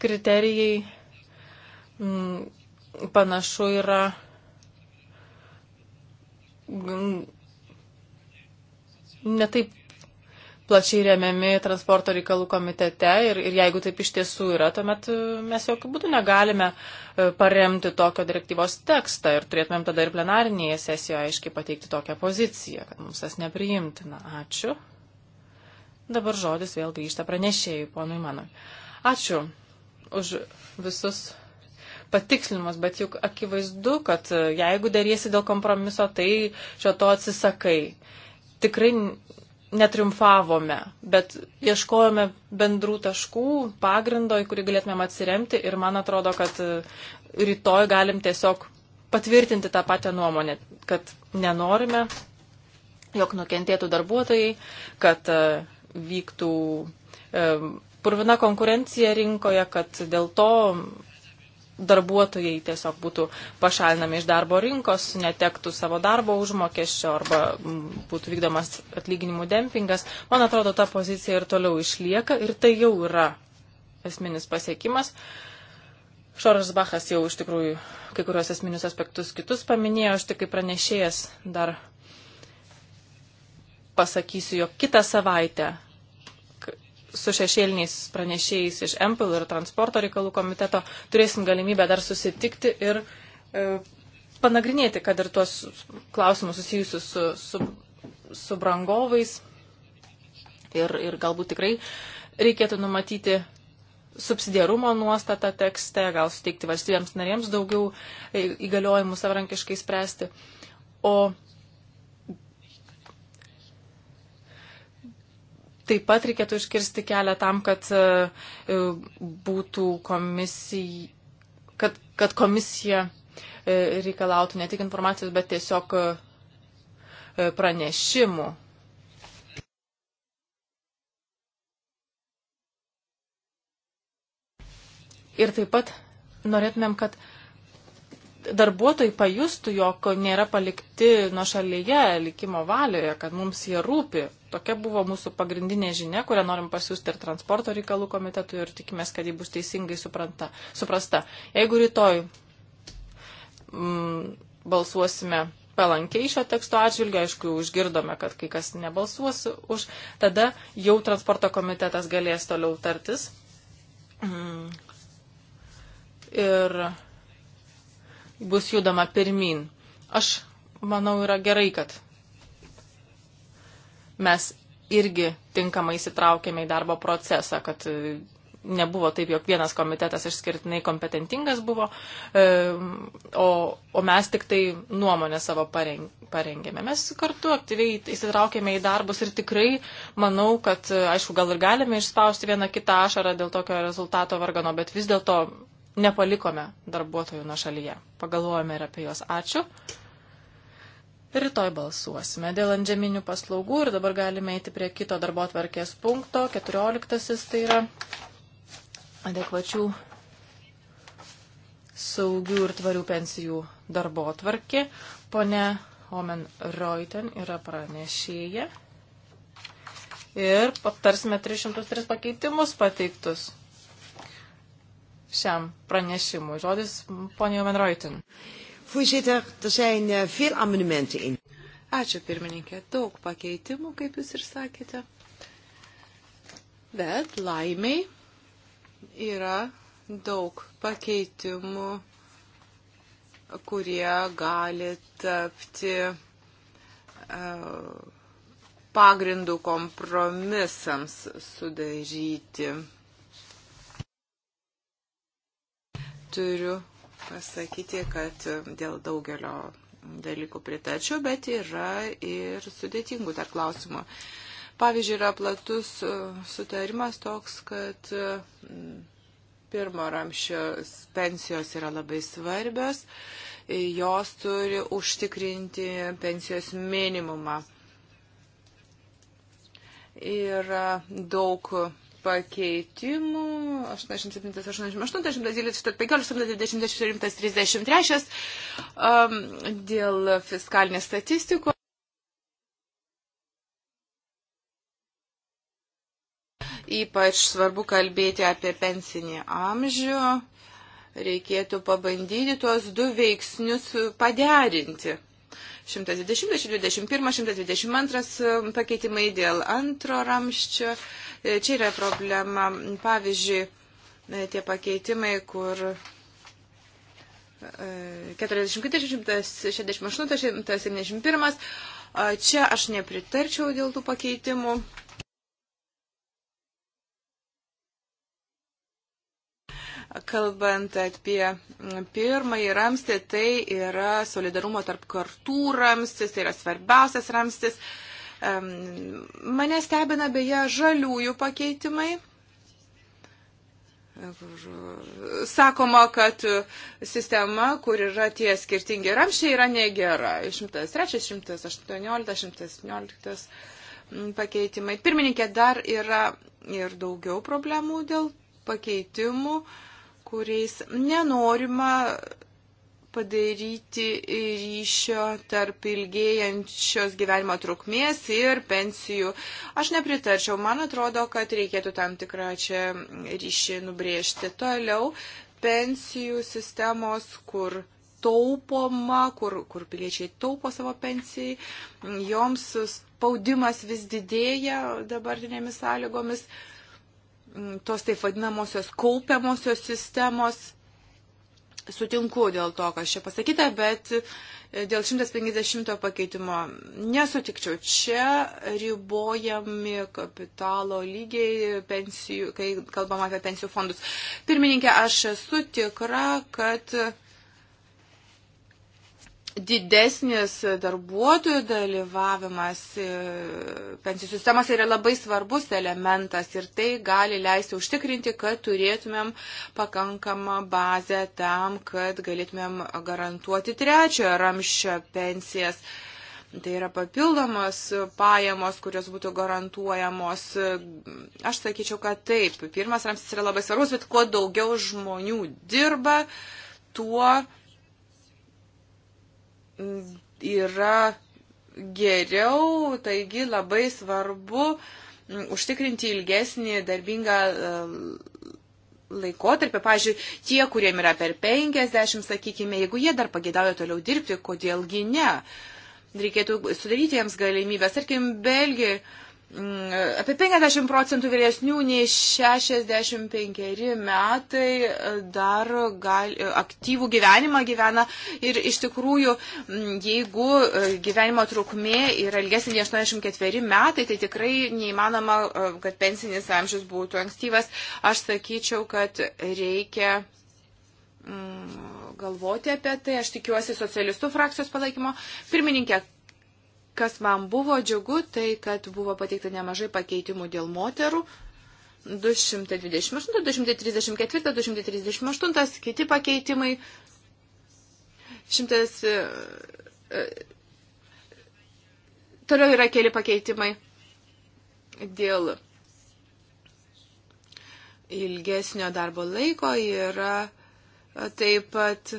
kriterijai m, panašu yra m, netaip plačiai remiami transporto reikalų komitete ir, ir jeigu taip iš tiesų yra, tuomet e, mes jokių būdų negalime e, paremti tokio direktyvos tekstą ir turėtumėm tada ir plenarinėje sesijoje aiškiai pateikti tokią poziciją, kad mums tas nepriimtina. Ačiū. Dabar žodis vėl grįžta pranešėjai, ponui mano. Ačiū už visus patikslinimus, bet juk akivaizdu, kad e, jeigu dėriesi dėl kompromiso, tai šio to atsisakai tikrai netriumfavome, bet ieškojome bendrų taškų, pagrindo, į kurį galėtumėm atsiremti ir man atrodo, kad e, rytoj galim tiesiog patvirtinti tą pačią nuomonę, kad nenorime, jog nukentėtų darbuotojai, kad e, vyktų e, purvina konkurencija rinkoje, kad dėl to darbuotojai tiesiog būtų pašalinami iš darbo rinkos, netektų savo darbo užmokesčio arba būtų vykdomas atlyginimų dempingas. Man atrodo, ta pozicija ir toliau išlieka ir tai jau yra esminis pasiekimas. Šoras Bachas jau iš tikrųjų kai kurios esminius aspektus kitus paminėjo, aš tik kaip pranešėjas dar pasakysiu, jog kitą savaitę su šešėliniais pranešėjais iš MPL ir transporto reikalų komiteto turėsim galimybę dar susitikti ir e, panagrinėti, kad ir tuos klausimus susijusius su, su, su brangovais ir, ir galbūt tikrai reikėtų numatyti subsidiarumo nuostatą tekste, gal suteikti valstybėms narėms daugiau e, įgaliojimų savarankiškai spręsti. O Taip pat reikėtų iškirsti kelią tam, kad e, e, būtų komisija, kad, kad komisija e, reikalautų ne tik informacijos, bet tiesiog pranešimų. Ir taip pat norėtumėm, kad darbuotojai pajustų, jog nėra palikti nuo šalyje likimo valioje, kad mums jie rūpi, Tokia buvo mūsų pagrindinė žinia, kurią norim pasiūsti ir transporto reikalų komitetui ir tikimės, kad ji bus teisingai supranta, suprasta. Jeigu rytoj mm, balsuosime palankiai šio teksto atžvilgiu, aišku, užgirdome, kad kai kas nebalsuos už, tada jau transporto komitetas galės toliau tartis. Mm. Ir bus judama pirmin. Aš manau, yra gerai, kad mes irgi tinkamai įsitraukėme į darbo procesą, kad e, nebuvo taip, jog vienas komitetas išskirtinai kompetentingas buvo, e, o, o mes tik tai nuomonę savo parengėme. Mes kartu aktyviai įsitraukėme į darbus ir tikrai manau, kad, e, aišku, gal ir galime išspausti vieną kitą ašarą dėl tokio rezultato vargano, bet vis dėlto nepalikome darbuotojų nuo šalyje. Pagalvojame ir apie juos. Ačiū. Rytoj balsuosime dėl antžeminių paslaugų ir dabar galime eiti prie kito darbo atvarkės punkto, 14 tai yra adekvačių saugių ir tvarių pensijų darbo atvarkė. Pone Omen Reuten yra pranešėja ir aptarsime 303 pakeitimus pateiktus šiam pranešimui. Žodis ponio Omen Reuten. Uh, Voorzitter, er zijn eh, veel amendementen in. Ačiū pirmininkė, daug pakeitimų, kaip jūs ir sakėte. Bet laimiai yra daug pakeitimų, kurie gali tapti eh, pagrindų kompromisams sudaryti. Turiu pasakyti, kad e, dėl daugelio dalykų pritačiau, bet yra ir sudėtingų dar klausimų. Pavyzdžiui, yra platus e, sutarimas toks, kad e, pirmo ramščio pensijos yra labai svarbios, jos turi užtikrinti pensijos minimumą. Yra daug pakeitimų 87, 88, 112, 15, 20, 133 um, dėl fiskalinės statistikos. Ypač svarbu kalbėti apie pensinį amžių. Reikėtų pabandyti tuos du veiksnius paderinti. 120, 121, 122 pakeitimai dėl antro ramščio. E, čia yra problema. Pavyzdžiui, e, tie pakeitimai, kur 40, 168, 171. Čia aš nepritarčiau dėl tų pakeitimų. Kalbant apie pirmąjį ramstį, tai yra solidarumo tarp kartų ramstis, tai yra svarbiausias ramstis. Mane stebina beje žaliųjų pakeitimai, Sakoma, kad sistema, kur yra tie skirtingi ramščiai, yra negera. 103, 118, 119 pakeitimai. Pirmininkė, dar yra ir daugiau problemų dėl pakeitimų. Uh, kuriais nenorima padaryti ryšio tarp ilgėjančios gyvenimo trukmės ir pensijų. Aš nepritarčiau, man atrodo, kad reikėtų tam tikrą čia ryšį nubrėžti. Toliau pensijų sistemos, kur taupoma, kur, kur piliečiai taupo savo pensijai, joms spaudimas vis didėja dabartinėmis sąlygomis. Uh, Mm, tos taip vadinamosios kaupiamosios sistemos. Sutinku dėl to, kas čia pasakyta, bet e, dėl 150 pakeitimo nesutikčiau. Čia ribojami kapitalo lygiai, pensijų, kai kalbam apie pensijų fondus. Pirmininkė, aš esu tikra, kad didesnis darbuotojų dalyvavimas e, pensijų sistemas yra labai svarbus elementas ir tai gali leisti užtikrinti, kad turėtumėm pakankamą bazę tam, kad galėtumėm garantuoti trečiojo ramščio pensijas. Tai yra papildomos pajamos, kurios būtų garantuojamos. Aš sakyčiau, kad taip. Pirmas ramstis yra labai svarbus, bet kuo daugiau žmonių dirba, tuo yra geriau, taigi labai svarbu mm, užtikrinti ilgesnį darbingą e, laikotarpį. Pavyzdžiui, tie, kuriem yra per 50, sakykime, jeigu jie dar pagėdauja toliau dirbti, kodėlgi ne? Reikėtų sudaryti jiems galimybės. Tarkim, Belgijoje Mm, apie 50 procentų vyresnių nei 65 metai e, dar gal, e, aktyvų gyvenimą gyvena ir iš tikrųjų, mm, jeigu e, gyvenimo trukmė yra ilgesnė nei 84 metai, tai tikrai neįmanoma, kad pensinis amžius būtų ankstyvas. Aš sakyčiau, kad reikia mm, galvoti apie tai. Aš tikiuosi socialistų frakcijos palaikymo. Pirmininkė, Kas man buvo džiugu, tai kad buvo pateikta nemažai pakeitimų dėl moterų. 228, 234, 238, kiti pakeitimai. 100. E, e, toliau yra keli pakeitimai dėl ilgesnio darbo laiko yra e, taip pat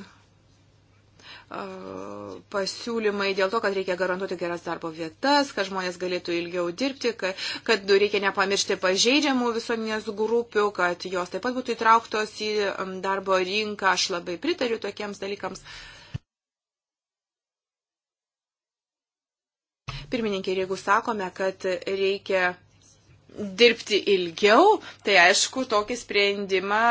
pasiūlymai dėl to, kad reikia garantuoti geras darbo vietas, kad žmonės galėtų ilgiau dirbti, kad, kad reikia nepamiršti pažeidžiamų visuomenės grupių, kad jos taip pat būtų įtrauktos į darbo rinką. Aš labai pritariu tokiems dalykams. Pirmininkė, jeigu sakome, kad reikia dirbti ilgiau, tai aišku, tokį sprendimą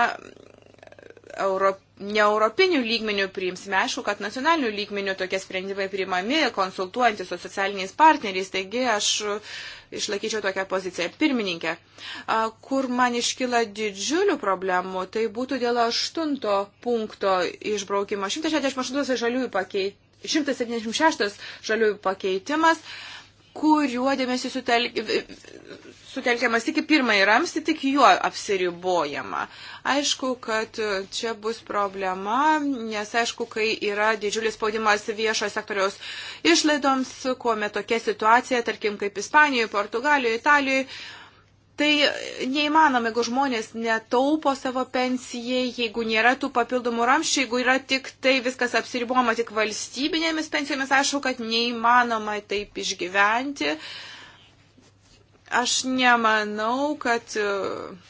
Europ, ne europinių lygmenių priimsime, aišku, kad nacionalinių lygmenių tokie sprendimai priimami, konsultuojantys su socialiniais partneriais, taigi aš išlaikyčiau tokią poziciją. Pirmininkė, kur man iškyla didžiulių problemų, tai būtų dėl aštunto punkto išbraukimo. 168 žaliųjų pakeitimas. 176 žaliųjų pakeitimas kuriuo dėmesį sutelk, sutelkiamas tik į pirmąjį ramstį, tik juo apsiribojama. Aišku, kad čia bus problema, nes aišku, kai yra didžiulis spaudimas viešojo sektoriaus išlaidoms, kuomet tokia situacija, tarkim, kaip Ispanijoje, Portugalijoje, Italijoje, Tai neįmanoma, jeigu žmonės netaupo savo pensijai, jeigu nėra tų papildomų ramščių, jeigu yra tik tai viskas apsiriboma tik valstybinėmis pensijomis, aišku, kad neįmanoma taip išgyventi. Aš nemanau, kad. Uh,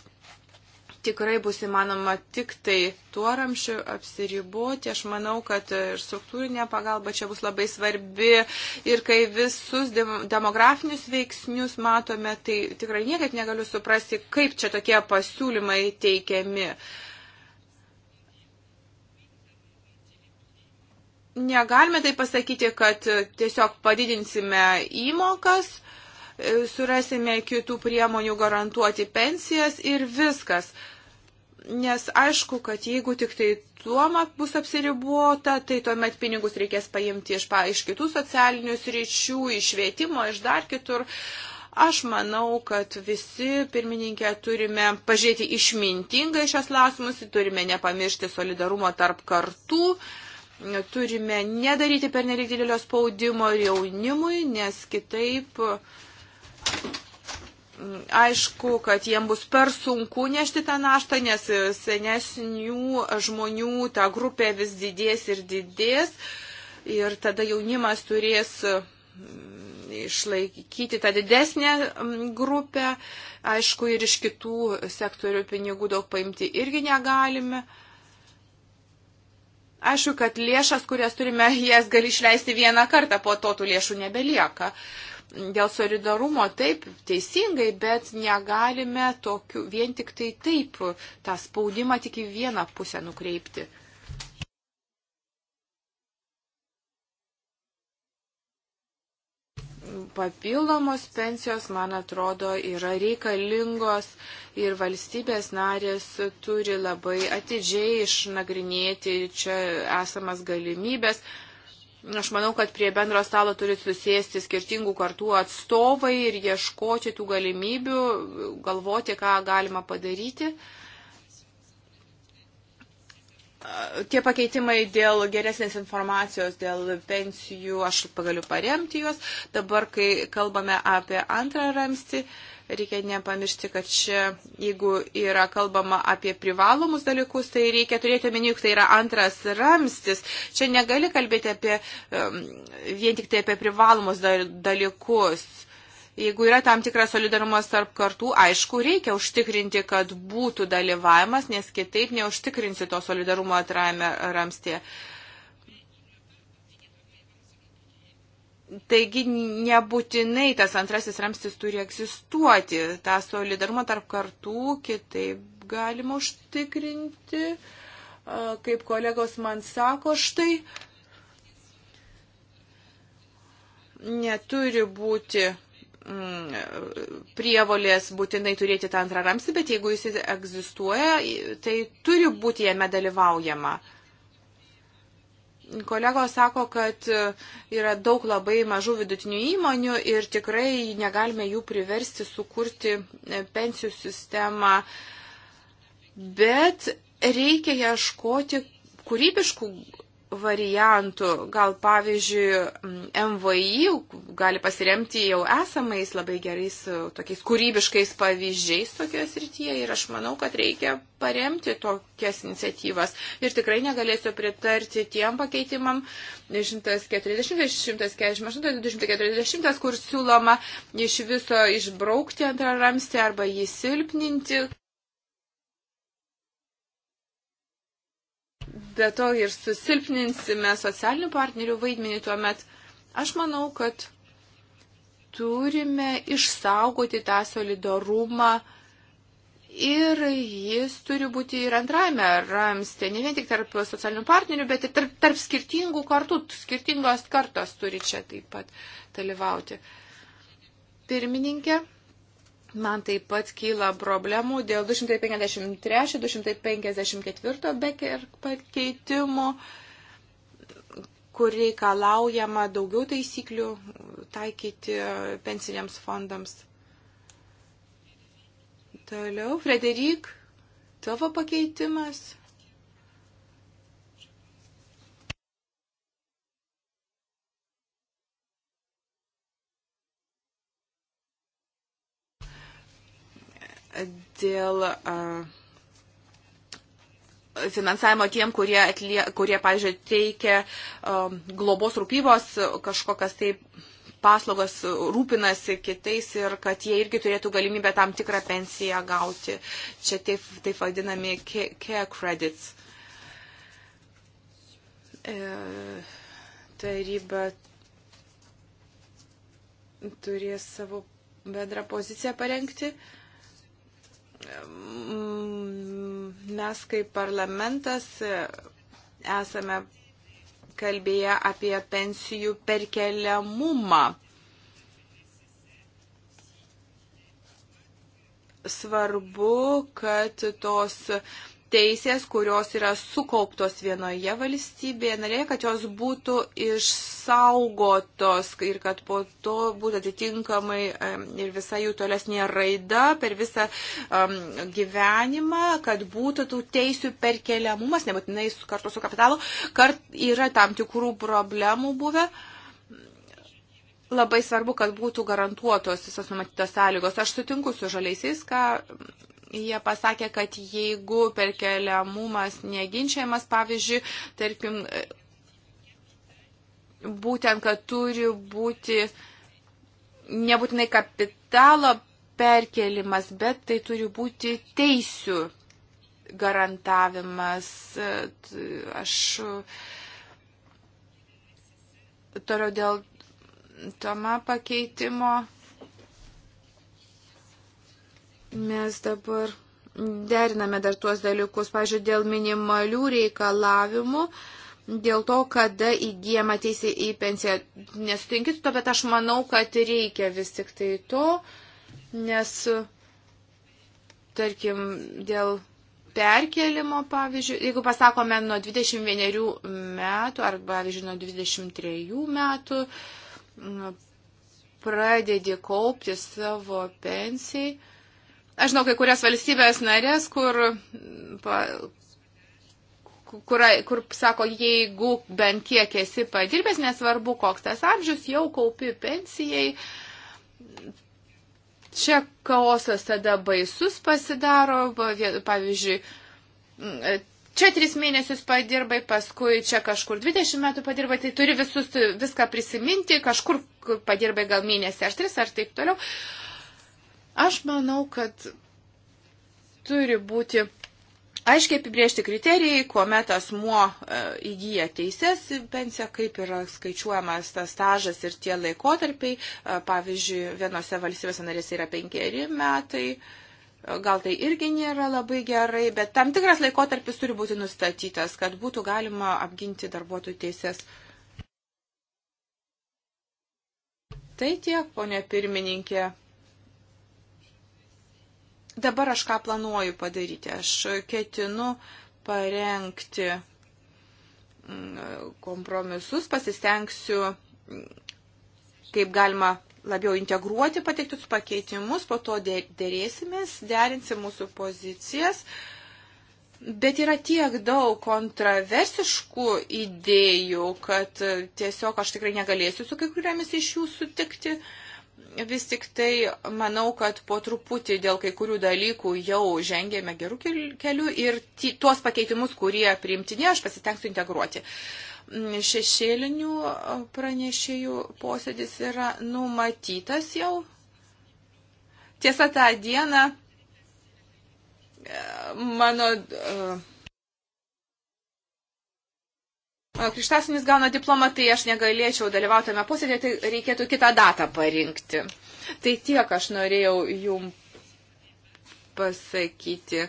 tikrai bus įmanoma tik tai tuo ramšiu apsiriboti. Aš manau, kad ir struktūrinė pagalba čia bus labai svarbi. Ir kai visus demografinius veiksnius matome, tai tikrai niekaip negaliu suprasti, kaip čia tokie pasiūlymai teikiami. Negalime tai pasakyti, kad tiesiog padidinsime įmokas surasime kitų priemonių garantuoti pensijas ir viskas. Nes aišku, kad jeigu tik tai tuoma bus apsiribuota, tai tuomet pinigus reikės paimti iš, pa, iš kitų socialinių sričių, iš švietimo, iš dar kitur. Aš manau, kad visi pirmininkė turime pažiūrėti išmintingai šios klausimus, turime nepamiršti solidarumo tarp kartų turime nedaryti per nedidelio spaudimo ir jaunimui, nes kitaip uh, aišku, kad jiem bus per sunku nešti tą naštą, nes senesnių žmonių ta grupė vis didės ir didės. Ir tada jaunimas turės mm, išlaikyti tą didesnę mm, grupę. Aišku, ir iš kitų sektorių pinigų daug paimti irgi negalime. Aišku, kad lėšas, kurias turime, jas gali išleisti vieną kartą, po to tų lėšų nebelieka. Uh, dėl solidarumo taip, teisingai, bet negalime tokiu, vien tik tai taip tą spaudimą tik į vieną pusę nukreipti. Papildomos pensijos, man atrodo, yra reikalingos ir valstybės narės turi labai atidžiai išnagrinėti čia esamas galimybės Aš manau, kad prie bendro stalo turi susėsti skirtingų kartų atstovai ir ieškoti tų galimybių, galvoti, ką galima padaryti. Tie pakeitimai dėl geresnės informacijos, dėl pensijų, aš pagaliu paremti juos. Dabar, kai kalbame apie antrą ramstį, uh, Reikia nepamiršti, kad čia, jeigu yra kalbama apie privalomus dalykus, tai reikia turėti omeny, jog tai yra antras ramstis. Čia negali kalbėti apie, vien tik tai apie privalomus dalykus. Jeigu yra tam tikras solidarumas tarp kartų, aišku, reikia užtikrinti, kad būtų dalyvavimas, nes kitaip neužtikrinsi to solidarumo atrame ramstėje. Uh, Taigi nebūtinai tas antrasis ramstis turi egzistuoti. Ta solidarumo tarp kartų kitaip galima užtikrinti. Kaip kolegos man sako, štai neturi būti mm, prievolės būtinai turėti tą antrą ramstį, bet jeigu jis egzistuoja, tai turi būti jame dalyvaujama. Uh, Kolegos sako, kad yra daug labai mažų vidutinių įmonių ir tikrai negalime jų priversti sukurti e, pensijų sistemą, bet reikia ieškoti kūrybiškų variantų. Gal pavyzdžiui, MVI gali pasiremti jau esamais labai gerais, tokiais kūrybiškais pavyzdžiais tokioje srityje ir aš manau, kad reikia paremti tokias iniciatyvas. Ir tikrai negalėsiu pritarti tiem pakeitimam 140, 148, 240, kur siūloma iš viso išbraukti antrą ramstį arba jį silpninti. be to ir susilpninsime socialinių partnerių vaidmenį tuo met. Aš manau, kad turime išsaugoti tą solidarumą ir jis turi būti ir antrajame ramste, ne vien tik tarp socialinių partnerių, bet ir tarp, tarp skirtingų kartų, skirtingos kartos turi čia taip pat dalyvauti. Pirmininkė. Man taip pat kyla problemų dėl 253-254 beker pakeitimų, kur reikalaujama daugiau taisyklių taikyti pensiniams fondams. Toliau, Frederik, tavo pakeitimas dėl finansavimo tiem, kurie, atlie, kurie pavyzdžiui, teikia globos rūpybos kažkokias tai paslaugas rūpinasi kitais ir kad jie irgi turėtų galimybę tam tikrą pensiją gauti. Čia taip, taip vadinami care credits. E, taryba turės savo bendrą poziciją parengti. E, Mm, mes kaip parlamentas esame kalbėję apie pensijų perkeliamumą. Svarbu, kad tos uh, teisės, kurios yra sukauptos vienoje valstybėje narėje, kad jos būtų išsaugotos ir kad po to būtų atitinkamai ir visa jų tolesnė raida per visą um, gyvenimą, kad būtų tų teisių perkeliamumas, nebūtinai kartu su kapitalu, kart yra tam tikrų problemų buvę. Labai svarbu, kad būtų garantuotos visos numatytos sąlygos. Aš sutinku su žaliaisiais, ką jie pasakė, kad jeigu perkeliamumas neginčiamas, pavyzdžiui, tarkim, būtent, kad turi būti nebūtinai kapitalo perkelimas, bet tai turi būti teisių garantavimas. Aš toliau dėl toma pakeitimo. Mes dabar deriname dar tuos dalykus, pažiūrėjau, dėl minimalių reikalavimų, dėl to, kada įgyjama teisė į pensiją. Nesutinkit su to, bet aš manau, kad reikia vis tik tai to, nes, tarkim, dėl perkelimo, pavyzdžiui, jeigu pasakome nuo 21 metų ar, pavyzdžiui, nuo 23 metų, nu, pradedi kaupti savo pensijai, Aš žinau kai kurias valstybės narės, kur, pa, kur, kur sako, jeigu bent kiek esi padirbęs, nesvarbu, koks tas amžius, jau kaupi pensijai. Čia kaosas tada baisus pasidaro, pavyzdžiui, mm, čia tris mėnesius padirbai, paskui čia kažkur 20 metų padirbai, tai turi visus viską prisiminti, kažkur padirbai gal mėnesį ar tris ar taip toliau. Uh, Aš manau, kad turi būti aiškiai apibriežti kriterijai, kuomet asmuo e, įgyja teises į pensiją, kaip yra skaičiuojamas tas stažas ir tie laikotarpiai. E, pavyzdžiui, vienose valstybėse narėse yra penkeri metai. E, gal tai irgi nėra labai gerai, bet tam tikras laikotarpis turi būti nustatytas, kad būtų galima apginti darbuotojų teises. Tai tiek, ponė pirmininkė. Dabar aš ką planuoju padaryti? Aš ketinu parengti mm, kompromisus, pasistengsiu mm, kaip galima labiau integruoti pateiktus pakeitimus, po to dėrėsimės, derinsim mūsų pozicijas. Bet yra tiek daug kontraversiškų idėjų, kad tiesiog aš tikrai negalėsiu su kai kuriamis iš jų sutikti. Uh, vis tik tai manau, kad po truputį dėl kai kurių dalykų jau žengėme gerų kelių ir tuos pakeitimus, kurie priimtini, aš pasitengsiu integruoti. Mm, šešėlinių pranešėjų posėdis yra numatytas jau. Tiesa, tą dieną e, mano. Uh, Krištasinis gauna diplomą, tai aš negalėčiau dalyvauti tame posėdėje, tai reikėtų kitą datą parinkti. Tai tiek aš norėjau jum pasakyti.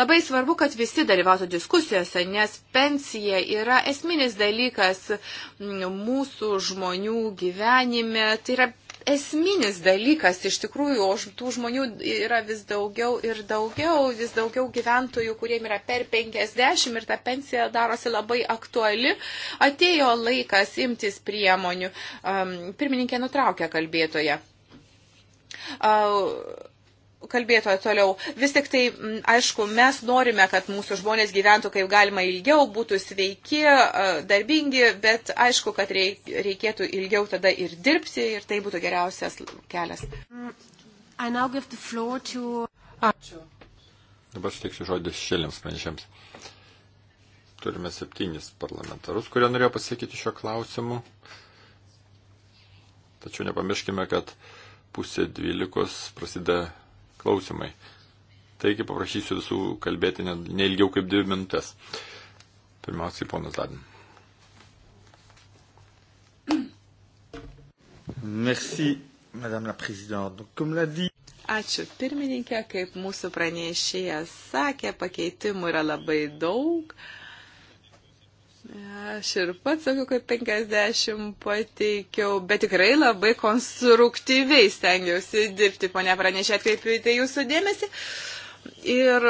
Labai svarbu, kad visi dalyvautų diskusijose, nes pensija yra esminis dalykas mūsų žmonių gyvenime. Tai yra esminis dalykas iš tikrųjų, o tų žmonių yra vis daugiau ir daugiau, vis daugiau gyventojų, kuriem yra per 50 ir ta pensija darosi labai aktuali, atėjo laikas imtis priemonių. Um, pirmininkė nutraukė kalbėtoje. Uh, kalbėtoja toliau. Vis tik tai, aišku, mes norime, kad mūsų žmonės gyventų kaip galima ilgiau, būtų sveiki, darbingi, bet aišku, kad reikėtų ilgiau tada ir dirbti ir tai būtų geriausias kelias. Mm, to... Ačiū. Dabar suteiksiu žodį šešėliams pranešėms. Turime septynis parlamentarus, kurie norėjo pasakyti šio klausimu. Tačiau nepamirškime, kad pusė dvylikos prasideda klausimai. Taigi paprašysiu visų kalbėti neilgiau ne kaip dvi minutės. Pirmiausiai, ponas Zadin. Merci, madame la présidente. Donc, comme l'a dit... Ačiū pirmininkė, kaip mūsų pranešėjas sakė, pakeitimų yra labai daug. Uh, Aš ir pats sakiau, kad 50 pateikiau, bet tikrai labai konstruktyviai stengiausi dirbti, ponia pranešė, atkreipiu į tai jūsų dėmesį. Ir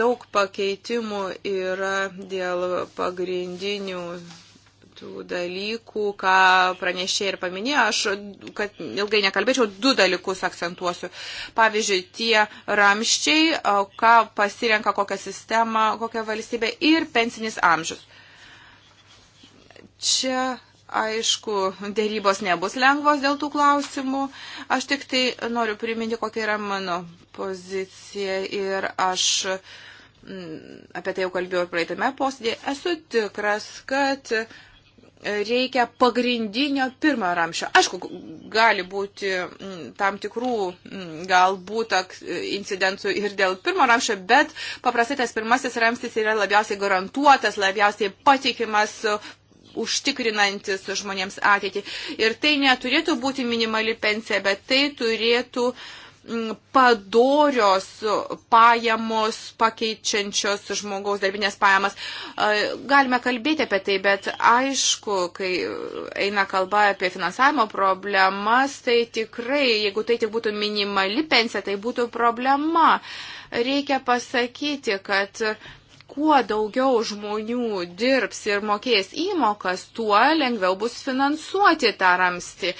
daug pakeitimų yra dėl pagrindinių tų dalykų, ką pranešė ir paminėjo, aš, kad ilgai nekalbėčiau, du dalykus akcentuosiu. Pavyzdžiui, tie ramščiai, ką pasirenka kokią sistemą, kokią valstybę ir pensinis amžius. Uh, Čia Aišku, dėrybos nebus lengvos dėl tų klausimų. Aš tik tai noriu priminti, kokia yra mano pozicija ir aš mm, apie tai jau kalbėjau ir praeitame posėdėje. Esu tikras, kad reikia pagrindinio pirmojo ramščio. Aišku, gali būti mm, tam tikrų mm, galbūt incidentų ir dėl pirmo ramščio, bet paprastai tas pirmasis ramstis yra labiausiai garantuotas, labiausiai patikimas, užtikrinantis žmonėms ateitį. Ir tai neturėtų būti minimali pensija, bet tai turėtų mm, padorios pajamos pakeičiančios žmogaus darbinės pajamas. Galime kalbėti apie tai, bet aišku, kai eina kalba apie finansavimo problemas, tai tikrai, jeigu tai tik būtų minimali pensija, tai būtų problema. Reikia pasakyti, kad kuo daugiau žmonių dirbs ir mokės įmokas, tuo lengviau bus finansuoti tą ramstį.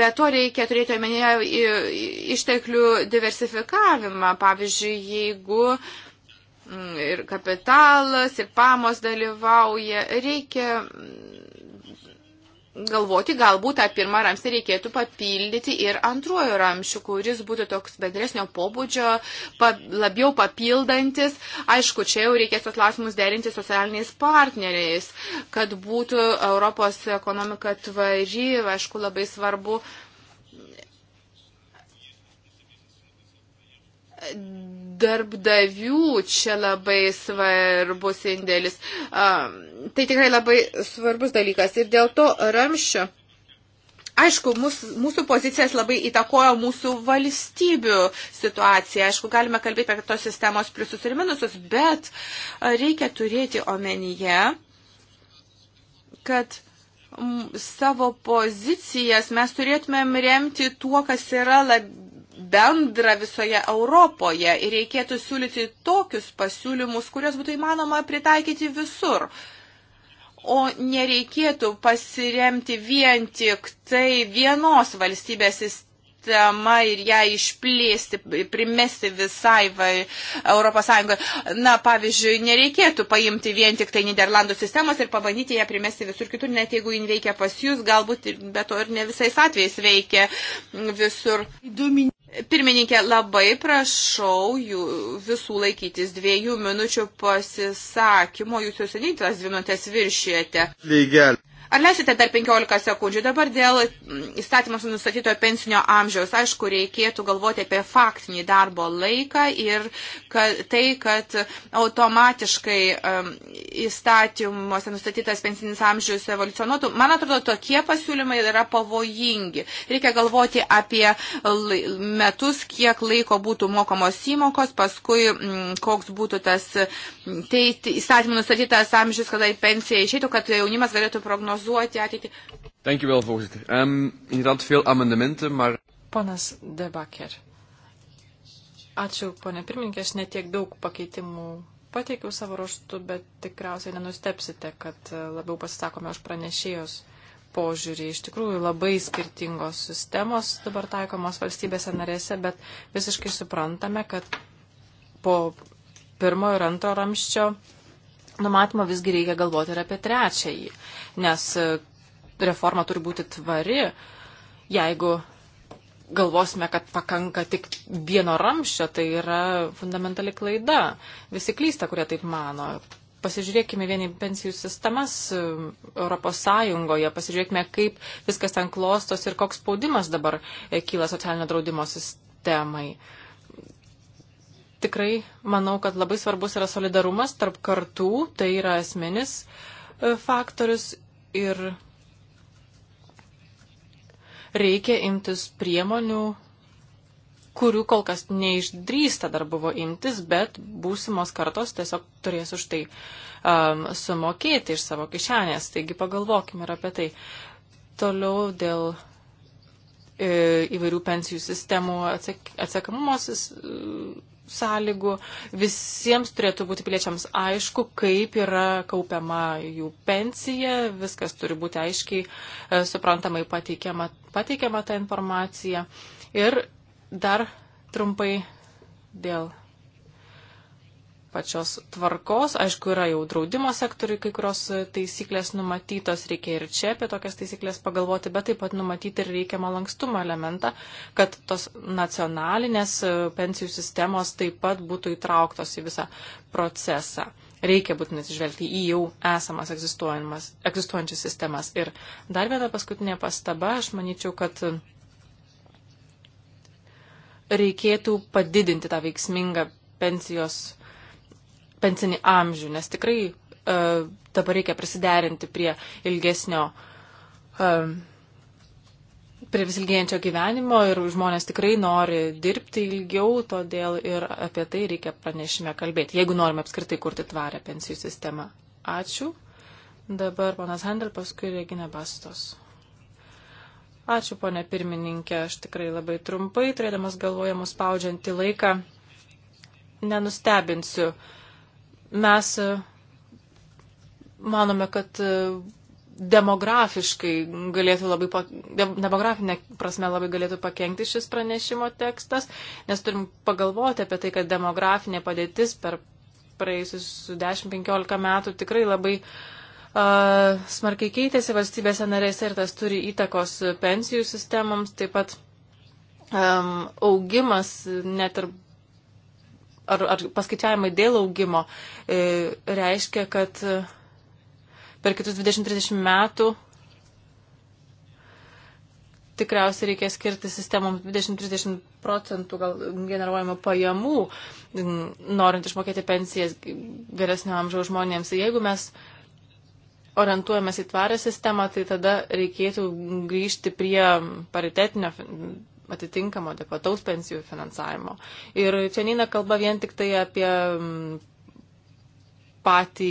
Be to reikia turėti omenyje išteklių diversifikavimą. Pavyzdžiui, jeigu mm, ir kapitalas, ir pamos dalyvauja, reikia galvoti, galbūt tą pirmą ramstį reikėtų papildyti ir antruoju ramščiu, kuris būtų toks bendresnio pobūdžio, pa, labiau papildantis. Aišku, čia jau reikės tos klausimus derinti socialiniais partneriais, kad būtų Europos ekonomika tvari, aišku, labai svarbu. Uh, darbdavių čia labai svarbus indėlis. Tai tikrai labai svarbus dalykas. Ir dėl to ramščio. Aišku, mūsų, mūsų pozicijas labai įtakojo mūsų valstybių situacija. Aišku, galime kalbėti apie tos sistemos pliusus ir minusus, bet reikia turėti omenyje, kad savo pozicijas mes turėtumėm remti tuo, kas yra labiau bendrą visoje Europoje ir reikėtų siūlyti tokius pasiūlymus, kurios būtų įmanoma pritaikyti visur. O nereikėtų pasiremti vien tik tai vienos valstybės sistema ir ją išplėsti, primesti visai vai, Europos Sąjungoje. Na, pavyzdžiui, nereikėtų paimti vien tik tai Niderlandų sistemos ir pabandyti ją primesti visur kitur, net jeigu jin veikia pas jūs, galbūt, bet to ir ne visais atvejais veikia visur. Domini Pirmininkė, labai prašau jų, visų laikytis dviejų minučių pasisakymo, jūs jau seniai tas dvi minutės viršijate. Lygel. Ar leisite dar 15 sekundžių? Dabar dėl mm, įstatymas nustatyto pensinio amžiaus, aišku, reikėtų galvoti apie faktinį darbo laiką ir kad, tai, kad automatiškai um, įstatymuose nustatytas pensinis amžius evoliucionuotų. Man atrodo, tokie pasiūlymai yra pavojingi. Reikia galvoti apie metus, kiek laiko būtų mokamos įmokos, paskui m, mm, koks būtų tas tai, įstatymų nustatytas amžius, kada į pensiją išeitų, kad jaunimas galėtų prognozuoti prognozuoti ateitį. Dankjewel, voorzitter. Um, inderdaad, veel amendementen, maar. Ponas Debaker. Ačiū, ponė pirmininkė, aš netiek daug pakeitimų pateikiau savo ruoštų, bet tikriausiai nenustepsite, kad e, labiau pasisakome už pranešėjos požiūrį. Iš tikrųjų, labai skirtingos sistemos dabar taikomos valstybėse narėse, bet visiškai suprantame, kad po pirmo ir antro ramščio numatymo visgi reikia galvoti ir apie trečiąjį, nes e, reforma turi būti tvari, jeigu galvosime, kad pakanka tik vieno ramščio, tai yra fundamentali klaida. Visi klysta, kurie taip mano. Pasižiūrėkime vieni pensijų sistemas e, Europos Sąjungoje, pasižiūrėkime, kaip viskas ten klostos ir koks spaudimas dabar e, kyla socialinio draudimo sistemai tikrai manau, kad labai svarbus yra solidarumas tarp kartų, tai yra esminis e, faktorius ir reikia imtis priemonių, kurių kol kas neišdrįsta dar buvo imtis, bet būsimos kartos tiesiog turės už tai um, sumokėti iš savo kišenės. Taigi pagalvokime ir apie tai. Toliau dėl e, įvairių pensijų sistemų atsek, atsekamumo sąlygų. Visiems turėtų būti piliečiams aišku, kaip yra kaupiama jų pensija, viskas turi būti aiškiai e, suprantamai pateikiama, pateikiama ta informacija. Ir dar trumpai dėl pačios tvarkos. Aišku, yra jau draudimo sektoriui kai kurios taisyklės numatytos, reikia ir čia apie tokias taisyklės pagalvoti, bet taip pat numatyti ir reikiamą lankstumo elementą, kad tos nacionalinės pensijų sistemos taip pat būtų įtrauktos į visą procesą. Reikia būtinai atsižvelgti į jau esamas egzistuojančias sistemas. Ir dar viena paskutinė pastaba, aš manyčiau, kad reikėtų padidinti tą veiksmingą pensijos pensinį amžių, nes tikrai e, dabar reikia prisiderinti prie ilgesnio, e, prie vis ilgėjančio gyvenimo ir žmonės tikrai nori dirbti ilgiau, todėl ir apie tai reikia pranešime kalbėti, jeigu norime apskritai kurti tvarę pensijų sistemą. Ačiū. Dabar ponas Handel, paskui Regina Bastos. Ačiū, ponė pirmininkė, aš tikrai labai trumpai, turėdamas galvoje mus spaudžiantį laiką, nenustebinsiu Mes e, manome, kad e, demografiškai galėtų labai, demografinė prasme labai galėtų pakengti šis pranešimo tekstas, nes turim pagalvoti apie tai, kad demografinė padėtis per praėjusius 10-15 metų tikrai labai uh, smarkiai keitėsi valstybėse narėse ir tas turi įtakos pensijų sistemoms, taip pat um, augimas net ir ar, ar paskaičiavimai dėl augimo e, reiškia, kad e, per kitus 20-30 metų tikriausiai reikės skirti sistemoms 20-30 procentų gal generuojamų pajamų, norint išmokėti pensijas vyresnio amžiaus žmonėms. Jeigu mes orientuojamės į tvarę sistemą, tai tada reikėtų grįžti prie paritetinio atitinkamo adekvataus pensijų finansavimo. Ir čia neina kalba vien tik tai apie mm, patį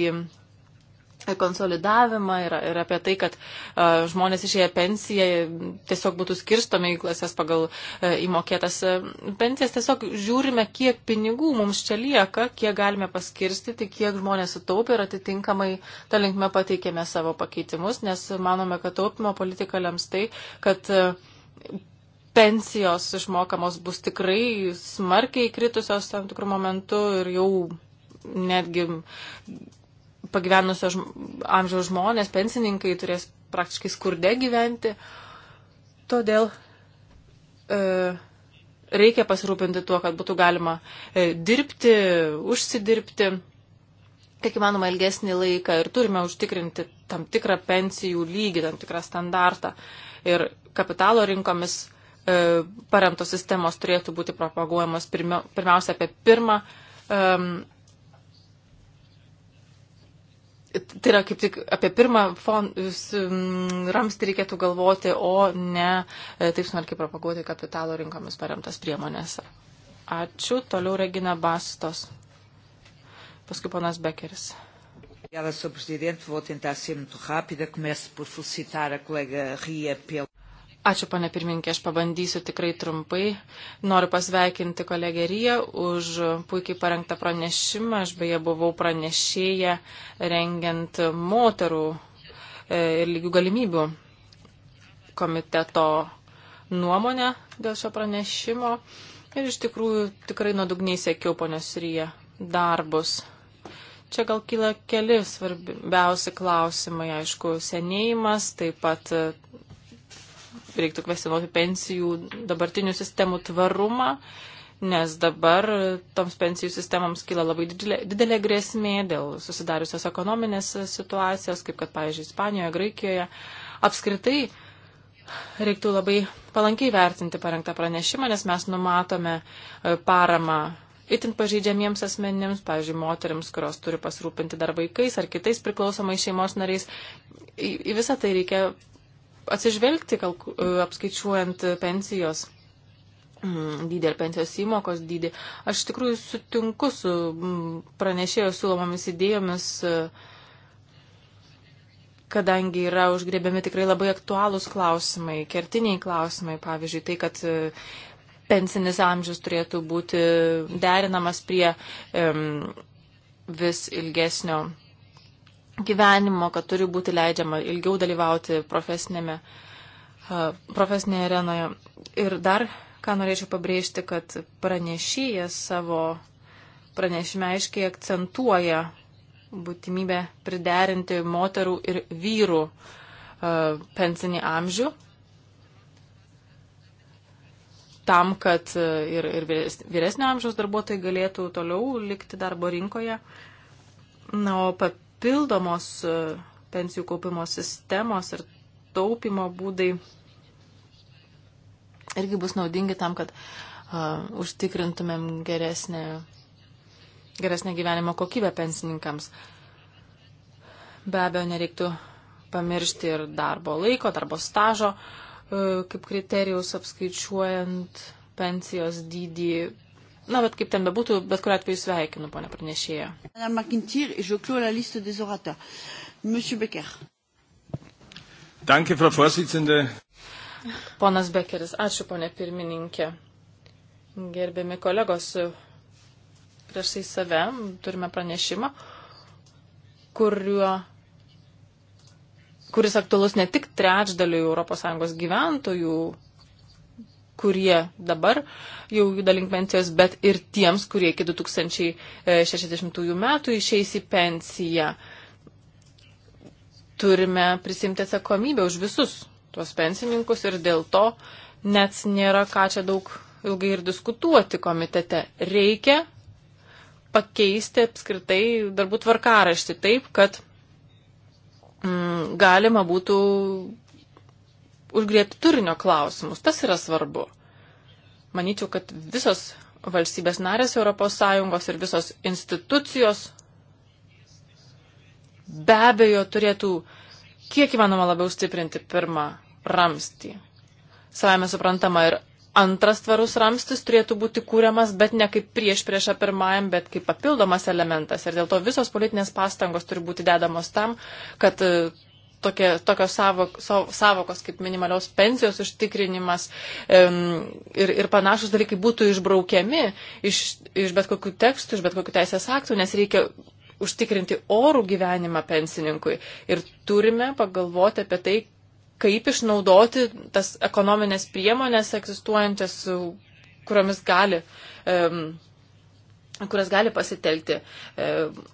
konsolidavimą ir, ir apie tai, kad uh, žmonės išėję pensiją tiesiog būtų skirstomi į klasės pagal uh, įmokėtas uh, pensijas. Tiesiog žiūrime, kiek pinigų mums čia lieka, kiek galime paskirstyti, kiek žmonės sutaupė ir atitinkamai tą linkmę pateikėme savo pakeitimus, nes manome, kad taupimo politika lems tai, kad uh, pensijos išmokamos bus tikrai smarkiai kritusios tam tikrų momentų ir jau netgi pagyvenusio amžiaus žmonės, pensininkai turės praktiškai skurde gyventi. Todėl e, reikia pasirūpinti tuo, kad būtų galima e, dirbti, užsidirbti, kiek įmanoma ilgesnį laiką ir turime užtikrinti tam tikrą pensijų lygį, tam tikrą standartą. Ir kapitalo rinkomis E, paremtos sistemos turėtų būti propaguojamos pirmia, pirmiausia apie pirmą. Um, tai yra kaip tik apie pirmą fon, ramstį reikėtų galvoti, o ne e, taip smarkiai propaguoti kapitalo rinkomis paremtas priemonės. Ačiū. Toliau Regina Bastos. Paskui ponas Bekeris. Obrigada, Sr. Presidente. Vou tentar ser muito rápida. Começo por felicitar a colega Ria pelo. Ačiū, pane pirmininkė, aš pabandysiu tikrai trumpai. Noriu pasveikinti kolegę Ryją už puikiai parengtą pranešimą. Aš beje buvau pranešėję rengiant moterų e, ir lygių galimybių komiteto nuomonę dėl šio pranešimo. Ir iš tikrųjų tikrai nuodugniai sėkiau ponios Ryja darbus. Čia gal kyla keli svarbiausi klausimai, aišku, senėjimas, taip pat reiktų kvestionuoti pensijų dabartinių sistemų tvarumą, nes dabar toms pensijų sistemams kyla labai didelė, didelė grėsmė dėl susidariusios ekonominės situacijos, kaip kad, pavyzdžiui, Ispanijoje, Graikijoje. Apskritai reiktų labai palankiai vertinti parengtą pranešimą, nes mes numatome e, paramą itin pažeidžiamiems asmenims, pavyzdžiui, moteriams, kurios turi pasirūpinti dar vaikais ar kitais priklausomais šeimos nariais. Į, į visą tai reikia atsižvelgti, kalku, e, apskaičiuojant pensijos mm, dydį ar pensijos įmokos dydį. Aš iš tikrųjų sutinku su mm, pranešėjo siūlomomis idėjomis, e, kadangi yra užgrėbiami tikrai labai aktualūs klausimai, kertiniai klausimai, pavyzdžiui, tai, kad e, pensinis amžius turėtų būti derinamas prie um, vis ilgesnio gyvenimo, kad turi būti leidžiama ilgiau dalyvauti profesinėme, profesinėje arenoje. Ir dar, ką norėčiau pabrėžti, kad pranešėjas savo pranešime aiškiai akcentuoja būtimybę priderinti moterų ir vyrų pensinį amžių tam, kad ir, ir vyresnio amžiaus darbuotojai galėtų toliau likti darbo rinkoje. Na, o pat papildomos e, pensijų kaupimo sistemos ir taupimo būdai irgi bus naudingi tam, kad uh, užtikrintumėm geresnę, geresnę gyvenimo kokybę pensininkams. Be abejo, nereiktų pamiršti ir darbo laiko, darbo stažo, uh, kaip kriterijus apskaičiuojant pensijos dydį Na, bet kaip ten bebūtų, bet kuriu atveju sveikinu, ponia pranešėja. Madame McIntyre, je clôt la liste des orateurs. Monsieur Becker. Danke, Frau Vorsitzende. Ponas Bekeris, ačiū, ponė pirmininkė. Gerbiami kolegos, priešai save turime pranešimą, kuriuo, kuris aktualus ne tik trečdaliui ES gyventojų kurie dabar jau juda link pensijos, bet ir tiems, kurie iki 2060 metų išeis į pensiją. Turime prisimti atsakomybę už visus tuos pensininkus ir dėl to net nėra ką čia daug ilgai ir diskutuoti komitete. Reikia pakeisti apskritai darbų tvarkaraštį taip, kad mm, galima būtų užgriepti turinio klausimus. Tas yra svarbu. Manyčiau, kad visos valstybės narės ES ir visos institucijos be abejo turėtų kiek įmanoma labiau stiprinti pirmą ramstį. Savame suprantama ir antras tvarus ramstis turėtų būti kūriamas, bet ne kaip prieš priešą pirmajam, bet kaip papildomas elementas. Ir dėl to visos politinės pastangos turi būti dedamos tam, kad tokie, tokios savok, savokos kaip minimalios pensijos užtikrinimas um, ir, ir panašus dalykai būtų išbraukiami iš, iš bet kokių tekstų, iš bet kokių teisės aktų, nes reikia užtikrinti orų gyvenimą pensininkui. Ir turime pagalvoti apie tai, kaip išnaudoti tas ekonominės priemonės egzistuojančias, kuriomis gali um, kurias gali pasitelkti e,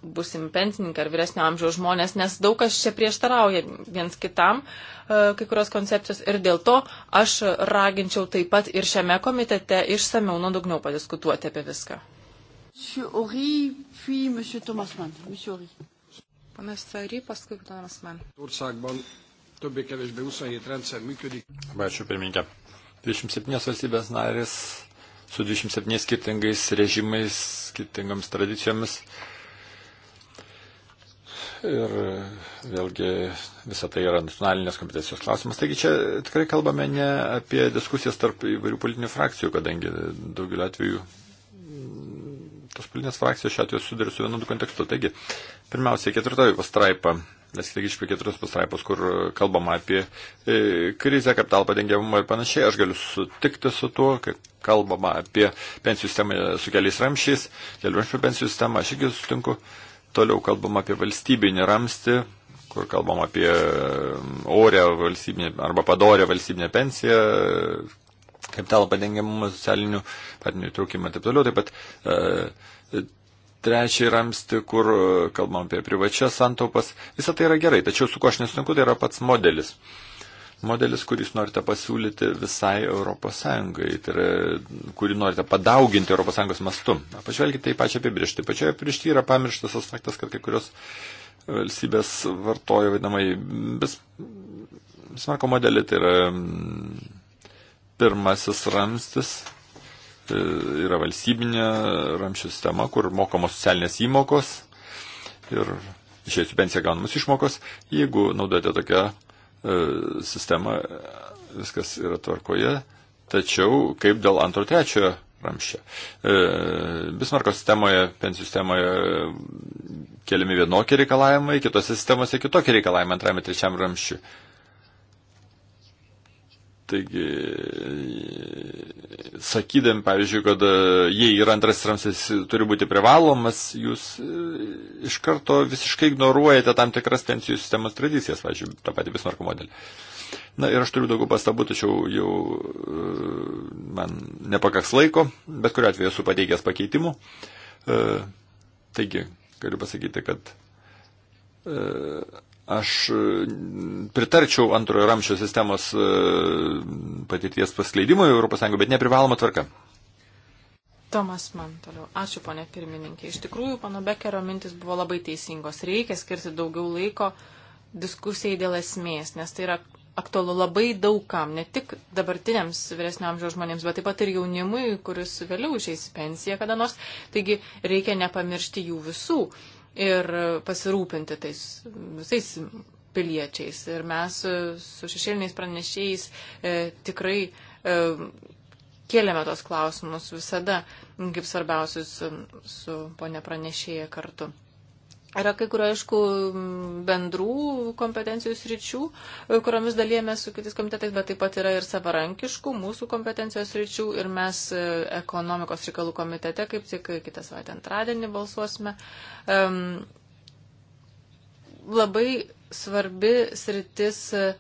busim pensininkai ar vyresnio amžiaus žmonės, nes daug kas čia prieštarauja viens kitam e, kai kurios koncepcijos ir dėl to aš raginčiau taip pat ir šiame komitete išsameu nuodugniau padiskutuoti apie viską. Panas Sari, paskui Tomas Man. Országban többé-kevésbé 27 rendszer működik. Belső pirmininkė. 27 valstybės narės su 27 skirtingais režimais, skirtingoms tradicijomis. Ir vėlgi visą tai yra nacionalinės kompetencijos klausimas. Taigi čia tikrai kalbame ne apie diskusijas tarp įvairių politinių frakcijų, kadangi daugeliu atveju tos politinės frakcijos šiuo atveju sudarė su vienodu kontekstu. Taigi, pirmiausia, ketvirtoji pastraipa Nes tik iš prie keturios pastraipos, kur kalbama apie e, krizę, kapital padengiamumą ir panašiai, aš galiu sutikti su tuo, kad kalbama apie pensijų sistemą su keliais ramšiais, kelių pensijų sistemą, aš irgi sutinku. Toliau kalbama apie valstybinį ramstį, kur kalbam apie e, orę valstybinę arba padorę valstybinę pensiją, kapitalo padengiamumą, socialinių partnerių įtraukimą ir taip toliau. Taip pat e, trečiąjį ramstį, kur e, kalbam apie privačias santaupas. Visą tai yra gerai, tačiau su ko aš nesutinku, tai yra pats modelis. Modelis, kurį jūs norite pasiūlyti visai ES, tai yra, kurį norite padauginti ES mastu. Na, pažvelkite į pačią apibriežtį. Pačioje apibriežtį yra pamirštas tas faktas, kad kai kurios valstybės vartoja vadinamai besmarko modelį, tai yra mm, pirmasis ramstis, E, yra valstybinė ramščių sistema, kur mokamos socialinės įmokos ir išėjus į pensiją gaunamos išmokos. Jeigu naudojate tokią e, sistemą, viskas yra tvarkoje. Tačiau kaip dėl antro trečiojo ramščio? E, Bismarko sistemoje, pensijų sistemoje keliami vienokie reikalavimai, kitose sistemose kitokie reikalavimai antrame trečiam ramščiui. Taigi, sakydami, pavyzdžiui, kad e, jei ir antras ramsis turi būti privalomas, jūs e, iš karto visiškai ignoruojate tam tikras pensijų sistemos tradicijas, pavyzdžiui, tą patį Bismarko modelį. Na ir aš turiu daugiau pastabų, tačiau jau e, man nepakaks laiko, bet kuriu atveju esu pateikęs pakeitimų. Taigi, galiu pasakyti, kad Aš e, pritarčiau antrojo ramščio sistemos e, patirties paskleidimui ES, bet neprivaloma tvarka. Tomas man toliau. Ačiū, ponė pirmininkė. Iš tikrųjų, pano Bekerio mintis buvo labai teisingos. Reikia skirti daugiau laiko diskusijai dėl esmės, nes tai yra aktualu labai daugam, ne tik dabartiniams vyresnio amžiaus žmonėms, bet taip pat ir jaunimui, kuris vėliau išeis į pensiją kada nors. Taigi reikia nepamiršti jų visų ir pasirūpinti tais visais piliečiais. Ir mes su šešėliniais pranešėjais e, tikrai e, kėlėme tos klausimus visada, kaip svarbiausius e, su, su ponė pranešėja kartu. Yra kai kurio, aišku, bendrų kompetencijų sričių, kuriomis dalyjame su kitais komitetais, bet taip pat yra ir savarankiškų mūsų kompetencijos sričių ir mes e, ekonomikos reikalų komitete, kaip tik kitą savaitę antradienį balsuosime. Um, labai svarbi sritis. Uh,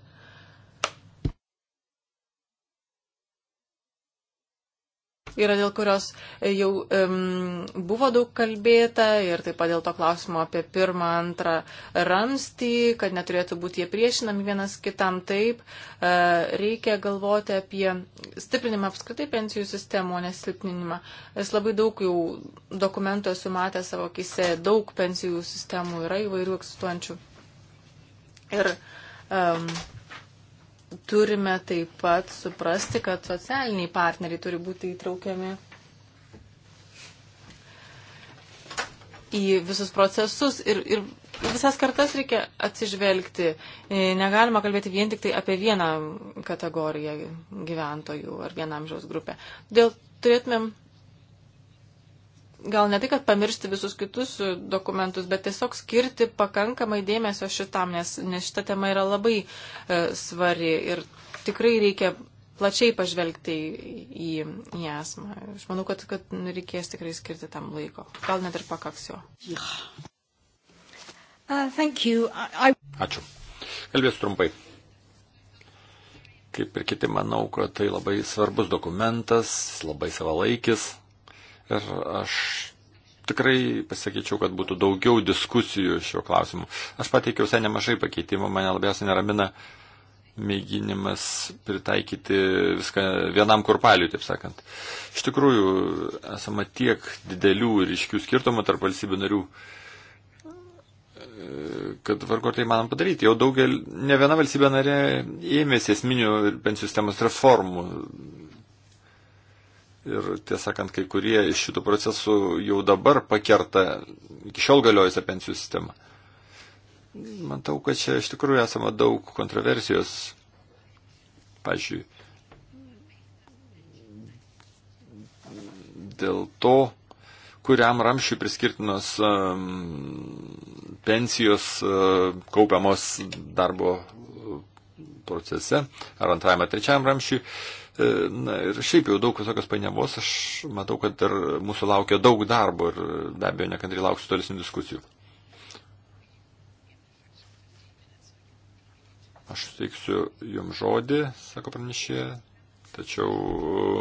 yra dėl kurios e, jau um, buvo daug kalbėta ir taip pat dėl to klausimo apie pirmą, antrą ramstį, kad neturėtų būti jie priešinami vienas kitam taip. Uh, reikia galvoti apie stiprinimą apskritai pensijų sistemų, o nesilpninimą. Aš labai daug jau dokumentų esu matęs savo kise, daug pensijų sistemų yra įvairių egzistuojančių. Ir um, turime taip pat suprasti, kad socialiniai partneriai turi būti įtraukiami į visus procesus ir, ir visas kartas reikia atsižvelgti. E, negalima kalbėti vien tik tai apie vieną kategoriją gyventojų ar vieną amžiaus grupę. Dėl turėtumėm gal ne tai, kad pamiršti visus kitus dokumentus, bet tiesiog skirti pakankamai dėmesio šitam, nes, nes šita tema yra labai e, svari ir tikrai reikia plačiai pažvelgti į, į esmą. Aš manau, kad, kad reikės tikrai skirti tam laiko. Gal net ir pakaks jo. Uh, I... Ačiū. Kalbėsiu trumpai. Kaip ir kiti, manau, kad tai labai svarbus dokumentas, labai savalaikis, Ir aš tikrai pasakyčiau, kad būtų daugiau diskusijų šiuo klausimu. Aš pateikiau visai nemažai pakeitimų, mane labiausiai neramina mėginimas pritaikyti viską vienam kurpaliui, taip sakant. Iš tikrųjų, esama tiek didelių ir iškių skirtumų tarp valstybių narių, kad vargu ar tai manom padaryti. Jau daugel, ne viena valstybė narė ėmėsi esminių pensijų sistemos reformų Ir tiesąkant, kai kurie iš šitų procesų jau dabar pakerta iki šiol galiojusią pensijų sistemą. Matau, kad čia iš tikrųjų esama daug kontroversijos. Pavyzdžiui, dėl to, kuriam ramšiui priskirtinos um, pensijos uh, kaupiamos darbo procese ar antrajame trečiajam ramšiui. Uh, E, na ir šiaip jau daug visokios painiavos, aš matau, kad dar mūsų laukia daug darbo ir be abejo nekantri lauksiu tolesnių diskusijų. Aš suteiksiu jums žodį, sako pranešė, tačiau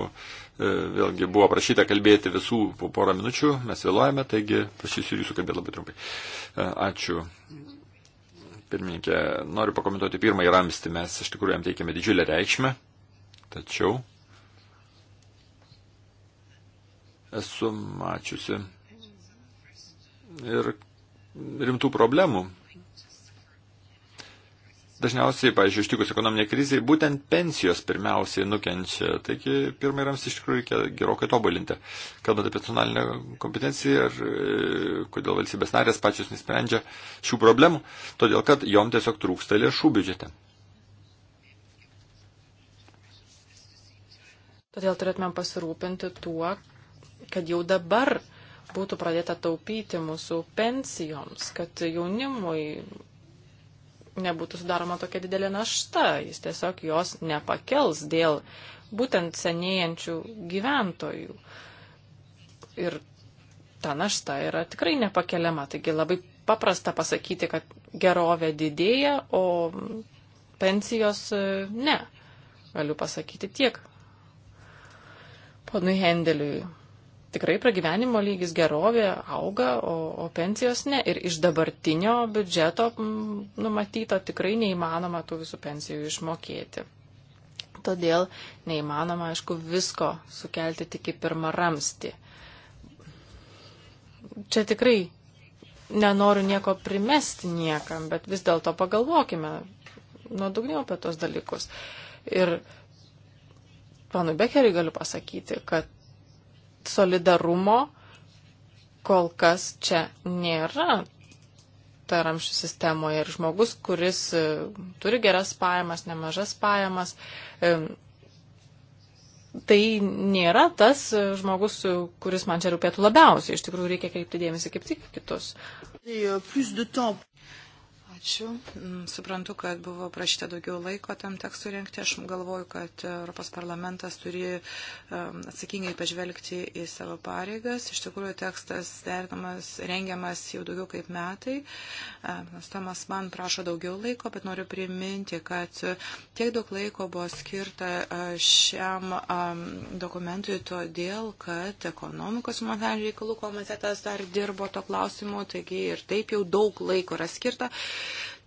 e, vėlgi buvo prašyta kalbėti visų po porą minučių, mes vėluojame, taigi prašysiu jūsų kalbėti labai trumpai. E, ačiū pirmininkė, noriu pakomentuoti pirmąjį ramstį, mes iš tikrųjų jam teikiame didžiulę reikšmę. Tačiau esu mačiusi ir rimtų problemų. Dažniausiai, pažiūrėjau, ištikus ekonominė krizė, būtent pensijos pirmiausiai nukenčia. Taigi, pirmai rams iš tikrųjų reikia gerokai tobulinti. Kalbant apie nacionalinę kompetenciją ir e, kodėl valstybės narės pačios nesprendžia šių problemų, todėl kad jom tiesiog trūksta lėšų biudžete. Todėl turėtumėm pasirūpinti tuo, kad jau dabar būtų pradėta taupyti mūsų pensijoms, kad jaunimui nebūtų sudaroma tokia didelė našta, jis tiesiog jos nepakels dėl būtent senėjančių gyventojų. Ir ta našta yra tikrai nepakeliama, taigi labai paprasta pasakyti, kad gerovė didėja, o pensijos e, ne. Galiu pasakyti tiek ponui Hendeliui. Tikrai pragyvenimo lygis gerovė auga, o, o pensijos ne. Ir iš dabartinio biudžeto numatyta tikrai neįmanoma tų visų pensijų išmokėti. Todėl neįmanoma, aišku, visko sukelti tik į pirmą ramstį. Čia tikrai nenoriu nieko primesti niekam, bet vis dėlto pagalvokime nuodugniau apie tos dalykus. Ir uh, Panui Bekeriui galiu pasakyti, kad solidarumo kol kas čia nėra ta ramščių sistemoje ir žmogus, kuris e, turi geras pajamas, nemažas pajamas, e, tai nėra tas e, žmogus, kuris man čia rūpėtų labiausiai. Iš tikrųjų reikia kreipti dėmesį kaip tik kitus. Ačiū. Mm, suprantu, kad buvo prašyta daugiau laiko tam tekstui renkti. Aš galvoju, kad Europos parlamentas turi atsakingai pažvelgti į savo pareigas. Iš tikrųjų, tekstas derinamas, rengiamas jau daugiau kaip metai. Tomas man prašo daugiau laiko, bet noriu priminti, kad tiek daug laiko buvo skirta e, šiam dokumentui todėl, kad ekonomikos humanitarinių reikalų komitetas dar dirbo to klausimu, taigi ir taip jau daug laiko yra skirta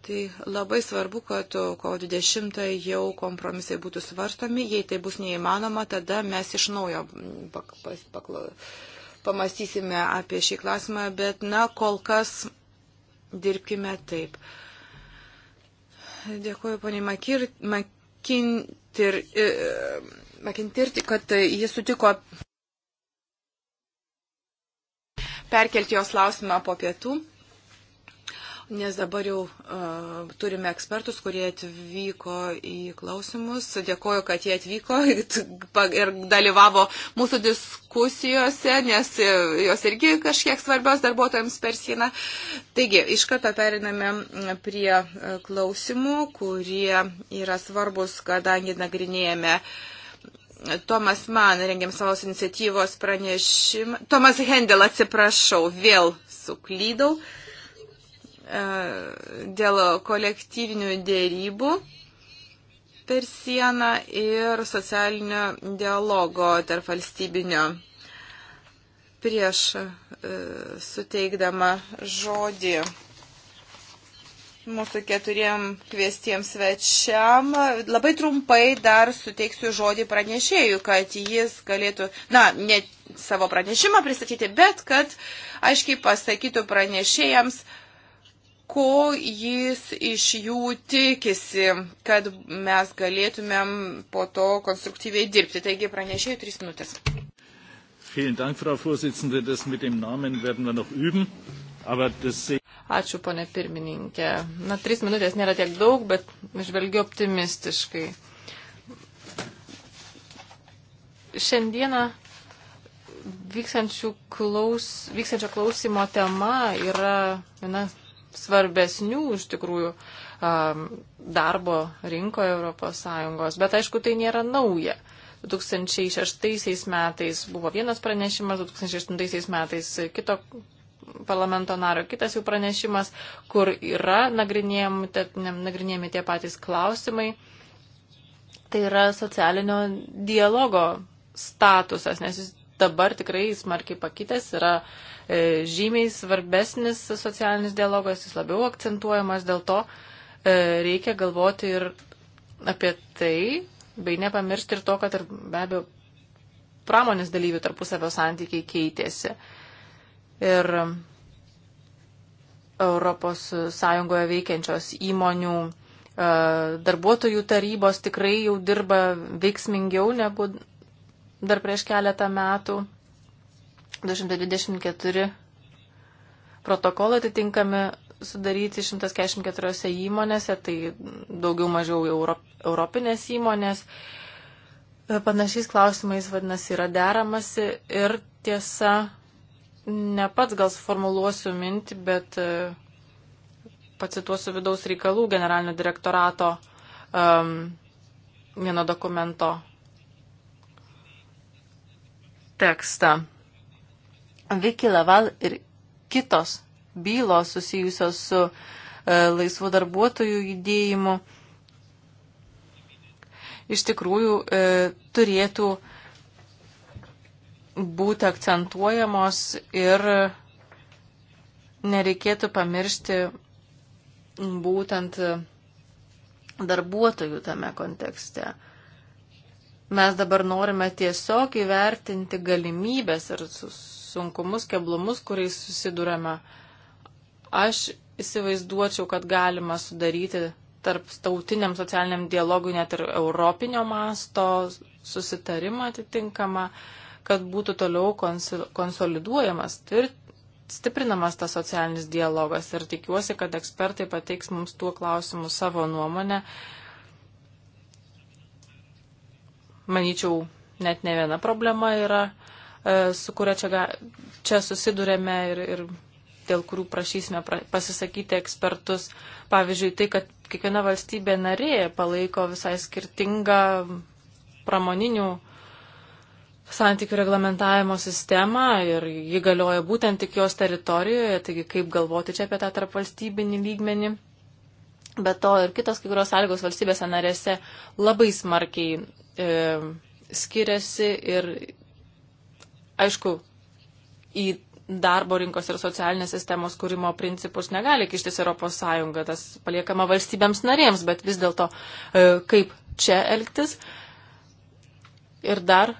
Tai labai svarbu, kad kovo 20 jau kompromisai būtų svarstomi. Jei tai bus neįmanoma, tada mes iš naujo pamastysime apie šį klausimą, bet na, kol kas dirbkime taip. Dėkuoju poniai e, Makintirti, Makir, kad jis sutiko perkelti jos klausimą po pietų nes dabar jau uh, turime ekspertus, kurie atvyko į klausimus. Dėkoju, kad jie atvyko ir dalyvavo mūsų diskusijose, nes e, jos irgi kažkiek svarbios darbuotojams per sieną. Taigi, iš karto periname prie e, klausimų, kurie yra svarbus, kadangi nagrinėjame uh, Tomas Man rengėm savo iniciatyvos pranešimą. Tomas Hendel, atsiprašau, vėl suklydau. Uh, E, dėl kolektyvinių dėrybų per sieną ir socialinio dialogo tarp valstybinio. Prieš e, suteikdama žodį mūsų keturiem kviestiems svečiam, labai trumpai dar suteiksiu žodį pranešėjui, kad jis galėtų, na, ne savo pranešimą pristatyti, bet kad aiškiai pasakytų pranešėjams, uh, ko jis iš jų tikisi, kad mes galėtumėm po to konstruktyviai dirbti. Taigi pranešėjau tris minutės. Ačiū, ponė pirmininkė. Na, trys minutės nėra tiek daug, bet žvelgiu optimistiškai. Šiandieną klaus, vykstančio klausimo tema yra viena svarbesnių iš tikrųjų darbo rinkoje ES. Bet aišku, tai nėra nauja. 2006 metais buvo vienas pranešimas, 2008 metais kito parlamento nario kitas jau pranešimas, kur yra nagrinėjami, te, nagrinėjami tie patys klausimai. Tai yra socialinio dialogo statusas, nes jis dabar tikrai smarkiai pakitęs yra uh, E, žymiai svarbesnis socialinis dialogas, jis labiau akcentuojamas, dėl to e, reikia galvoti ir apie tai, bei nepamiršti ir to, kad ir be abejo pramonės dalyvių tarpusavio santykiai keitėsi. Ir Europos Sąjungoje veikiančios įmonių e, darbuotojų tarybos tikrai jau dirba veiksmingiau negu dar prieš keletą metų. 224 protokolai atitinkami sudaryti 144 įmonėse, tai daugiau mažiau Europ, europinės įmonės. E, panašiais klausimais, vadinasi, yra deramasi ir tiesa, ne pats gal suformuluosiu mintį, bet e, pacituosiu vidaus reikalų generalinio direktorato um, vieno dokumento tekstą. Vicky Laval ir kitos bylos susijusios su e, laisvų darbuotojų judėjimu iš tikrųjų e, turėtų būti akcentuojamos ir nereikėtų pamiršti būtent darbuotojų tame kontekste. Mes dabar norime tiesiog įvertinti galimybės ir sus sunkumus, keblumus, kuriais susidurame, aš įsivaizduočiau, kad galima sudaryti tarp tautiniam socialiniam dialogui net ir europinio masto susitarimą atitinkamą, kad būtų toliau konsoliduojamas, tvirt, stiprinamas tas socialinis dialogas ir tikiuosi, kad ekspertai pateiks mums tuo klausimu savo nuomonę. Manyčiau, net ne viena problema yra E, su kuria čia, čia susidurėme ir, ir dėl kurių prašysime pasisakyti ekspertus. Pavyzdžiui, tai, kad kiekviena valstybė narė palaiko visai skirtingą pramoninių santykių reglamentavimo sistemą ir ji galioja būtent tik jos teritorijoje, taigi kaip galvoti čia apie tą tarpvalstybinį lygmenį. Be to ir kitos kai kurios sąlygos valstybėse narėse labai smarkiai e, skiriasi ir Aišku, į darbo rinkos ir socialinės sistemos kūrimo principus negali kištis ES, tas paliekama valstybėms narėms, bet vis dėlto e, kaip čia elgtis. Ir dar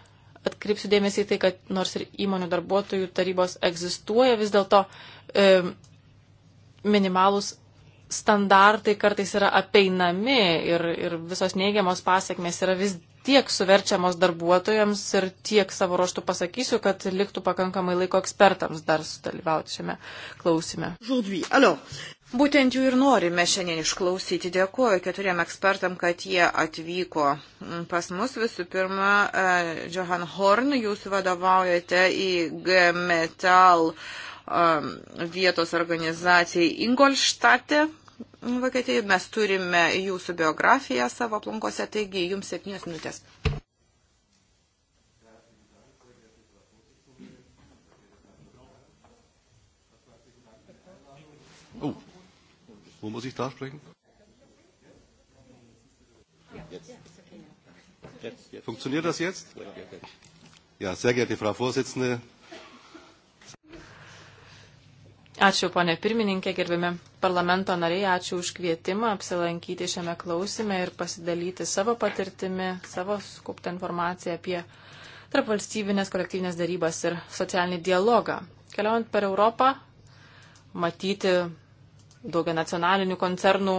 atkreipsiu dėmesį į tai, kad nors ir įmonių darbuotojų tarybos egzistuoja, vis dėlto e, minimalus standartai kartais yra apeinami ir, ir visos neigiamos pasiekmes yra vis tiek suverčiamos darbuotojams ir tiek savo ruoštų pasakysiu, kad liktų pakankamai laiko ekspertams dar sudalyvauti šiame klausime. Būtent jų ir norime šiandien išklausyti. Dėkuoju keturiem ekspertam, kad jie atvyko pas mus. Visų pirma, e, Johan Horn, jūs vadovaujate į G Metal e, vietos organizacijai Ingolštate. Vokietijoje, mes turime jūsų biografiją savo aplankose, taigi jums septynios minutės. Oh, wo muss ich da sprechen? Funktioniert das jetzt? Ja, sehr geehrte Frau Vorsitzende, Ačiū, ponė pirmininkė, gerbiami parlamento nariai, ačiū už kvietimą apsilankyti šiame klausime ir pasidalyti savo patirtimi, savo skuptą informaciją apie tarpvalstybinės kolektyvinės darybas ir socialinį dialogą. Keliaujant per Europą, matyti daugia nacionalinių koncernų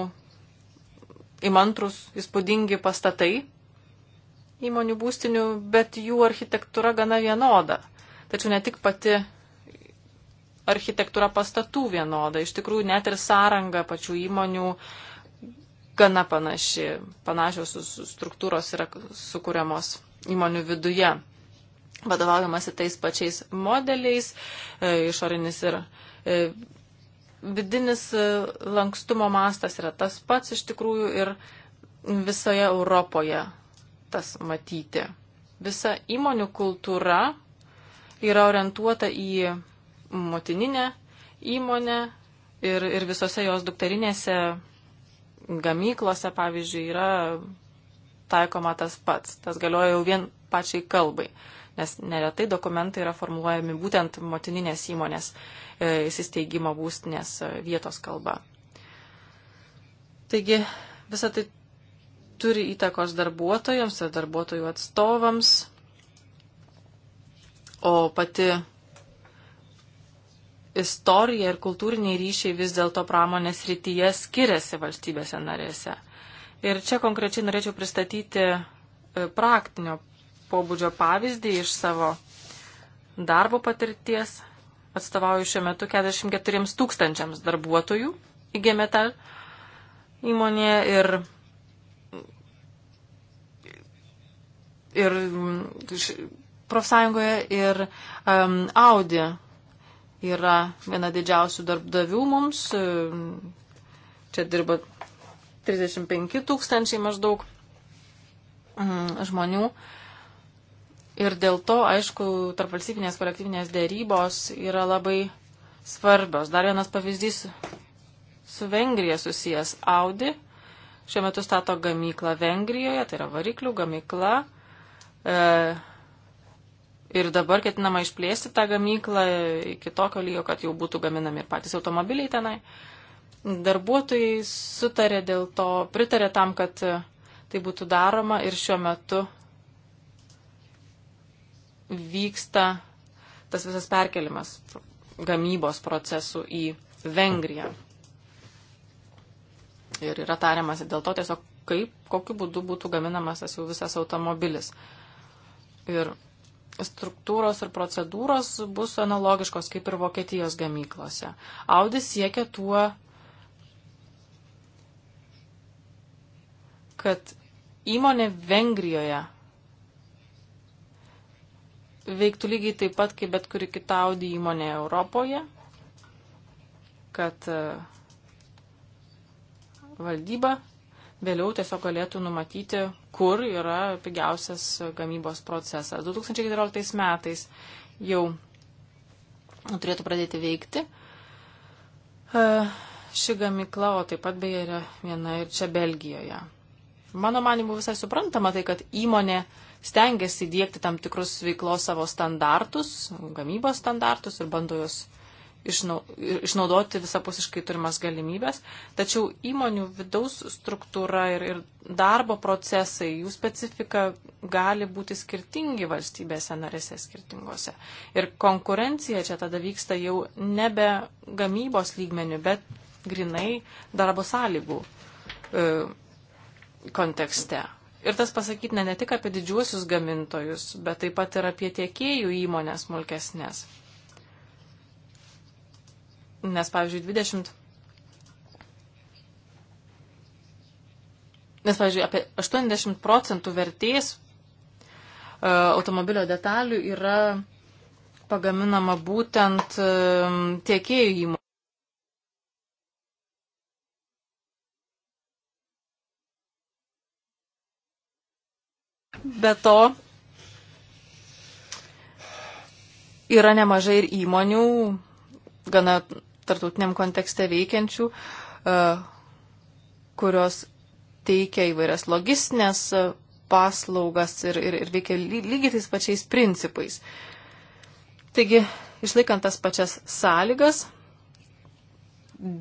įmantrus, įspūdingi pastatai įmonių būstinių, bet jų architektūra gana vienoda. Tačiau ne tik pati architektūra pastatų vienoda. Iš tikrųjų, net ir sąranga pačių įmonių gana panaši. Panašios struktūros yra sukūriamos įmonių viduje. Vadovaujamasi tais pačiais modeliais, e, išorinis ir e, vidinis e, lankstumo mastas yra tas pats iš tikrųjų ir visoje Europoje tas matyti. Visa įmonių kultūra yra orientuota į motininę įmonę ir, ir visose jos dukterinėse gamyklose, pavyzdžiui, yra taikoma tas pats. Tas galioja jau vien pačiai kalbai, nes neretai dokumentai yra formuluojami būtent motininės įmonės e, įsisteigimo būstinės e, vietos kalba. Taigi visą tai turi įtakos darbuotojams ir darbuotojų atstovams, o pati istorija ir kultūriniai ryšiai vis dėlto pramonės rytyje skiriasi valstybėse narėse. Ir čia konkrečiai norėčiau pristatyti e, praktinio pobūdžio pavyzdį iš savo darbo patirties. Atstovauju šiuo metu 44 tūkstančiams darbuotojų IG Metal įmonėje ir, ir profsąjungoje ir um, Audi yra viena didžiausių darbdavių mums. Čia dirba 35 tūkstančiai maždaug mm, žmonių. Ir dėl to, aišku, tarpvalstybinės kolektyvinės dėrybos yra labai svarbios. Dar vienas pavyzdys su Vengrija susijęs Audi. Šiuo metu stato gamyklą Vengrijoje, tai yra variklių gamykla. E, Ir dabar ketinama išplėsti tą gamyklą iki tokio lygio, kad jau būtų gaminami ir patys automobiliai tenai. Darbuotojai sutarė dėl to, pritarė tam, kad tai būtų daroma ir šiuo metu vyksta tas visas perkelimas gamybos procesų į Vengriją. Ir yra tariamasi dėl to tiesiog, kaip, kokiu būdu būtų gaminamas tas jau visas automobilis. Ir struktūros ir procedūros bus analogiškos kaip ir Vokietijos gamyklose. Audi siekia tuo, kad įmonė Vengrijoje veiktų lygiai taip pat kaip bet kuri kita Audi įmonė Europoje, kad e, valdyba vėliau tiesiog galėtų numatyti, kur yra pigiausias gamybos procesas. 2014 metais jau turėtų pradėti veikti e, ši gamykla, o taip pat beje yra viena ir čia Belgijoje. Mano manimu visai suprantama tai, kad įmonė stengiasi dėkti tam tikrus veiklos savo standartus, gamybos standartus ir bando juos išnaudoti visapusiškai turimas galimybės, tačiau įmonių vidaus struktūra ir, ir darbo procesai, jų specifika gali būti skirtingi valstybėse narėse skirtingose. Ir konkurencija čia tada vyksta jau nebe gamybos lygmenių, bet grinai darbo sąlygų e, kontekste. Ir tas pasakyti ne, ne tik apie didžiuosius gamintojus, bet taip pat ir apie tiekėjų įmonės smulkesnės. Nes, pavyzdžiui, 20. Nes, pavyzdžiui, apie 80 procentų vertės e, automobilio detalių yra pagaminama būtent e, tiekėjų įmonių. Be to, yra nemažai ir įmonių, gana tartutiniam kontekste veikiančių, e, kurios teikia įvairias logistinės e, paslaugas ir, ir, ir veikia lygiai tais pačiais principais. Taigi, išlaikant tas pačias sąlygas,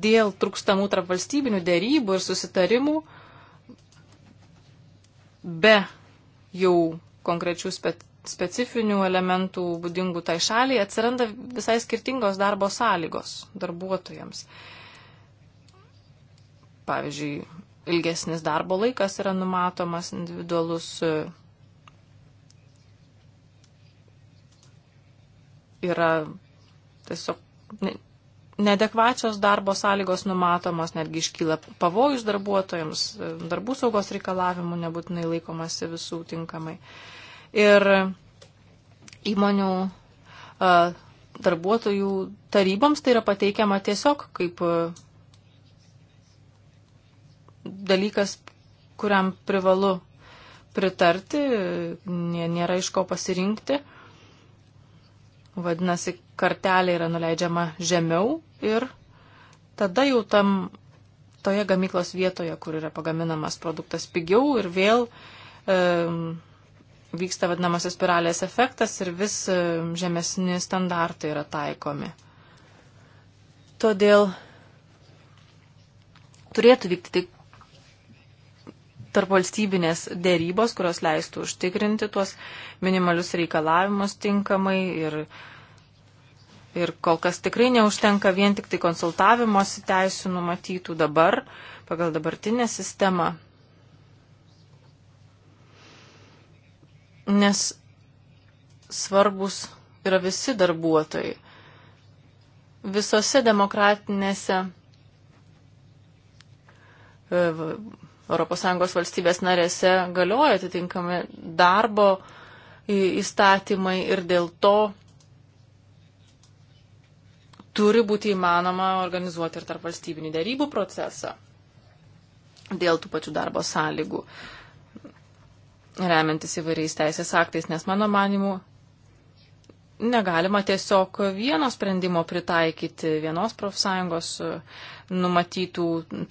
dėl trūkstamų tarpvalstybinių dėrybų ir susitarimų, be jau konkrečių spet specifinių elementų būdingų tai šaliai, atsiranda visai skirtingos darbo sąlygos darbuotojams. Pavyzdžiui, ilgesnis darbo laikas yra numatomas individualus. Yra tiesiog neadekvačios darbo sąlygos numatomos, netgi iškyla pavojus darbuotojams, darbų saugos reikalavimų nebūtinai laikomasi visų tinkamai. Uh, ir įmonių darbuotojų taryboms tai yra pateikiama tiesiog kaip dalykas, kuriam privalu pritarti, nėra iš ko pasirinkti. Vadinasi, kartelė yra nuleidžiama žemiau ir tada jau tam toje gamyklos vietoje, kur yra pagaminamas produktas pigiau ir vėl um, e, vyksta vadinamasis spiralės efektas ir vis e, žemesni standartai yra taikomi. Todėl turėtų vykti tik tarp valstybinės dėrybos, kurios leistų užtikrinti tuos minimalius reikalavimus tinkamai ir, ir kol kas tikrai neužtenka vien tik tai konsultavimosi teisų numatytų dabar pagal dabartinę sistemą. nes svarbus yra visi darbuotojai. Visose demokratinėse ES valstybės narėse galioja atitinkami darbo įstatymai ir dėl to turi būti įmanoma organizuoti ir tarp valstybinį darybų procesą dėl tų pačių darbo sąlygų. Uh, remiantis įvairiais teisės aktais, nes mano manimu negalima tiesiog vieno sprendimo pritaikyti, vienos profsąjungos e, numatytų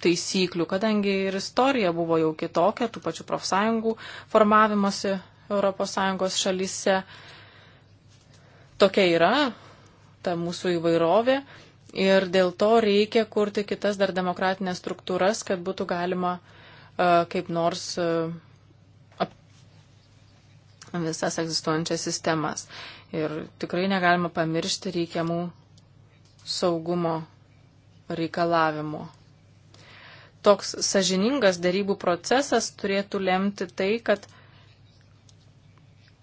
taisyklių, kadangi ir istorija buvo jau kitokia, tų pačių profsąjungų formavimosi ES šalyse. Tokia yra ta mūsų įvairovė ir dėl to reikia kurti kitas dar demokratinės struktūras, kad būtų galima uh, kaip nors uh, visas egzistuojančias sistemas. Ir tikrai negalima pamiršti reikiamų saugumo reikalavimų. Toks sažiningas darybų procesas turėtų lemti tai, kad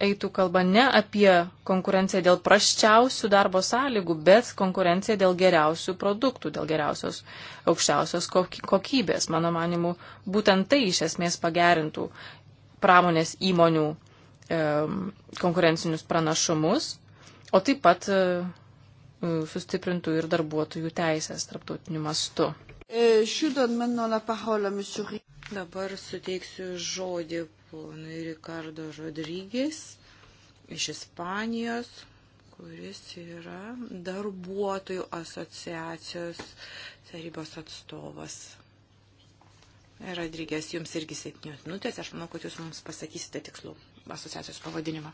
eitų kalba ne apie konkurenciją dėl praščiausių darbo sąlygų, bet konkurenciją dėl geriausių produktų, dėl geriausios aukščiausios kokybės. Mano manimu, būtent tai iš esmės pagerintų pramonės įmonių konkurencinius pranašumus, o taip pat e, e, sustiprintų ir darbuotojų teisės tarptautiniu mastu. E, Dabar suteiksiu žodį ponui Ricardo Rodrygės iš Ispanijos, kuris yra darbuotojų asociacijos tarybos atstovas. Rodrygės, jums irgi septynios minutės, aš manau, kad jūs mums pasakysite tiksliau asociacijos pavadinimą.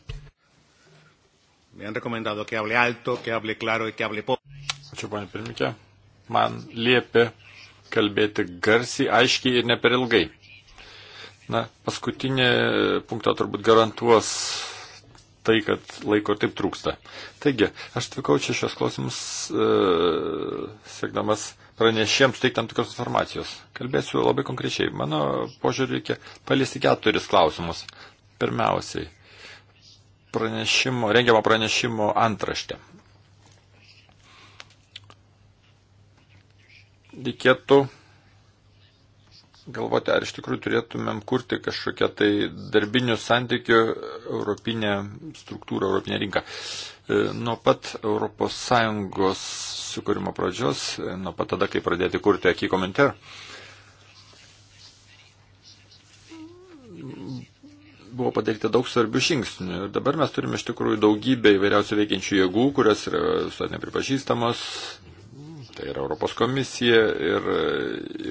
Ačiū, panė pirmikė. Man liepė kalbėti garsiai, aiškiai ir ne per ilgai. Na, paskutinė punktą turbūt garantuos tai, kad laiko taip trūksta. Taigi, aš atvykau čia šios klausimus, e, siekdamas pranešėjams teikti tam tikros informacijos. Kalbėsiu labai konkrečiai. Mano požiūrį reikia paliesti keturis klausimus. Pirmiausiai, pranešimo, rengiamo pranešimo antraštė. Reikėtų galvoti, ar iš tikrųjų turėtumėm kurti kažkokią tai darbinių santykių europinę struktūrą, europinę rinką. E, nuo pat ES sukūrimo pradžios, e, nuo pat tada, kai pradėti kurti akį komentarą, buvo padaryta daug svarbių žingsnių. Ir dabar mes turime iš tikrųjų daugybę įvairiausių veikiančių jėgų, kurios yra visuotinai pripažįstamos. Tai yra Europos komisija ir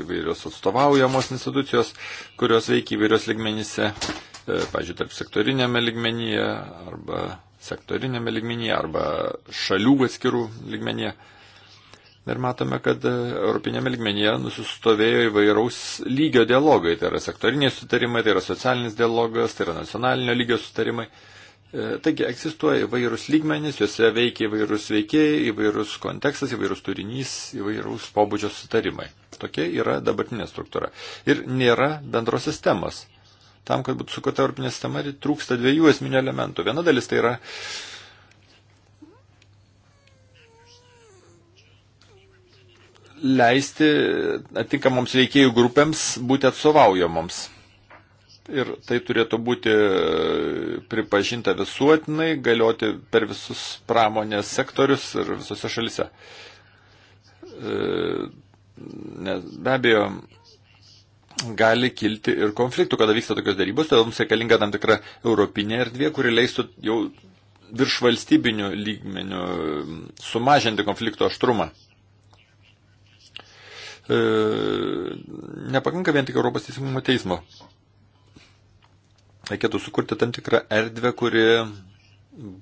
įvairios atstovaujamos institucijos, kurios veikia įvairios ligmenyse, e, pažiūrėjau, tarp sektorinėme ligmenyje arba sektorinėme ligmenyje arba šalių atskirų ligmenyje. Ir matome, kad e, Europinėme ligmenyje nusistovėjo įvairaus lygio dialogai. Tai yra sektoriniai sutarimai, tai yra socialinis dialogas, tai yra nacionalinio lygio sutarimai. E, taigi egzistuoja įvairūs lygmenys, juose veikia įvairūs veikėjai, įvairūs kontekstas, įvairūs turinys, įvairūs pobūdžio sutarimai. Tokia yra dabartinė struktūra. Ir nėra bendros sistemos. Tam, kad būtų sukurta europinė sistema, trūksta dviejų esminių elementų. Viena dalis tai yra leisti atitinkamoms veikėjų grupėms būti atstovaujamoms. Ir tai turėtų būti e, pripažinta visuotinai, galioti per visus pramonės sektorius ir visose šalise. E, Nes be abejo, gali kilti ir konfliktų, kada vyksta tokios darybos, todėl mums reikalinga tam tikra europinė erdvė, kuri leistų jau virš valstybinių lygmenių sumažinti konflikto aštrumą. E, nepakanka vien tik Europos teisingumo teismo. Reikėtų sukurti tam tikrą erdvę, kuri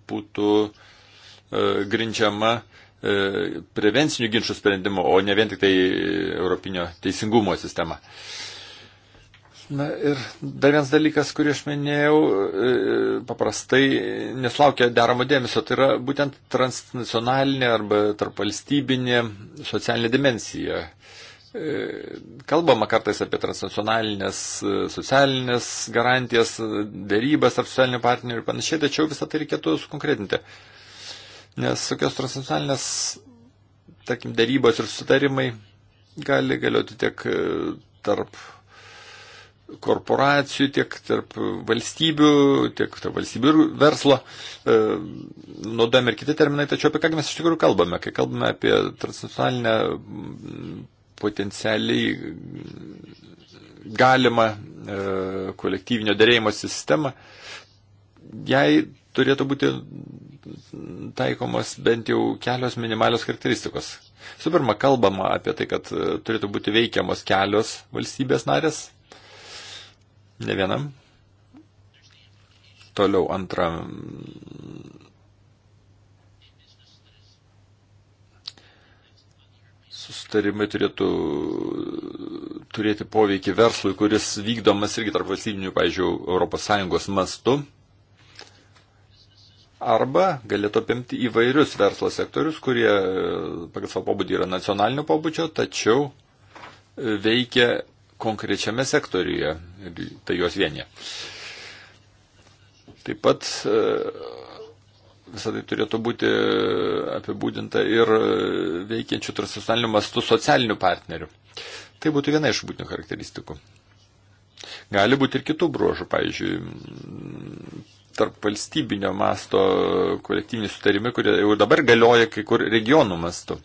būtų e, grindžiama e, prevencinių ginčių sprendimu, o ne vien tik tai Europinio teisingumo sistema. Na ir dar vienas dalykas, kurį aš minėjau, e, paprastai neslaukia deramo dėmesio, tai yra būtent transnacionalinė arba tarpvalstybinė socialinė dimensija. E, Kalbama kartais apie transnacionalinės e, socialinės garantijas, e, dėrybas tarp socialinių partnerių ir panašiai, tačiau visą tai reikėtų sukonkretinti. Nes tokios transnacionalinės, tarkim, dėrybos ir sutarimai gali galioti tiek e, tarp korporacijų, tiek tarp valstybių, tiek tarp valstybių ir verslo. E, Naudojami ir kiti terminai, tačiau apie ką mes iš tikrųjų kalbame, kai kalbame apie transnacionalinę potencialiai galima e, kolektyvinio dėrėjimo sistemą, jai turėtų būti taikomos bent jau kelios minimalios charakteristikos. Su pirma, kalbama apie tai, kad e, turėtų būti veikiamos kelios valstybės narės, ne vienam. Toliau antra, sustarimai turėtų turėti poveikį verslui, kuris vykdomas irgi tarp valstybinių, pavyzdžiui, ES mastu. Arba galėtų apimti įvairius verslo sektorius, kurie pagal savo pobūdį yra nacionalinio pobūdžio, tačiau veikia konkrečiame sektoriuje ir tai juos vienyje. Taip pat visą tai turėtų būti e, apibūdinta ir e, veikiančių transnacionalinių mastų socialinių partnerių. Tai būtų viena iš būtinių charakteristikų. Gali būti ir kitų bruožų, pavyzdžiui, tarp valstybinio masto kolektyviniai sutarimai, kurie jau dabar galioja kai kur regionų mastu.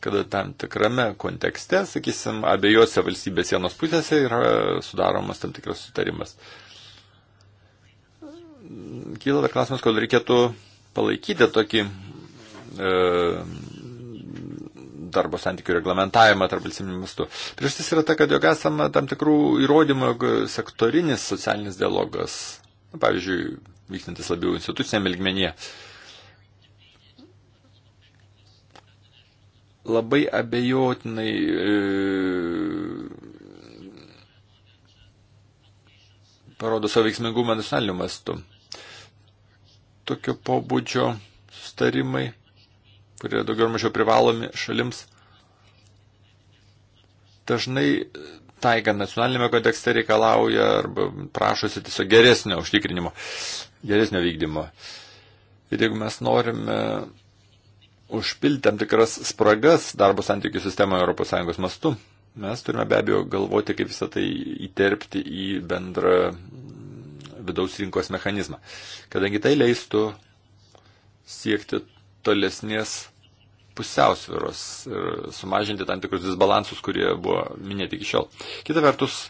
Kada tam tikrame kontekste, sakysim, abiejose valstybės sienos pusėse yra sudaromas tam tikras sutarimas. Uh, kyla dar klausimas, kodėl reikėtų palaikyti tokį e, darbo santykių reglamentavimą tarp valstybinių mastų. Priežastis yra ta, kad jog esama tam tikrų įrodymų, jog sektorinis socialinis dialogas, nu, pavyzdžiui, vykstantis labiau instituciniam ilgmenyje, labai abejotinai e, parodo savo veiksmingumą nacionaliniu mastu tokio pobūdžio sustarimai, kurie daugiau ar mažiau privalomi šalims, dažnai taikant nacionalinėme kontekste reikalauja arba prašosi tiesiog geresnio užtikrinimo, geresnio vykdymo. Ir jeigu mes norime užpilti tam tikras spragas darbo santykių sistemoje ES mastu, mes turime be abejo galvoti, kaip visą tai įterpti į bendrą vidaus rinkos mechanizmą, kadangi tai leistų siekti tolesnės pusiausviros ir sumažinti tam tikrus disbalansus, kurie buvo minėti iki šiol. Kita vertus,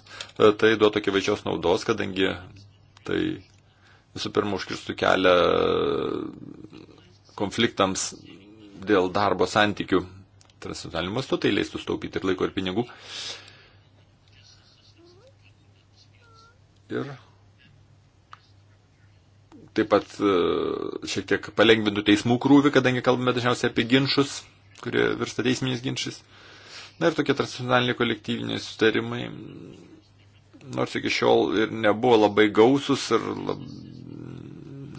e, tai duotų akivaizdžios naudos, kadangi tai visų pirma užkirstų kelią konfliktams dėl darbo santykių transnacionaliniu mastu, tai leistų staupyti ir laiko, ir pinigų. Ir taip pat e, šiek tiek palengvintų teismų krūvį, kadangi kalbame dažniausiai apie ginčius, kurie virsta teisminiais ginčiais. Na ir tokie transnacionaliniai kolektyviniai sutarimai, nors iki šiol ir nebuvo labai gausus ir lab...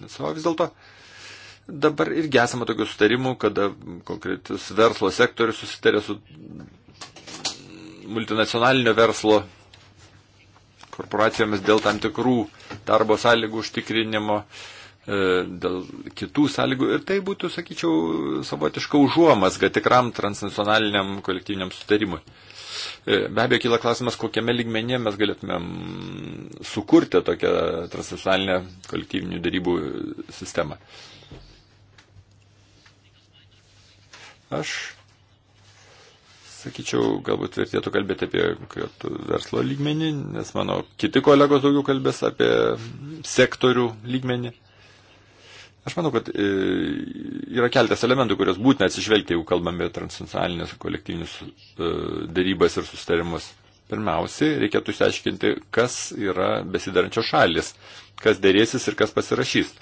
savo vis dėlto. Dabar irgi esame tokių sutarimų, kada konkretus verslo sektorius susitarė su multinacionalinio verslo korporacijomis dėl tam tikrų darbo sąlygų užtikrinimo, e, dėl kitų sąlygų. Ir tai būtų, sakyčiau, savotiška užuomas, kad tikram transnacionaliniam kolektyviniam sutarimui. E, be abejo, kyla klausimas, kokiame ligmenė mes galėtumėm sukurti tokią transnacionalinę kolektyvinių darybų sistemą. Aš sakyčiau, galbūt vertėtų kalbėti apie konkretų verslo lygmenį, nes mano kiti kolegos daugiau kalbės apie sektorių lygmenį. Aš manau, kad e, yra keltas elementų, kurios būtina atsižvelgti, jeigu kalbame apie transnacionalinės kolektyvinius e, darybas ir sustarimus. Pirmiausiai, reikėtų išsiaiškinti, kas yra besidarančios šalis, kas dėrėsis ir kas pasirašys.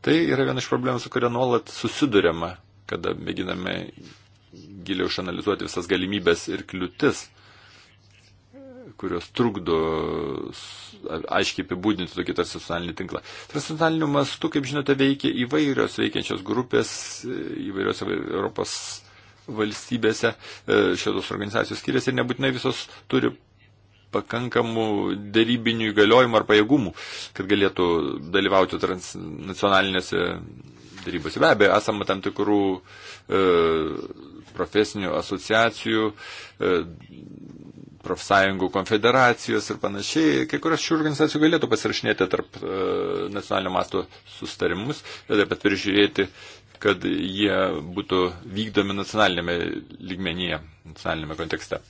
Tai yra viena iš problemų, su kuria nuolat susidurėma, kada mėginame giliau išanalizuoti visas galimybės ir kliūtis, kurios trukdo aiškiai apibūdinti tokį tarsi socialinį tinklą. Transnacionaliniu mastu, kaip žinote, veikia įvairios veikiančios grupės, įvairios Europos valstybėse e, šios organizacijos skiriasi ir nebūtinai visos turi pakankamų darybinių įgaliojimų ar pajėgumų, kad galėtų dalyvauti transnacionalinėse darybose. Be abejo, esama tam tikrų e, profesinių asociacijų, e, profsąjungų konfederacijos ir panašiai. Kai kurios šių organizacijų galėtų pasirašinėti tarp e, nacionalinio masto sustarimus ir taip pat prižiūrėti, kad jie būtų vykdomi nacionalinėme lygmenyje, nacionalinėme kontekste.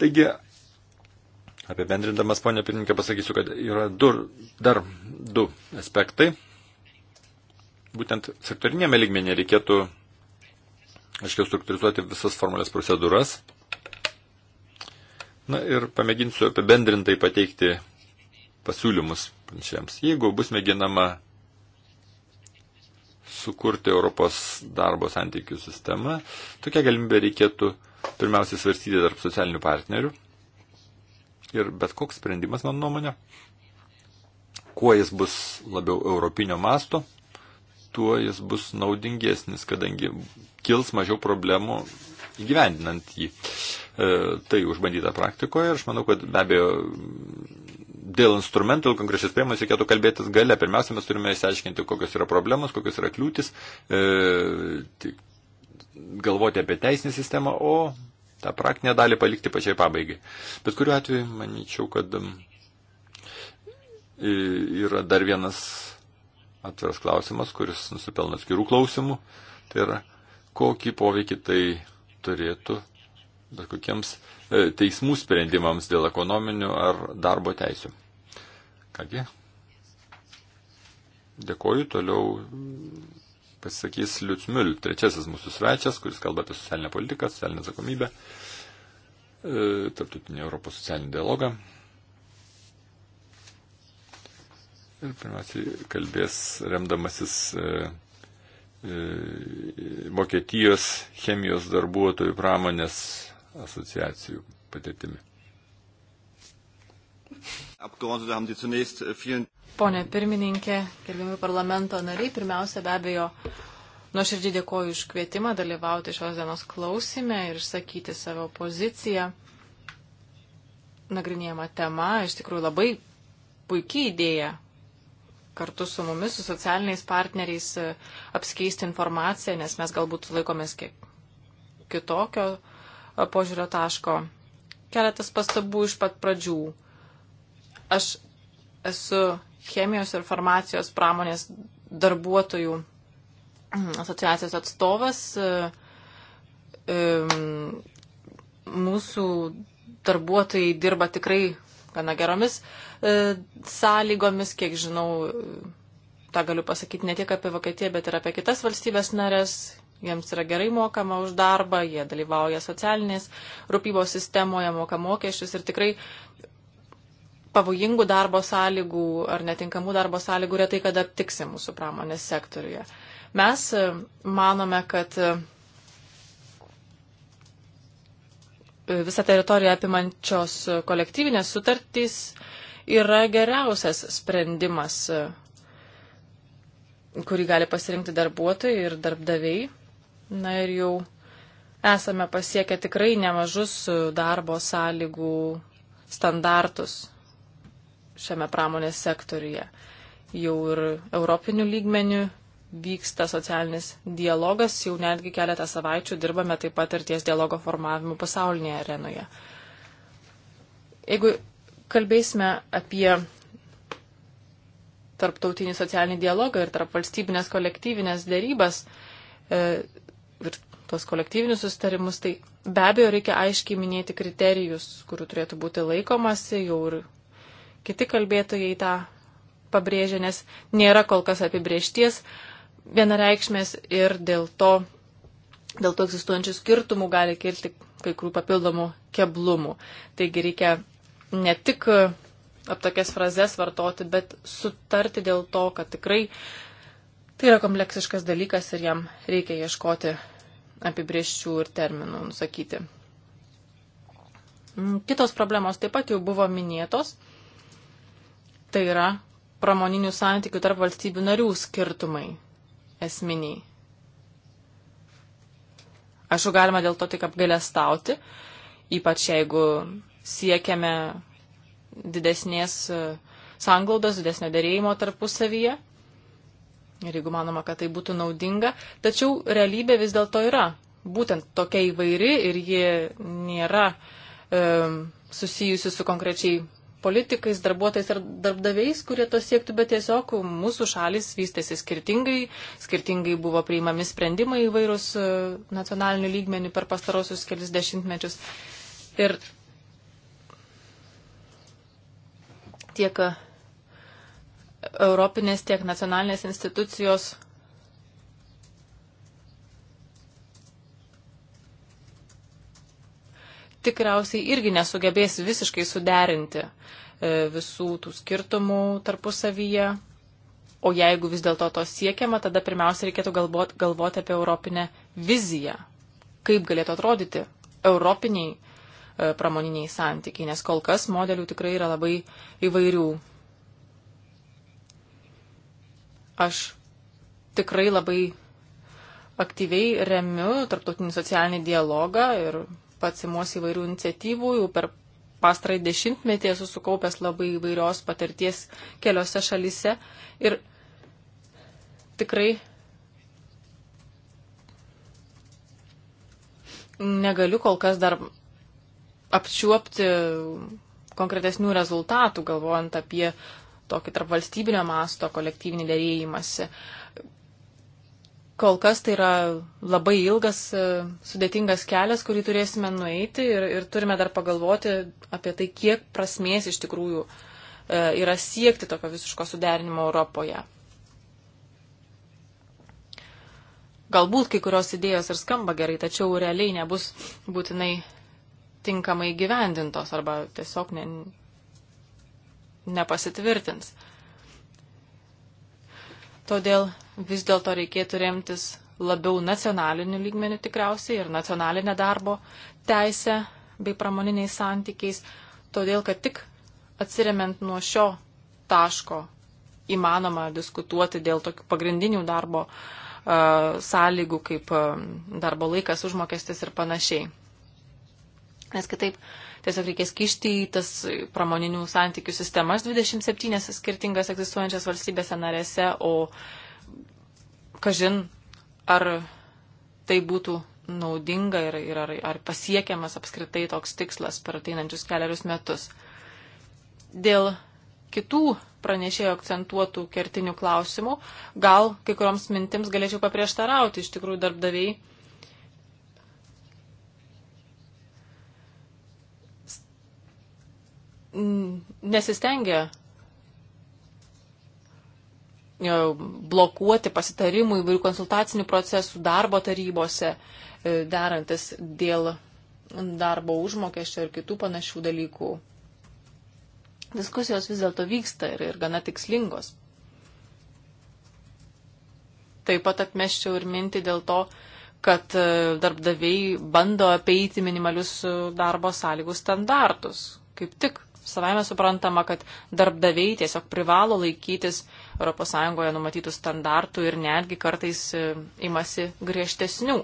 Taigi, apibendrindamas, ponė pirmininkė, pasakysiu, kad yra du, dar du aspektai būtent sektorinėme lygmenėje reikėtų aiškiau struktūrizuoti visas formalias procedūras. Na ir pamėginsiu apibendrintai pateikti pasiūlymus pranešėjams. Jeigu bus mėginama sukurti Europos darbo santykių sistemą, tokia galimybė reikėtų pirmiausiai svarstyti tarp socialinių partnerių. Ir bet koks sprendimas, mano nuomonė, kuo jis bus labiau europinio masto, tuo jis bus naudingesnis, kadangi kils mažiau problemų įgyvendinant jį. E, tai užbandyta praktikoje ir aš manau, kad be abejo dėl instrumentų, dėl konkrečios priemonės reikėtų kalbėtis gale. Pirmiausia, mes turime įsiaiškinti, kokios yra problemos, kokios yra kliūtis, e, galvoti apie teisinę sistemą, o tą praktinę dalį palikti pačiai pabaigai. Bet kuriuo atveju, manyčiau, kad e, yra dar vienas atviras klausimas, kuris nusipelno skirų klausimų, tai yra, kokį poveikį tai turėtų bet kokiems e, teismų sprendimams dėl ekonominių ar darbo teisių. Kągi, dėkoju, toliau pasisakys Liucmiul, trečiasis mūsų svečias, kuris kalba apie socialinę politiką, socialinę atsakomybę, e, tarptautinį Europos socialinį dialogą. ir pirmiausiai kalbės remdamasis e, e, Vokietijos chemijos darbuotojų pramonės asociacijų patirtimi. Äh, Pone pirmininkė, gerbimi parlamento nariai, pirmiausia be abejo, nuoširdžiai dėkoju už kvietimą dalyvauti šios dienos klausime ir išsakyti savo poziciją. Nagrinėjama tema, iš tikrųjų labai puikiai idėja kartu su mumis, su socialiniais partneriais e, apskeisti informaciją, nes mes galbūt laikomės kiek kitokio e, požiūrio taško. Keletas pastabų iš pat pradžių. Aš esu chemijos ir farmacijos pramonės darbuotojų mm, asociacijos atstovas. E, mūsų darbuotojai dirba tikrai gana geromis e, sąlygomis, kiek žinau, e, tą galiu pasakyti ne tiek apie Vokietiją, bet ir apie kitas valstybės narės. Jiems yra gerai mokama už darbą, jie dalyvauja socialinės rūpybos sistemoje, moka mokesčius ir tikrai pavojingų darbo sąlygų ar netinkamų darbo sąlygų retai kada aptiksi mūsų pramonės sektoriuje. Mes e, manome, kad e, visą teritoriją apimančios kolektyvinės sutartys yra geriausias sprendimas, kurį gali pasirinkti darbuotojai ir darbdaviai. Na ir jau esame pasiekę tikrai nemažus darbo sąlygų standartus šiame pramonės sektoriuje. Jau ir europinių lygmenių vyksta socialinis dialogas, jau netgi keletą savaičių dirbame taip pat ir ties dialogo formavimu pasaulinėje arenoje. Jeigu kalbėsime apie tarptautinį socialinį dialogą ir tarp valstybinės kolektyvinės dėrybas e, ir tuos kolektyvinius sustarimus, tai be abejo reikia aiškiai minėti kriterijus, kurių turėtų būti laikomasi, jau ir kiti kalbėtojai tą pabrėžė, nes nėra kol kas apibriešties, vienareikšmės ir dėl to, dėl to egzistuojančių skirtumų gali kilti kai kurių papildomų keblumų. Taigi reikia ne tik aptokias frazes vartoti, bet sutarti dėl to, kad tikrai tai yra kompleksiškas dalykas ir jam reikia ieškoti apibrieščių ir terminų nusakyti. Mm, kitos problemos taip pat jau buvo minėtos. Tai yra pramoninių santykių tarp valstybių narių skirtumai esminiai. Aišku, galima dėl to tik apgailestauti, ypač jeigu siekiame didesnės e, sanglaudos, didesnio dėrėjimo tarpusavyje. Ir jeigu manoma, kad tai būtų naudinga, tačiau realybė vis dėlto yra. Būtent tokia įvairi ir ji nėra um, susijusi su konkrečiai politikais, darbuotojais ar darbdaviais, kurie to siektų, bet tiesiog mūsų šalis vystėsi skirtingai, skirtingai buvo priimami sprendimai įvairūs e, nacionalinių lygmenių per pastarosius kelis dešimtmečius. Ir tiek e, europinės, tiek nacionalinės institucijos tikriausiai irgi nesugebės visiškai suderinti e, visų tų skirtumų tarpusavyje. O jeigu vis dėlto to siekiama, tada pirmiausia reikėtų galvoti, galvoti apie europinę viziją, kaip galėtų atrodyti europiniai e, pramoniniai santykiai, nes kol kas modelių tikrai yra labai įvairių. Aš tikrai labai aktyviai remiu tarptautinį socialinį dialogą ir pats įmuos įvairių iniciatyvų, jau per pastarąjį dešimtmetį esu sukaupęs labai įvairios patirties keliose šalyse ir tikrai negaliu kol kas dar apčiuopti konkretesnių rezultatų, galvojant apie tokį tarp valstybinio masto kolektyvinį dėrėjimąsi. Uh, kol kas tai yra labai ilgas, e, sudėtingas kelias, kurį turėsime nueiti ir, ir turime dar pagalvoti apie tai, kiek prasmės iš tikrųjų e, yra siekti tokio visiško suderinimo Europoje. Galbūt kai kurios idėjos ir skamba gerai, tačiau realiai nebus būtinai tinkamai gyvendintos arba tiesiog ne, nepasitvirtins. Uh, Todėl vis dėlto reikėtų remtis labiau nacionaliniu lygmeniu tikriausiai ir nacionalinę darbo teisę bei pramoniniais santykiais, todėl kad tik atsiriamant nuo šio taško įmanoma diskutuoti dėl tokių pagrindinių darbo uh, sąlygų, kaip uh, darbo laikas, užmokestis ir panašiai. Nes kitaip uh, Tiesiog reikės kišti į tas pramoninių santykių sistemas 27 skirtingas egzistuojančias valstybėse narėse, o kažin, ar tai būtų naudinga ir, ir ar, ar pasiekiamas apskritai toks tikslas per ateinančius keliarius metus. Dėl kitų pranešėjo akcentuotų kertinių klausimų, gal kai kurioms mintims galėčiau paprieštarauti. Iš tikrųjų, darbdaviai nesistengia e, blokuoti pasitarimų įvairių konsultacinių procesų darbo tarybose, e, derantis dėl darbo užmokesčio ir kitų panašių dalykų. Diskusijos vis dėlto vyksta ir, ir gana tikslingos. Taip pat atmeščiau ir mintį dėl to, kad e, darbdaviai bando apeiti minimalius darbo sąlygų standartus. Kaip tik Savame suprantama, kad darbdaviai tiesiog privalo laikytis ES numatytų standartų ir netgi kartais e, imasi griežtesnių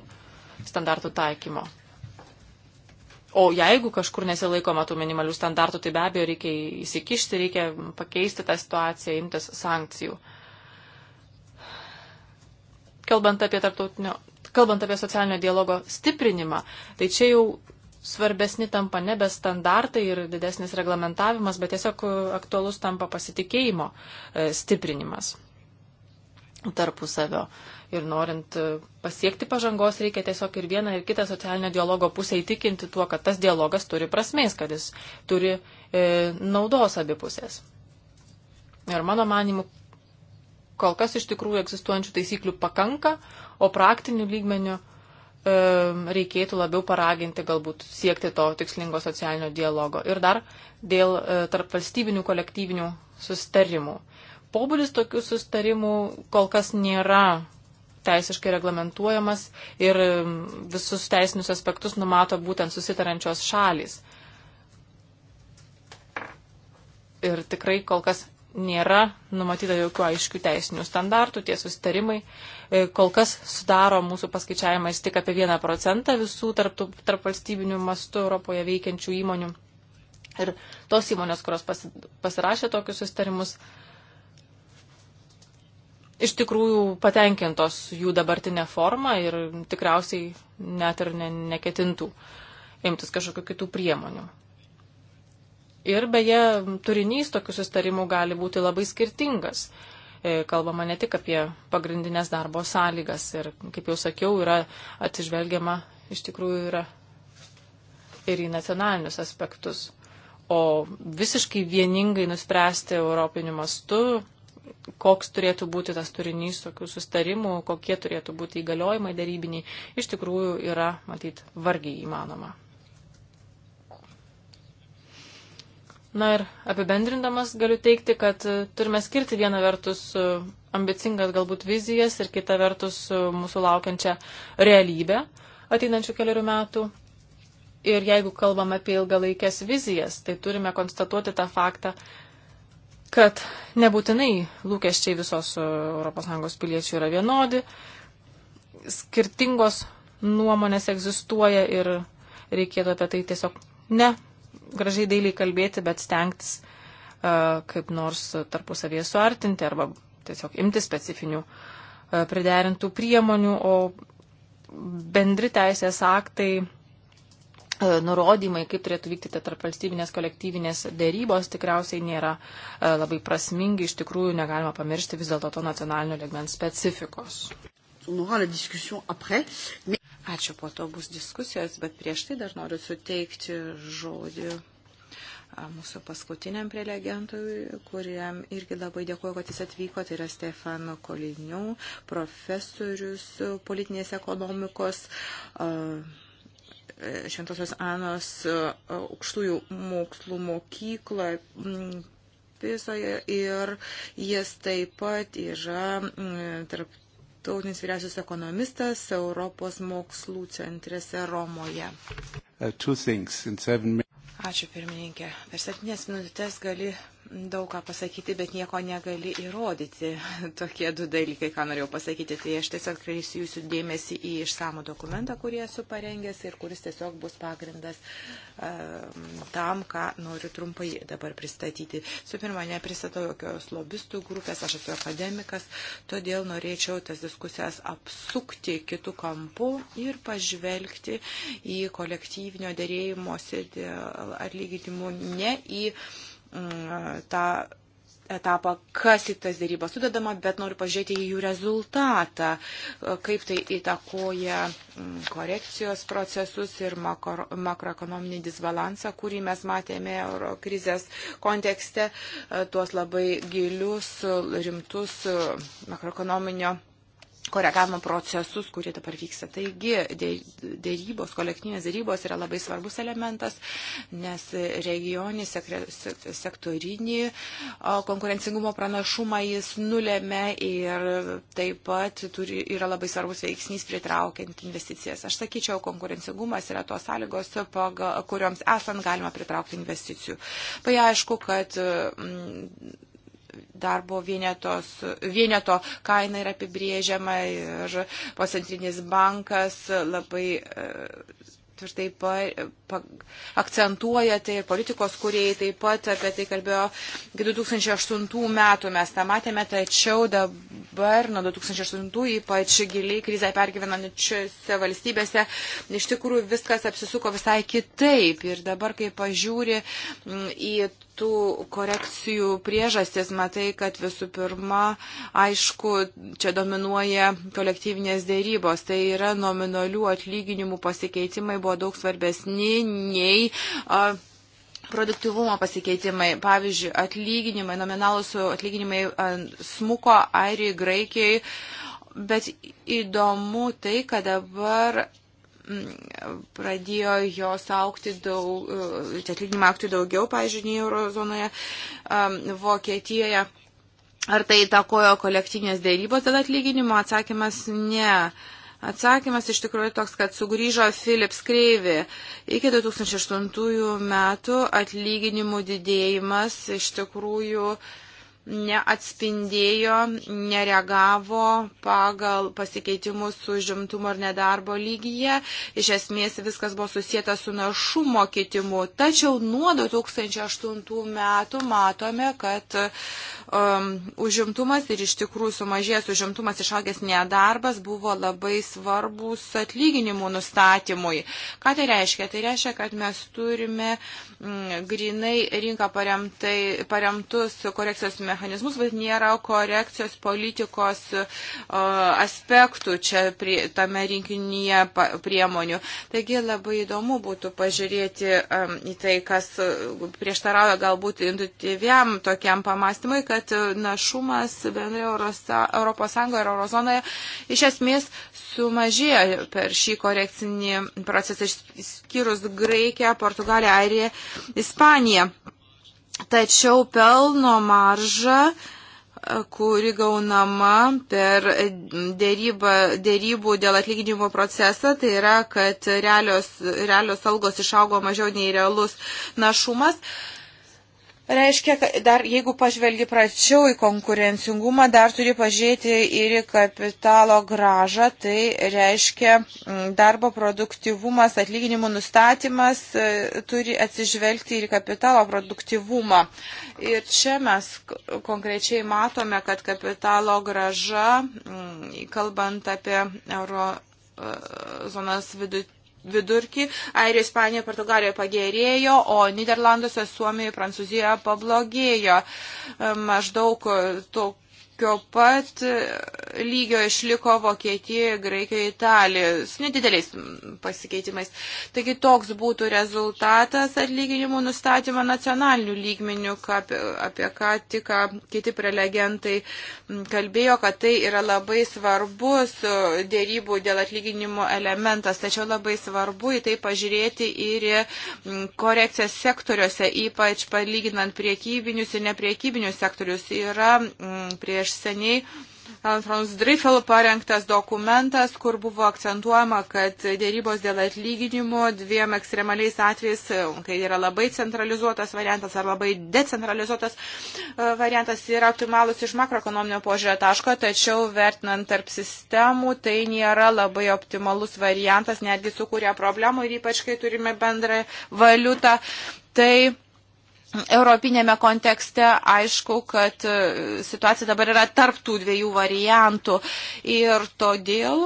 standartų taikymo. O jeigu kažkur nesilaikoma tų minimalių standartų, tai be abejo reikia įsikišti, reikia pakeisti tą situaciją, imtis sankcijų. Kalbant apie, kalbant apie socialinio dialogo stiprinimą, tai čia jau svarbesni tampa nebe standartai ir didesnis reglamentavimas, bet tiesiog aktualus tampa pasitikėjimo e, stiprinimas tarpusavio. Ir norint e, pasiekti pažangos, reikia tiesiog ir vieną, ir kitą socialinio dialogo pusę įtikinti tuo, kad tas dialogas turi prasmės, kad jis turi e, naudos abipusės. Ir mano manimu, kol kas iš tikrųjų egzistuojančių taisyklių pakanka, o praktinių lygmenių reikėtų labiau paraginti galbūt siekti to tikslingo socialinio dialogo. Ir dar dėl e, tarp valstybinių kolektyvinių sustarimų. Pobūdis tokių sustarimų kol kas nėra teisiškai reglamentuojamas ir visus teisinius aspektus numato būtent susitarančios šalis. Ir tikrai kol kas nėra numatyta jokių aiškių teisinių standartų, tie sustarimai E, kol kas sudaro mūsų paskaičiavimais tik apie 1 procentą visų tarp, tarp valstybinių mastų Europoje veikiančių įmonių. Ir tos įmonės, kurios pasirašė tokius sustarimus, iš tikrųjų patenkintos jų dabartinę formą ir tikriausiai net ir ne, neketintų imtis kažkokių kitų priemonių. Ir beje, turinys tokių sustarimų gali būti labai skirtingas. E, kalbama ne tik apie pagrindinės darbo sąlygas ir, kaip jau sakiau, yra atsižvelgiama iš tikrųjų yra ir į nacionalinius aspektus. O visiškai vieningai nuspręsti europiniu mastu, koks turėtų būti tas turinys tokių sustarimų, kokie turėtų būti įgaliojimai darybiniai, iš tikrųjų yra, matyt, vargiai įmanoma. Na ir apibendrindamas galiu teikti, kad e, turime skirti vieną vertus e, ambicingas galbūt vizijas ir kitą vertus e, mūsų laukiančią realybę ateinančių keliarių metų. Ir jeigu kalbam apie ilgalaikės vizijas, tai turime konstatuoti tą faktą, kad nebūtinai lūkesčiai visos ES piliečių yra vienodi, skirtingos nuomonės egzistuoja ir reikėtų apie tai tiesiog ne gražiai dailiai kalbėti, bet stengtis uh, kaip nors tarpusavėje suartinti arba tiesiog imti specifinių uh, priderintų priemonių, o bendri teisės aktai, uh, nurodymai, kaip turėtų vykti ta tarp valstybinės kolektyvinės dėrybos, tikriausiai nėra labai prasmingi, iš tikrųjų negalima pamiršti vis dėlto to nacionalinio ligmens specifikos. On aura la discussion après. Mais... Ačiū, po to bus diskusijos, bet prieš tai dar noriu suteikti žodį mūsų paskutiniam prelegentui, kuriam irgi labai dėkuoju, kad jis atvyko, tai yra Stefano Kolinių, profesorius politinės ekonomikos. Uh, Šventosios Anos aukštųjų mokslų mokykla Pisoje ir jis taip pat yra tarp tautinis vyriausias ekonomistas Europos mokslų centrėse Romoje. Uh, seven... Ačiū pirmininkė. Per septynės minutės gali daug ką pasakyti, bet nieko negali įrodyti. Tokie du dalykai, ką norėjau pasakyti. Tai aš tiesiog kreisiu jūsų dėmesį į išsamų dokumentą, kurį esu parengęs ir kuris tiesiog bus pagrindas uh, tam, ką noriu trumpai dabar pristatyti. Su pirma, nepristatau jokios lobistų grupės, aš esu akademikas, todėl norėčiau tas diskusijas apsukti kitų kampų ir pažvelgti į kolektyvinio dėrėjimuose dėl atlyginimų ne į uh, Mm, tą etapą, kas į tas dėrybas sudedama, bet noriu pažiūrėti į jų rezultatą, kaip tai įtakoja mm, korekcijos procesus ir makro, makroekonominį disbalansą, kurį mes matėme euro krizės kontekste, e, tuos labai gilius, rimtus e, makroekonominio koregavimo procesus, kurie dabar vyksta. Taigi, dėrybos, kolektyvinės dėrybos yra labai svarbus elementas, nes regionį, sektorinį konkurencingumo pranašumą jis nulėmė ir taip pat turi, yra labai svarbus veiksnys pritraukiant investicijas. Aš sakyčiau, konkurencingumas yra tos sąlygos, pagal, kurioms esant galima pritraukti investicijų. Tai aišku, kad mm, darbo vienetos, vieneto kaina yra apibrėžiama ir poscentrinis bankas labai e, tvirtai akcentuojate ir politikos kuriejai taip pat apie tai kalbėjo iki 2008 metų mes tą matėme, tačiau dabar nuo 2008 ypač giliai krizę pergyvenančiose valstybėse iš tikrųjų viskas apsisuko visai kitaip ir dabar, kai pažiūri mm, į tų korekcijų priežastis, matai, kad visų pirma, aišku, čia dominuoja kolektyvinės dėrybos, tai yra nominalių atlyginimų pasikeitimai buvo daug svarbesni esminiai. A, produktivumo pasikeitimai, pavyzdžiui, atlyginimai, nominalus atlyginimai smuko Airijai, Graikijai, bet įdomu tai, kad dabar pradėjo jos aukti daug, e, atlyginimą aukti daugiau, pažiūrėjau, eurozonoje, Vokietijoje. Ar tai įtakojo kolektyvinės dėrybos dėl atlyginimo? Atsakymas ne. Atsakymas iš tikrųjų toks, kad sugrįžo Philips kreivė. Iki 2008 metų atlyginimų didėjimas iš tikrųjų uh, neatspindėjo, nereagavo pagal pasikeitimus su žimtumo ir nedarbo lygyje. Iš esmės viskas buvo susijęta su našumo kitimu. Tačiau nuo 2008 metų matome, kad um, užimtumas ir iš tikrųjų sumažėjęs užimtumas išaugęs nedarbas buvo labai svarbus atlyginimų nustatymui. Ką tai reiškia? Tai reiškia, kad mes turime mm, grinai rinką paremtai, paremtus korekcijos mechanizmus mechanizmus, bet nėra korekcijos politikos e, aspektų čia prie, tame rinkinyje priemonių. Taigi labai įdomu būtų pažiūrėti e, į tai, kas e, prieštarauja galbūt intuityviam tokiam pamastymui, kad našumas bendrai Europos Sąjungoje ir Eurozonoje iš esmės sumažėjo per šį korekcinį procesą, išskyrus Graikiją, Portugaliją, Airiją, Ispaniją. Tačiau pelno marža e, kuri gaunama per dėrybą, dėrybų dėl atlyginimo procesą, tai yra, kad realios, realios algos išaugo mažiau nei realus našumas. Uh, reiškia, kad dar jeigu pažvelgi pračiau į konkurencingumą, dar turi pažiūrėti ir į kapitalo gražą, tai reiškia darbo produktivumas, atlyginimų nustatymas e, turi atsižvelgti ir į kapitalo produktivumą. Ir čia mes konkrečiai matome, kad kapitalo graža, kalbant apie euro e, zonas vidut vidurkį. Airija, Ispanija, Portugalija pagerėjo, o Niderlanduose, Suomijoje, Prancūzijoje pablogėjo. Maždaug to, tokio pat e, lygio išliko Vokietijoje, Graikijoje, Italijoje, su nedideliais pasikeitimais. Taigi toks būtų rezultatas atlyginimų nustatymo nacionalinių lygmenių, apie ką tik kiti prelegentai kalbėjo, kad tai yra labai svarbus dėrybų dėl atlyginimų elementas, tačiau labai svarbu į tai pažiūrėti ir korekcijas sektoriuose, ypač palyginant priekybinius ir nepriekybinius sektorius. Yra, m, prieš prieš seniai Frans Drifel parengtas dokumentas, kur buvo akcentuojama, kad dėrybos dėl atlyginimo dviem ekstremaliais atvejais, kai yra labai centralizuotas variantas ar labai decentralizuotas e, variantas, yra optimalus iš makroekonominio požiūrio taško, tačiau vertinant tarp sistemų, tai nėra labai optimalus variantas, netgi sukuria problemų ir ypač, kai turime bendrą valiutą. Tai Europinėme kontekste aišku, kad e, situacija dabar yra tarptų dviejų variantų ir todėl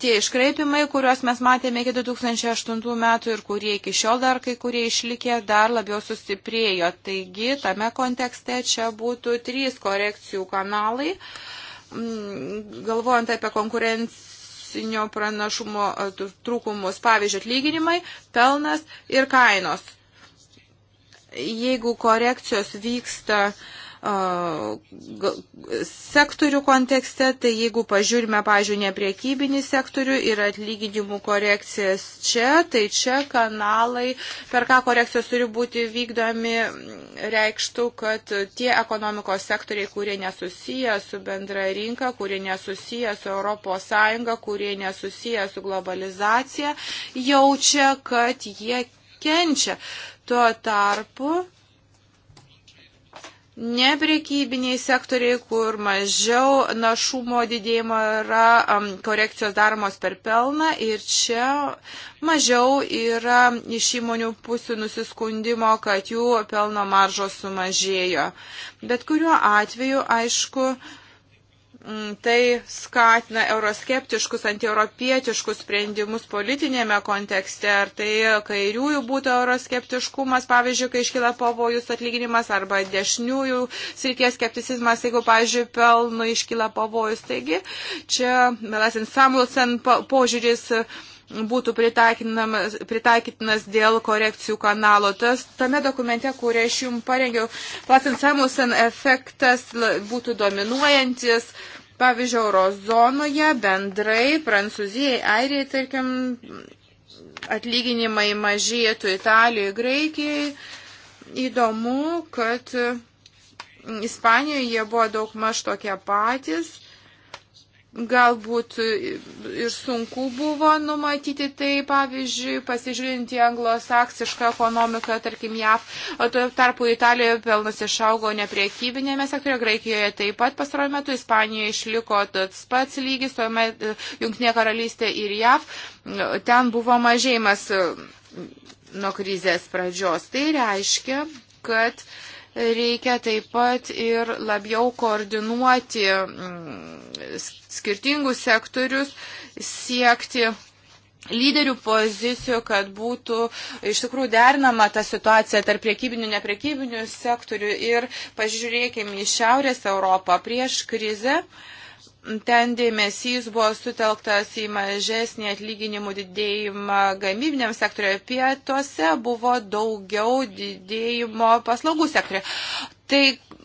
tie iškreipimai, kuriuos mes matėme iki 2008 metų ir kurie iki šiol dar kai kurie išlikė, dar labiau sustiprėjo. Taigi, tame kontekste čia būtų trys korekcijų kanalai, mm, galvojant apie konkurenciją konkurencinio pranašumo e, trūkumus, pavyzdžiui, atlyginimai, pelnas ir kainos. Jeigu korekcijos vyksta uh, sektorių kontekste, tai jeigu pažiūrime, pažiūrėjau, nepriekybinį sektorių ir atlyginimų korekcijas čia, tai čia kanalai, per ką korekcijos turi būti vykdomi, reikštų, kad tie ekonomikos sektoriai, kurie nesusiję su bendra rinka, kurie nesusiję su ES, kurie nesusiję su globalizacija, jaučia, kad jie kenčia. Tuo tarpu neprekybiniai sektoriai, kur mažiau našumo didėjimo yra, korekcijos daromos per pelną ir čia mažiau yra iš įmonių pusių nusiskundimo, kad jų pelno maržos sumažėjo. Bet kuriuo atveju, aišku, Mm, tai skatina euroskeptiškus, antieuropietiškus sprendimus politinėme kontekste, ar tai kairiųjų būtų euroskeptiškumas, pavyzdžiui, kai iškyla pavojus atlyginimas, arba dešiniųjų srities skepticizmas, jeigu, pavyzdžiui, pelno iškyla pavojus. Taigi, čia Melasin Samuelsen požiūris. Po būtų pritaikytinas dėl korekcijų kanalo. Tas, tame dokumente, kurį aš jums parengiau, Platin Samusen efektas būtų dominuojantis. Pavyzdžiui, eurozonoje bendrai, Prancūzijai, Airijai, tarkim, atlyginimai mažėtų Italijoje, Graikijai. Įdomu, kad Ispanijoje jie buvo daug maž tokie patys galbūt ir sunku buvo numatyti tai, pavyzdžiui, pasižiūrint į anglosaksišką ekonomiką, tarkim, JAV, o tuo tarpu Italijoje pelnas išaugo nepriekybinėme sektorio, Graikijoje taip pat pastaruoju metu, Ispanijoje išliko tas pats lygis, tuomet e, Junktinė karalystė ir JAV, ten buvo mažėjimas e, nuo krizės pradžios. Tai reiškia, kad uh, reikia taip pat ir labiau koordinuoti mm, skirtingus sektorius, siekti lyderių pozicijų, kad būtų iš tikrųjų dernama ta situacija tarp priekybinių, neprekybinių sektorių. Ir pažiūrėkime į Šiaurės Europą prieš krizę. Uh, ten dėmesys buvo sutelktas į mažesnį atlyginimų didėjimą gamybiniam sektoriuje, pietuose buvo daugiau didėjimo paslaugų sektoriuje. Tai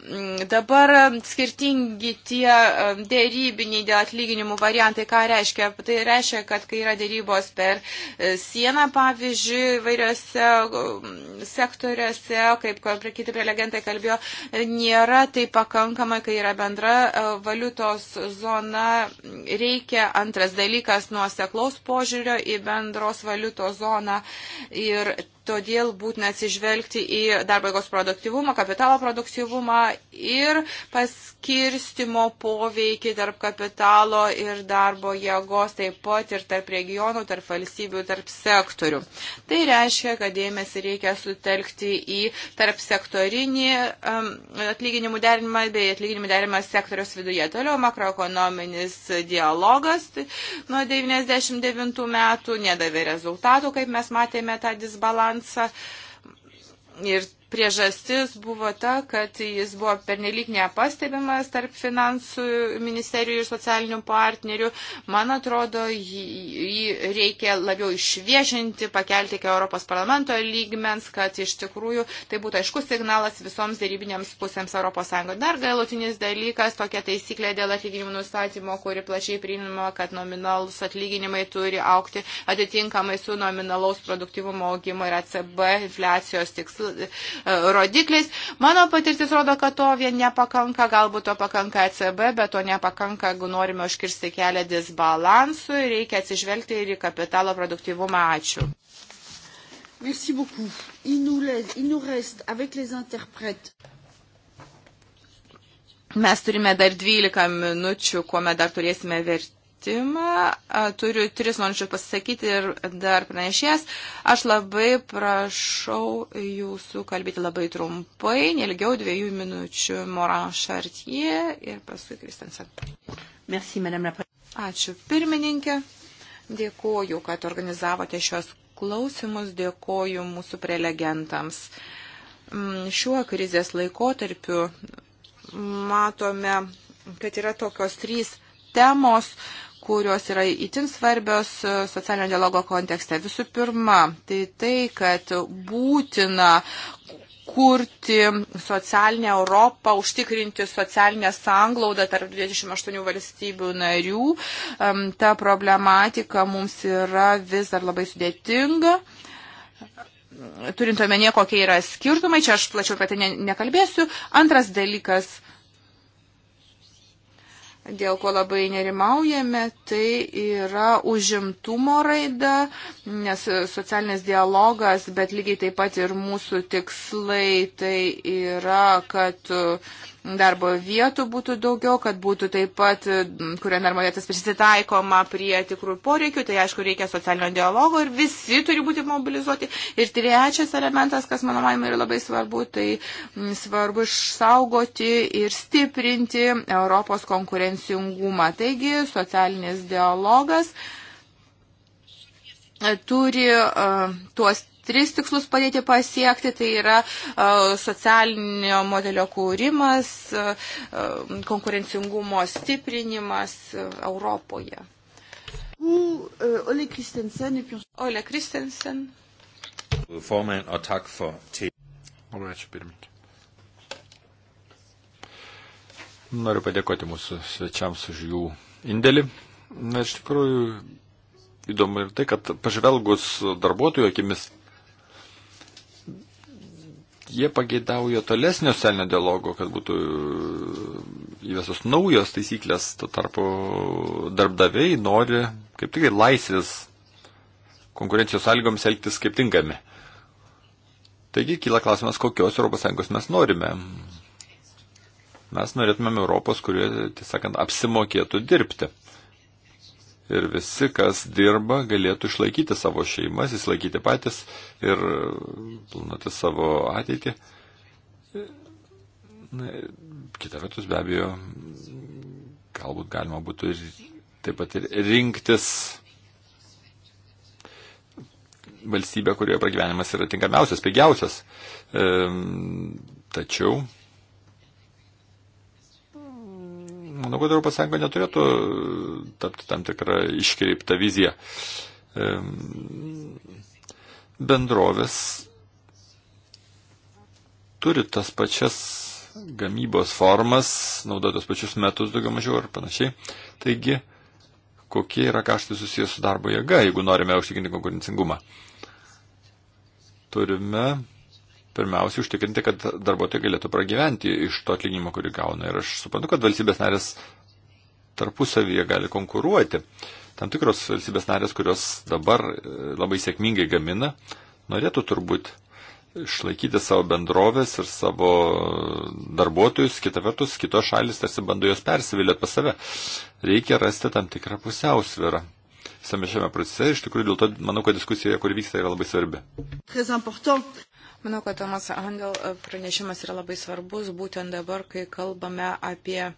Mm, dabar um, skirtingi tie um, dėrybiniai dėl atlyginimų variantai, ką reiškia? Tai reiškia, kad kai yra dėrybos per e, sieną, pavyzdžiui, vairiose um, sektoriuose, kaip kiti prelegentai kalbėjo, nėra tai pakankamai, kai yra bendra e, valiutos zona, reikia antras dalykas nuoseklaus požiūrio į bendros valiutos zoną. Ir Todėl būtina atsižvelgti į darbo jėgos produktivumą, kapitalo produktivumą ir paskirstimo poveikį tarp kapitalo ir darbo jėgos, taip pat ir tarp regionų, tarp valstybių, tarp sektorių. Tai reiškia, kad dėmesį reikia sutelkti į tarp sektorinį um, atlyginimų derinimą bei atlyginimų derinimą sektoriaus viduje. Toliau makroekonominis dialogas tai, nuo 99 metų nedavė rezultatų, kaip mes matėme tą disbalansą balansą ir priežastis buvo ta, kad jis buvo pernelyg nepastebimas tarp finansų ministerijų ir socialinių partnerių. Man atrodo, jį, jį reikia labiau išviešinti, pakelti iki Europos parlamento lygmens, kad iš tikrųjų tai būtų aiškus signalas visoms dėrybinėms pusėms Europos Sąjungoje. Dar galutinis dalykas, tokia taisyklė dėl atlyginimų nustatymo, kuri plačiai priimama, kad nominalus atlyginimai turi aukti atitinkamai su nominalaus produktyvumo augimo ir ACB infliacijos tikslu, rodikliais. Mano patirtis rodo, kad to vien nepakanka, galbūt to pakanka ECB, bet to nepakanka, jeigu norime užkirsti kelią disbalansui, reikia atsižvelgti ir į kapitalo produktyvumą. Ačiū. Merci beaucoup. Il nous, laisse, il nous reste avec les interprètes. Mes turime dar 12 minučių, kuomet dar turėsime vertimą pakeitimą. Turiu tris norinčius pasisakyti ir dar pranešės. Aš labai prašau jūsų kalbėti labai trumpai, nelgiau dviejų minučių Moran Chartier ir paskui Kristensen. Ačiū pirmininkė. Dėkoju, kad organizavote šios klausimus, dėkoju mūsų prelegentams. Mm, šiuo krizės laikotarpiu matome, kad yra tokios trys temos, kurios yra itin svarbios e, socialinio dialogo kontekste. Visų pirma, tai tai, kad būtina kurti socialinę Europą, užtikrinti socialinę sanglaudą tarp 28 valstybių narių. Ta problematika mums yra vis dar labai sudėtinga turint omenyje, kokie yra skirtumai, čia aš plačiau apie tai ne, nekalbėsiu. Antras dalykas dėl ko labai nerimaujame, tai yra užimtumo raida, nes socialinis dialogas, bet lygiai taip pat ir mūsų tikslai, tai yra, kad uh, darbo vietų būtų daugiau, kad būtų taip pat, e, kurio darbo vietas prisitaikoma prie tikrų poreikių, tai aišku, reikia socialinio dialogo ir visi turi būti mobilizuoti. Ir trečias elementas, kas mano manimo yra labai svarbu, tai svarbu išsaugoti ir stiprinti Europos konkurencingumą. Taigi, socialinis dialogas e, turi uh, tuos tris tikslus padėti pasiekti, tai yra e, socialinio modelio kūrimas, e, e, konkurencingumo stiprinimas Europoje. Ole Kristensen. Ole Kristensen. Formand og tak for til. Labai ačiū pirmininkė. Noriu padėkoti mūsų svečiams už jų indėlį. Na, iš tikrųjų, įdomu ir tai, kad pažvelgus darbuotojų akimis jie pageidauja tolesnio socialinio dialogo, kad būtų e, įvesos naujos taisyklės, to tarpu darbdaviai nori kaip tik laisvės konkurencijos sąlygoms elgtis kaip tinkami. Taigi kyla klausimas, kokios ES mes norime. Mes norėtumėm Europos, kurioje, tiesąkant, apsimokėtų dirbti ir visi, kas dirba, galėtų išlaikyti savo šeimas, įsilaikyti patys ir e, planuoti savo ateitį. Na, kita vertus, be abejo, galbūt galima būtų ir taip pat ir rinktis valstybę, kurioje pragyvenimas yra tinkamiausias, pigiausias. E, tačiau manau, kad Europos Sąjunga neturėtų tapti tam tikrą iškreiptą viziją. Bendrovės turi tas pačias gamybos formas, naudotos pačius metus daugiau mažiau ir panašiai. Taigi, kokie yra kaštai susijęs su darbo jėga, jeigu norime užtikrinti konkurencingumą. Turime pirmiausia užtikrinti, kad darbuotojai galėtų pragyventi iš to atlyginimo, kurį gauna. Ir aš suprantu, kad valstybės narės tarpusavyje gali konkuruoti. Tam tikros valstybės narės, kurios dabar e, labai sėkmingai gamina, norėtų turbūt išlaikyti savo bendrovės ir savo darbuotojus, kita vertus, kitos šalis tarsi bando juos persivilėti pas save. Reikia rasti tam tikrą pusiausvyrą visame šiame procese. Iš tikrųjų, dėl to manau, kad diskusija, kuri vyksta, yra labai svarbi. Manau, kad Tomas Andel e, pranešimas yra labai svarbus būtent dabar, kai kalbame apie e,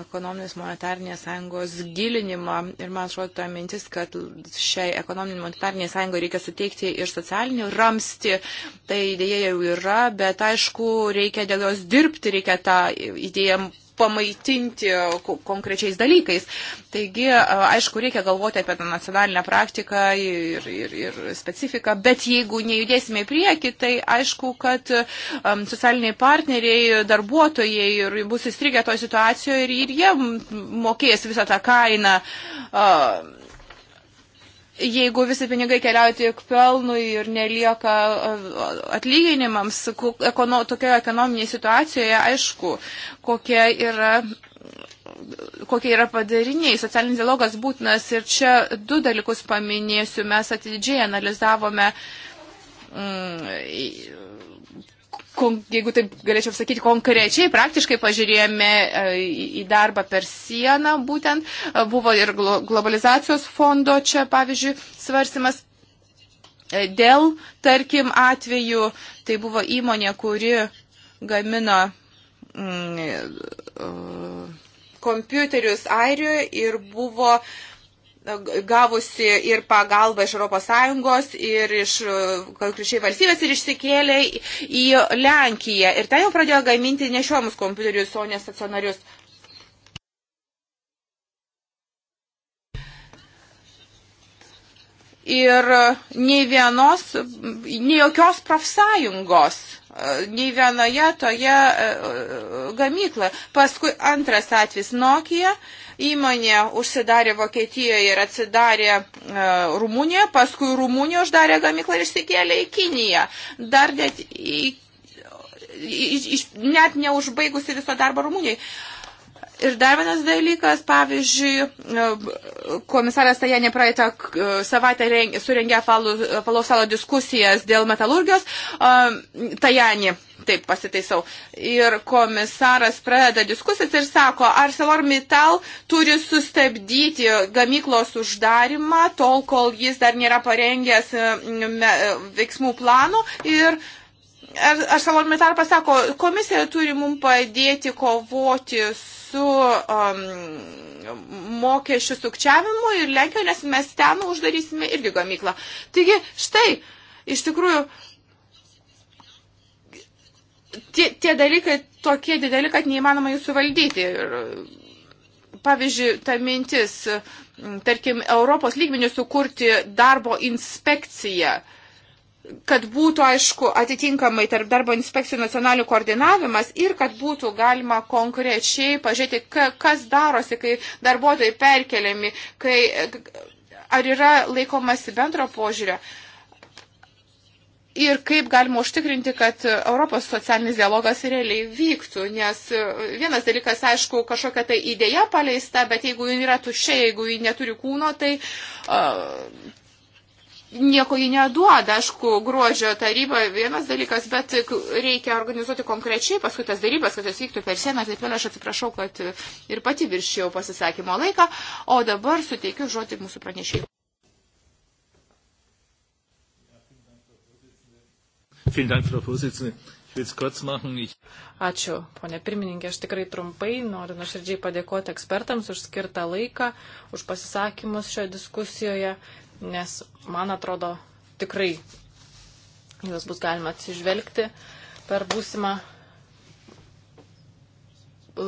ekonominės monetarnės sąjungos gilinimą ir man atrodo ta mintis, kad šiai ekonominė monetarnė sąjunga reikia suteikti ir socialinį ramsti, tai idėja jau yra, bet aišku, reikia dėl jos dirbti, reikia tą idėją pamaitinti konkrečiais dalykais. Taigi, aišku, reikia galvoti apie tą nacionalinę praktiką ir, ir, ir specifiką, bet jeigu nejudėsime į priekį, tai aišku, kad um, socialiniai partneriai, darbuotojai ir bus įstrigę toje situacijoje ir, ir jie mokės visą tą kainą. Uh, jeigu visi pinigai keliauja tik pelnui ir nelieka e, atlyginimams, ekono, tokioje ekonominėje situacijoje, aišku, kokia yra kokie yra padariniai. Socialinis dialogas būtinas ir čia du dalykus paminėsiu. Mes atidžiai analizavome mm, jeigu taip galėčiau sakyti, konkrečiai, praktiškai pažiūrėjome e, į darbą per sieną, būtent e, buvo ir globalizacijos fondo čia, pavyzdžiui, svarsimas. E, dėl, tarkim, atveju, tai buvo įmonė, kuri gamino mm, kompiuterius Airijoje ir buvo uh, gavusi ir pagalbą iš ES, ir iš e, konkrečiai valstybės, ir išsikėlė į Lenkiją. Ir ten jau pradėjo gaminti nešiomus kompiuterius, o ne stacionarius. ir nei vienos, nei jokios profsąjungos, e, nei vienoje toje e, gamykloje. Paskui antras atvejs Nokia įmonė užsidarė Vokietijoje ir atsidarė e, Rumunijoje, paskui Rumunijoje uždarė gamyklą ir išsikėlė į Kiniją. Dar net, į, iš, net neužbaigusi viso darbo Rumunijoje. Ir dar vienas dalykas, pavyzdžiui, e, komisaras Tajanė praeitą e, savaitę surengė apalaus salo diskusijas dėl metalurgijos. Tajanė taip pasitaisau. Ir komisaras pradeda diskusijas ir sako, ArcelorMittal turi sustabdyti gamyklos uždarimą tol, kol jis dar nėra parengęs mm, veiksmų planų. Ir ArcelorMittal pasako, komisija turi mum padėti kovoti su um, mokesčių sukčiavimu ir Lenkijoje, nes mes ten uždarysime irgi gamyklą. Taigi, štai, iš tikrųjų, tie, tie dalykai tokie dideli, kad neįmanoma jų suvaldyti. Ir, pavyzdžiui, ta mintis, tarkim, Europos lygmenių sukurti darbo inspekciją, kad būtų, aišku, atitinkamai tarp darbo inspekcijų nacionalių koordinavimas ir kad būtų galima konkrečiai pažiūrėti, kas darosi, kai darbuotojai perkeliami, kai, ar yra laikomasi bendro požiūrio. Uh, Ir kaip galima užtikrinti, kad Europos socialinis dialogas realiai vyktų, nes e, vienas dalykas, aišku, kažkokia tai idėja paleista, bet jeigu ji yra tuščia, jeigu ji neturi kūno, tai uh, nieko ji neduoda, aišku, gruodžio taryba vienas dalykas, bet reikia organizuoti konkrečiai, paskui tas darybas, kad jos vyktų per sieną, taip vėl aš atsiprašau, kad ir pati viršėjau pasisakymo laiką, o dabar suteikiu žodį mūsų pranešėjai. Vielen Dank, Frau Vorsitzende. Ačiū, ponė pirmininkė, aš tikrai trumpai noriu nuoširdžiai padėkoti ekspertams už skirtą laiką, už pasisakymus šioje diskusijoje, nes man atrodo tikrai juos bus galima atsižvelgti per būsimą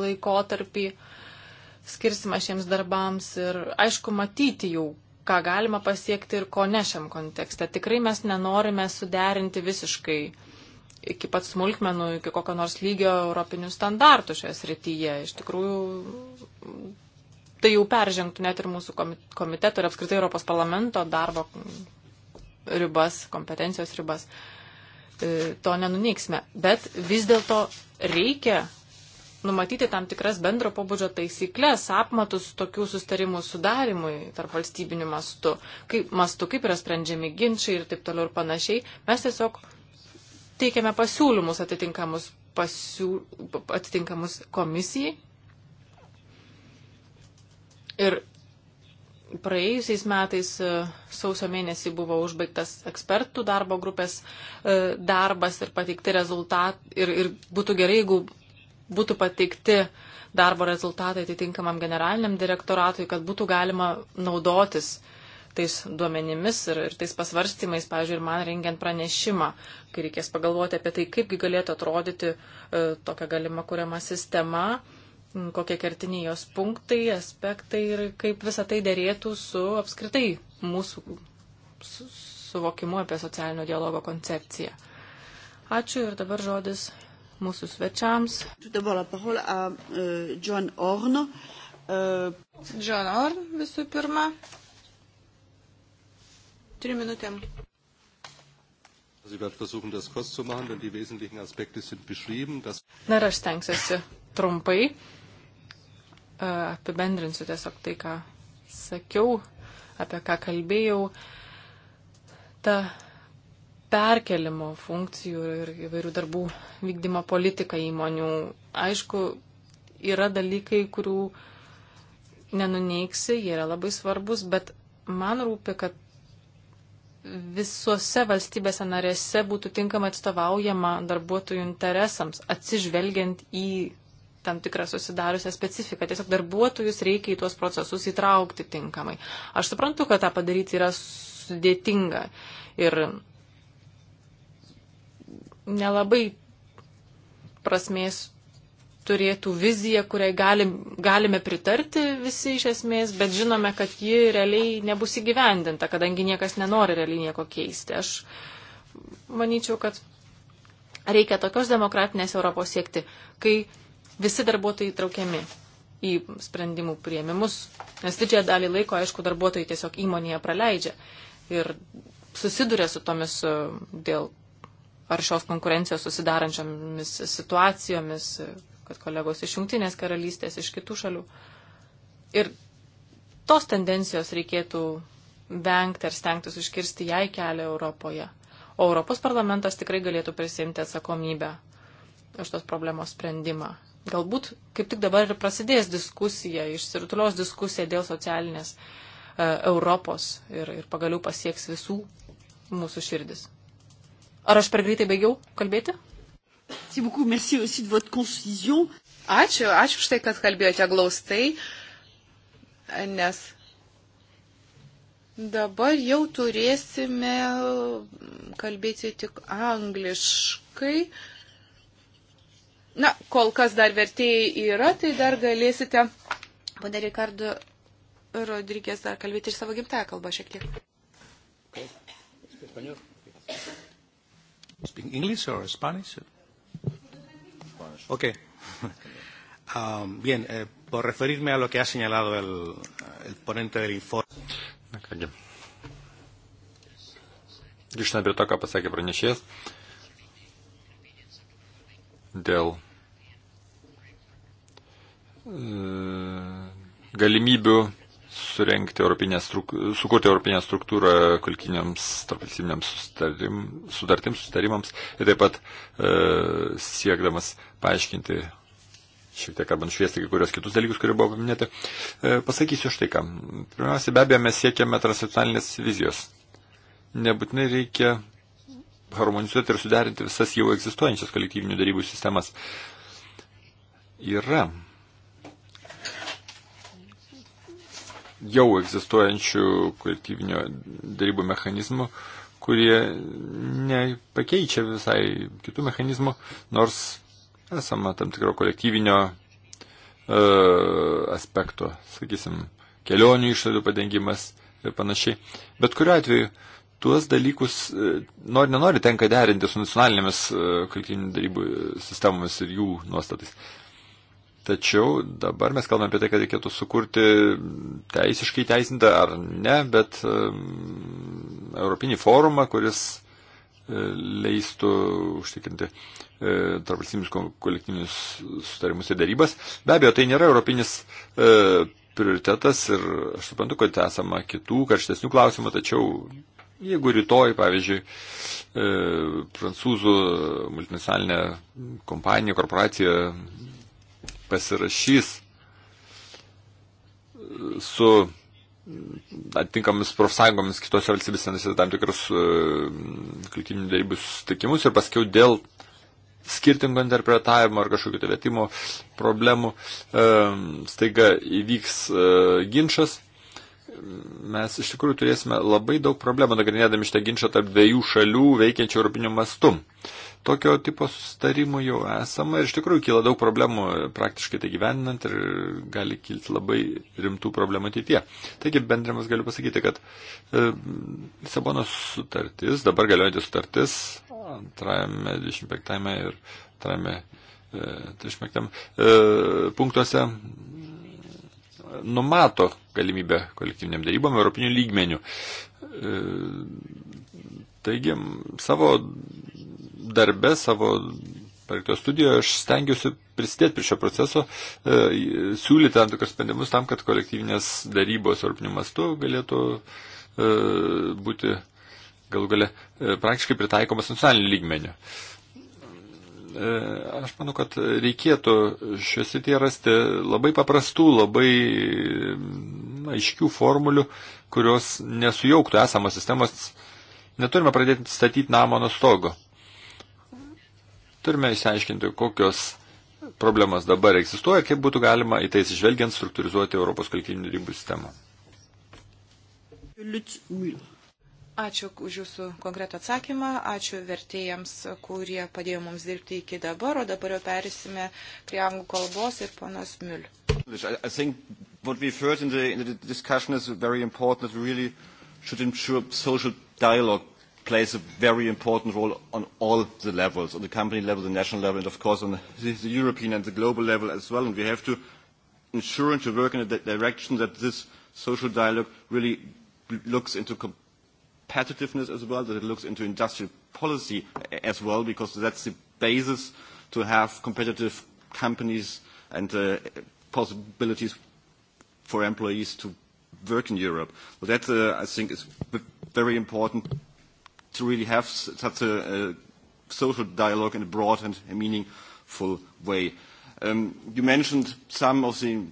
laikotarpį skirsimą šiems darbams ir aišku matyti jau, ką galima pasiekti ir ko ne šiam kontekste. Tikrai mes nenorime suderinti visiškai iki pat smulkmenų, iki kokio nors lygio europinių standartų šioje srityje. Iš tikrųjų, tai jau peržengtų net ir mūsų komiteto ir apskritai Europos parlamento darbo ribas, kompetencijos ribas. E, to nenuneiksime. Bet vis dėlto reikia numatyti tam tikras bendro pobūdžio taisyklės, apmatus tokių sustarimų sudarimui tarp valstybinių mastų, kaip, mastų, kaip yra sprendžiami ginčiai ir taip toliau ir panašiai, mes tiesiog teikiame pasiūlymus atitinkamus, pasiū, atitinkamus komisijai. Ir praėjusiais metais e, sausio mėnesį buvo užbaigtas ekspertų darbo grupės e, darbas ir pateikti rezultatai. Ir, ir būtų gerai, jeigu būtų pateikti darbo rezultatai atitinkamam generaliniam direktoratui, kad būtų galima naudotis tais duomenimis ir, ir tais pasvarstymais, pavyzdžiui, ir man rengiant pranešimą, kai reikės pagalvoti apie tai, kaipgi galėtų atrodyti e, tokia galima kuriama sistema, kokie kertiniai jos punktai, aspektai ir kaip visa tai dėrėtų su apskritai mūsų su, suvokimu apie socialinio dialogo koncepciją. Ačiū ir dabar žodis mūsų svečiams. Euh, John Orn. Euh, John Orn visų pirma. Trim minutėm. Na ir aš stengsiuosi trumpai. Apibendrinsiu tiesiog tai, ką sakiau, apie ką kalbėjau. Ta perkelimo funkcijų ir įvairių darbų vykdymo politika įmonių. Aišku, yra dalykai, kurių nenuneiksi, jie yra labai svarbus, bet man rūpi, kad visuose valstybėse narėse būtų tinkamai atstovaujama darbuotojų interesams, atsižvelgiant į tam tikrą susidariusią specifiką. Tiesiog darbuotojus reikia į tuos procesus įtraukti tinkamai. Aš suprantu, kad tą padaryti yra sudėtinga ir nelabai prasmės turėtų viziją, kuriai galim, galime pritarti visi iš esmės, bet žinome, kad ji realiai nebus įgyvendinta, kadangi niekas nenori realiai nieko keisti. Aš manyčiau, kad reikia tokios demokratinės Europos siekti, kai visi darbuotojai traukiami į sprendimų prieimimus, nes didžiąją dalį laiko, aišku, darbuotojai tiesiog įmonėje praleidžia ir susiduria su tomis e, dėl aršios konkurencijos susidarančiomis situacijomis, kad kolegos iš Junktinės karalystės, iš kitų šalių. Ir tos tendencijos reikėtų vengti ar stengtis užkirsti jai kelią Europoje. O Europos parlamentas tikrai galėtų prisimti atsakomybę už tos problemos sprendimą. Galbūt kaip tik dabar ir prasidės diskusija, išsirutulios diskusija dėl socialinės e, Europos ir, ir pagaliau pasieks visų mūsų širdis. Ar aš per greitai baigiau kalbėti? Ačiū, ačiū už tai, kad kalbėjote glaustai, nes dabar jau turėsime kalbėti tik angliškai. Na, kol kas dar vertėjai yra, tai dar galėsite, pane Rikardo Rodrygės, dar kalbėti ir savo gimtąją kalbą šiek tiek. Español. You speak English or Spanish? Spanish. Okay. um, bien, eh, por referirme a lo que ha señalado el, el ponente del informe. Na kągi. Grįžtame prie to, ką pasakė pranešėjas dėl e, galimybių surenkti Europinę sukurti Europinę struktūrą kolkiniams tarpvalstybiniams sutarim, sutartims, sutarimams ir taip pat e, siekdamas paaiškinti šiek tiek arba nušviesti kai kurios kitus dalykus, kurie buvo paminėti. E, pasakysiu štai ką. Pirmiausia, be abejo, mes siekiame transnacionalinės vizijos. Nebūtinai reikia harmonizuoti ir suderinti visas jau egzistuojančias kolektyvinių darybų sistemas. Yra jau egzistuojančių kolektyvinio darybų mechanizmų, kurie nepakeičia visai kitų mechanizmų, nors esama tam tikro kolektyvinio e, aspekto, sakysim, kelionių išlaidų padengimas ir panašiai. Bet kuriu atveju tuos dalykus e, nori, nenori tenka derinti su nacionalinėmis e, kolektyvinių darybų sistemomis ir jų nuostatais. Tačiau dabar mes kalbame apie tai, kad reikėtų sukurti teisiškai teisintą ar ne, bet um, Europinį forumą, kuris e, leistų užtikrinti e, tarpvalstybinius kolektyvinius sutarimus ir darybas. Be abejo, tai nėra europinis e, prioritetas ir aš suprantu, kad esama kitų karštesnių klausimų, tačiau jeigu rytoj, pavyzdžiui, e, prancūzų multinacionalinė kompanija, korporacija pasirašys su atitinkamis profsąjungomis kitose valstybėse nesės tam tikrus uh, e, kolektyvinių dėrybų susitikimus ir paskiau dėl skirtingo interpretavimo ar kažkokio tai vietimo problemų uh, staiga įvyks uh, ginčas. Mes iš tikrųjų turėsime labai daug problemų nagrinėdami šitą ginčą tarp dviejų šalių veikiančių europinių mastų. Uh, tokio tipo sustarimų jau esama ir iš tikrųjų kyla daug problemų praktiškai tai gyveninant ir gali kilti labai rimtų problemų ateityje. Taigi bendriamas galiu pasakyti, kad e, Lisabonos sutartis, dabar galiojanti sutartis, antrajame 25 ir antrajame 35 e, e, punktuose numato galimybę kolektyviniam darybom europinių lygmenių. E, Taigi, savo darbe, savo projekto studijoje aš stengiuosi prisidėti prie šio proceso, e, siūlyti tam tikrus sprendimus tam, kad kolektyvinės darybos europiniu mastu galėtų e, būti galų gale e, praktiškai pritaikomas nacionaliniu lygmeniu. E, aš manau, kad reikėtų šios įtie rasti labai paprastų, labai aiškių formulių, kurios nesujauktų esamos sistemos. Neturime pradėti statyti namo nuo stogo Turime išsiaiškinti, kokios problemas dabar egzistuoja, kaip būtų galima į tai išvelgiant struktūrizuoti Europos kaltinių ribų sistemą. Ačiū už Jūsų konkretų atsakymą, ačiū vertėjams, kurie padėjo mums dirbti iki dabar, o dabar jau perėsime prie anglų kalbos ir panas Miul. What we've heard in the, in the discussion is very important. We really should ensure social dialogue plays a very important role on all the levels, on the company level, the national level, and of course on the, the European and the global level as well. And we have to ensure and to work in a direction that this social dialogue really looks into competitiveness as well, that it looks into industrial policy as well, because that's the basis to have competitive companies and uh, possibilities for employees to work in Europe. So that, uh, I think, is very important to really have such a, a social dialogue in a broad and a meaningful way. Um, you mentioned some of the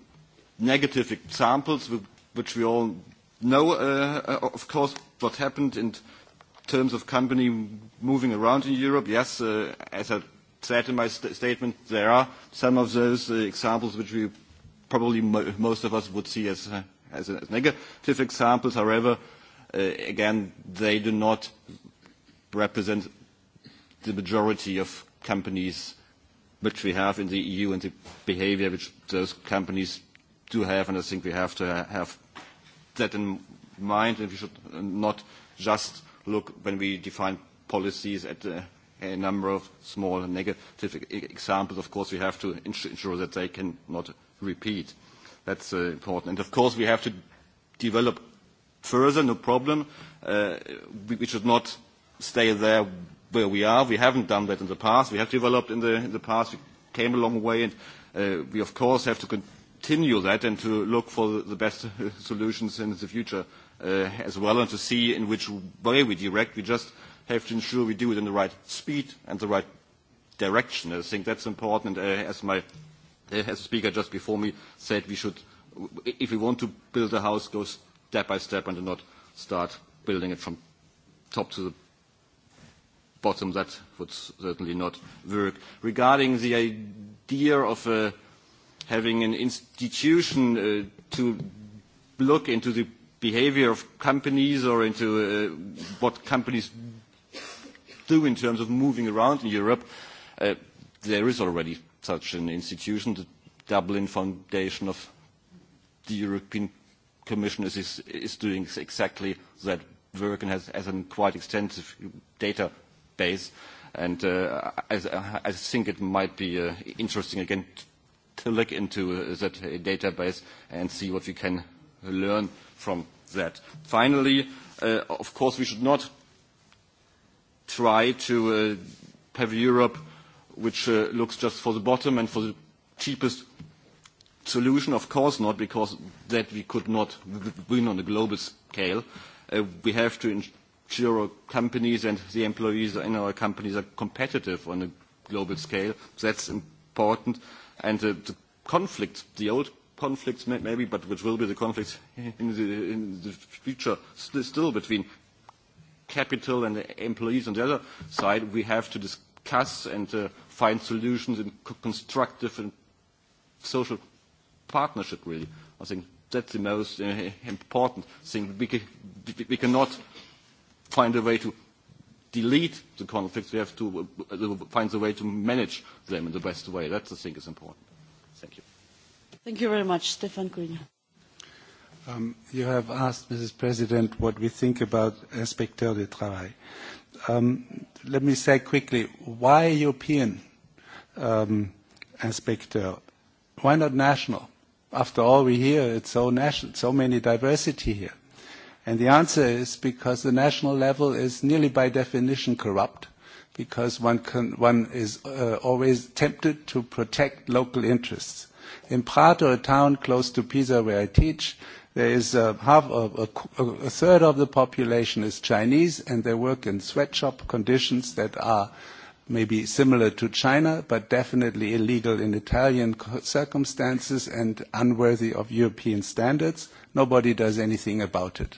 negative examples which we all know, uh, uh, of course, what happened in terms of company moving around in Europe. Yes, uh, as I said in my st statement, there are some of those uh, examples which we probably mo most of us would see as, uh, as, as negative examples. However, uh, again, they do not represent the majority of companies which we have in the EU and the behavior which those companies do have, and I think we have to have that in mind, and we should not just look when we define policies at uh, a number of small negative e-, examples. Of course, we have to ensure that they cannot repeat. That's uh, important. And of course, we have to develop further, no problem. Uh, we, we should not stay there where we are. We haven't done that in the past. We have developed in the, in the past. We came a long way, and uh, we, of course, have to continue that and to look for the best solutions in the future uh, as well and to see in which way we direct. We just have to ensure we do it in the right speed and the right direction. I think that's important. Uh, as my uh, as the speaker just before me said, we should, if we want to build a house, go step by step and not start building it from top to the bottom, that would certainly not work. Regarding the idea of uh, having an institution uh, to look into the behavior of companies or into uh, what companies do in terms of moving around in Europe, uh, there is already such an institution. The Dublin Foundation of the European Commission is, is, is doing exactly that work and has, has a quite extensive data days. And uh, I, uh, I think it might be uh, interesting again to look into uh, that uh, database and see what we can learn from that. Finally, uh, of course, we should not try to uh, have Europe which uh, looks just for the bottom and for the cheapest solution. Of course not, because that we could not win on a global scale. Uh, we have to clearer companies and the employees in our companies are competitive on a global scale. That's important. And the, the conflicts, the old conflicts maybe, but which will be the conflicts in the, in the future st still between capital and the employees on the other side, we have to discuss and uh, find solutions in co constructive and social partnership, really. I think that's the most uh, important thing. We, we cannot find a way to delete the conflicts. We have to uh, uh, find a way to manage them in the best way. That, I think, is important. Thank you. Thank you very much. Stefan Grüner. Um, you have asked, Mrs. President, what we think about Inspecteur du Travail. Um, let me say quickly, why European um, Inspecteur? Why not national? After all, we hear it's so, national, so many diversity here. And the answer is because the national level is nearly by definition corrupt, because one, can, one is uh, always tempted to protect local interests. In Prato, a town close to Pisa where I teach, there is uh, a, half, a, a, a third of the population is Chinese, and they work in sweatshop conditions that are maybe similar to China, but definitely illegal in Italian circumstances and unworthy of European standards. Nobody does anything about it.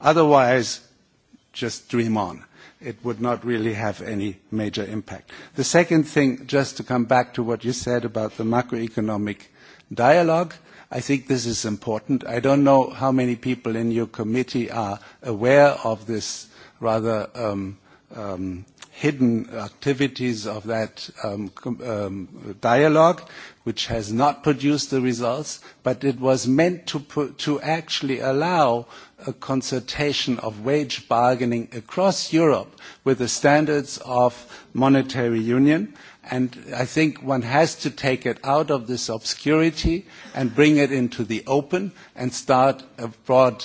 Otherwise, just dream on. It would not really have any major impact. The second thing, just to come back to what you said about the macroeconomic dialogue, I think this is important. I don't know how many people in your committee are aware of this rather um, um, hidden activities of that um, um, dialogue, which has not produced the results, but it was meant to, put, to actually allow a consultation of wage bargaining across Europe with the standards of monetary union. And I think one has to take it out of this obscurity and bring it into the open and start a broad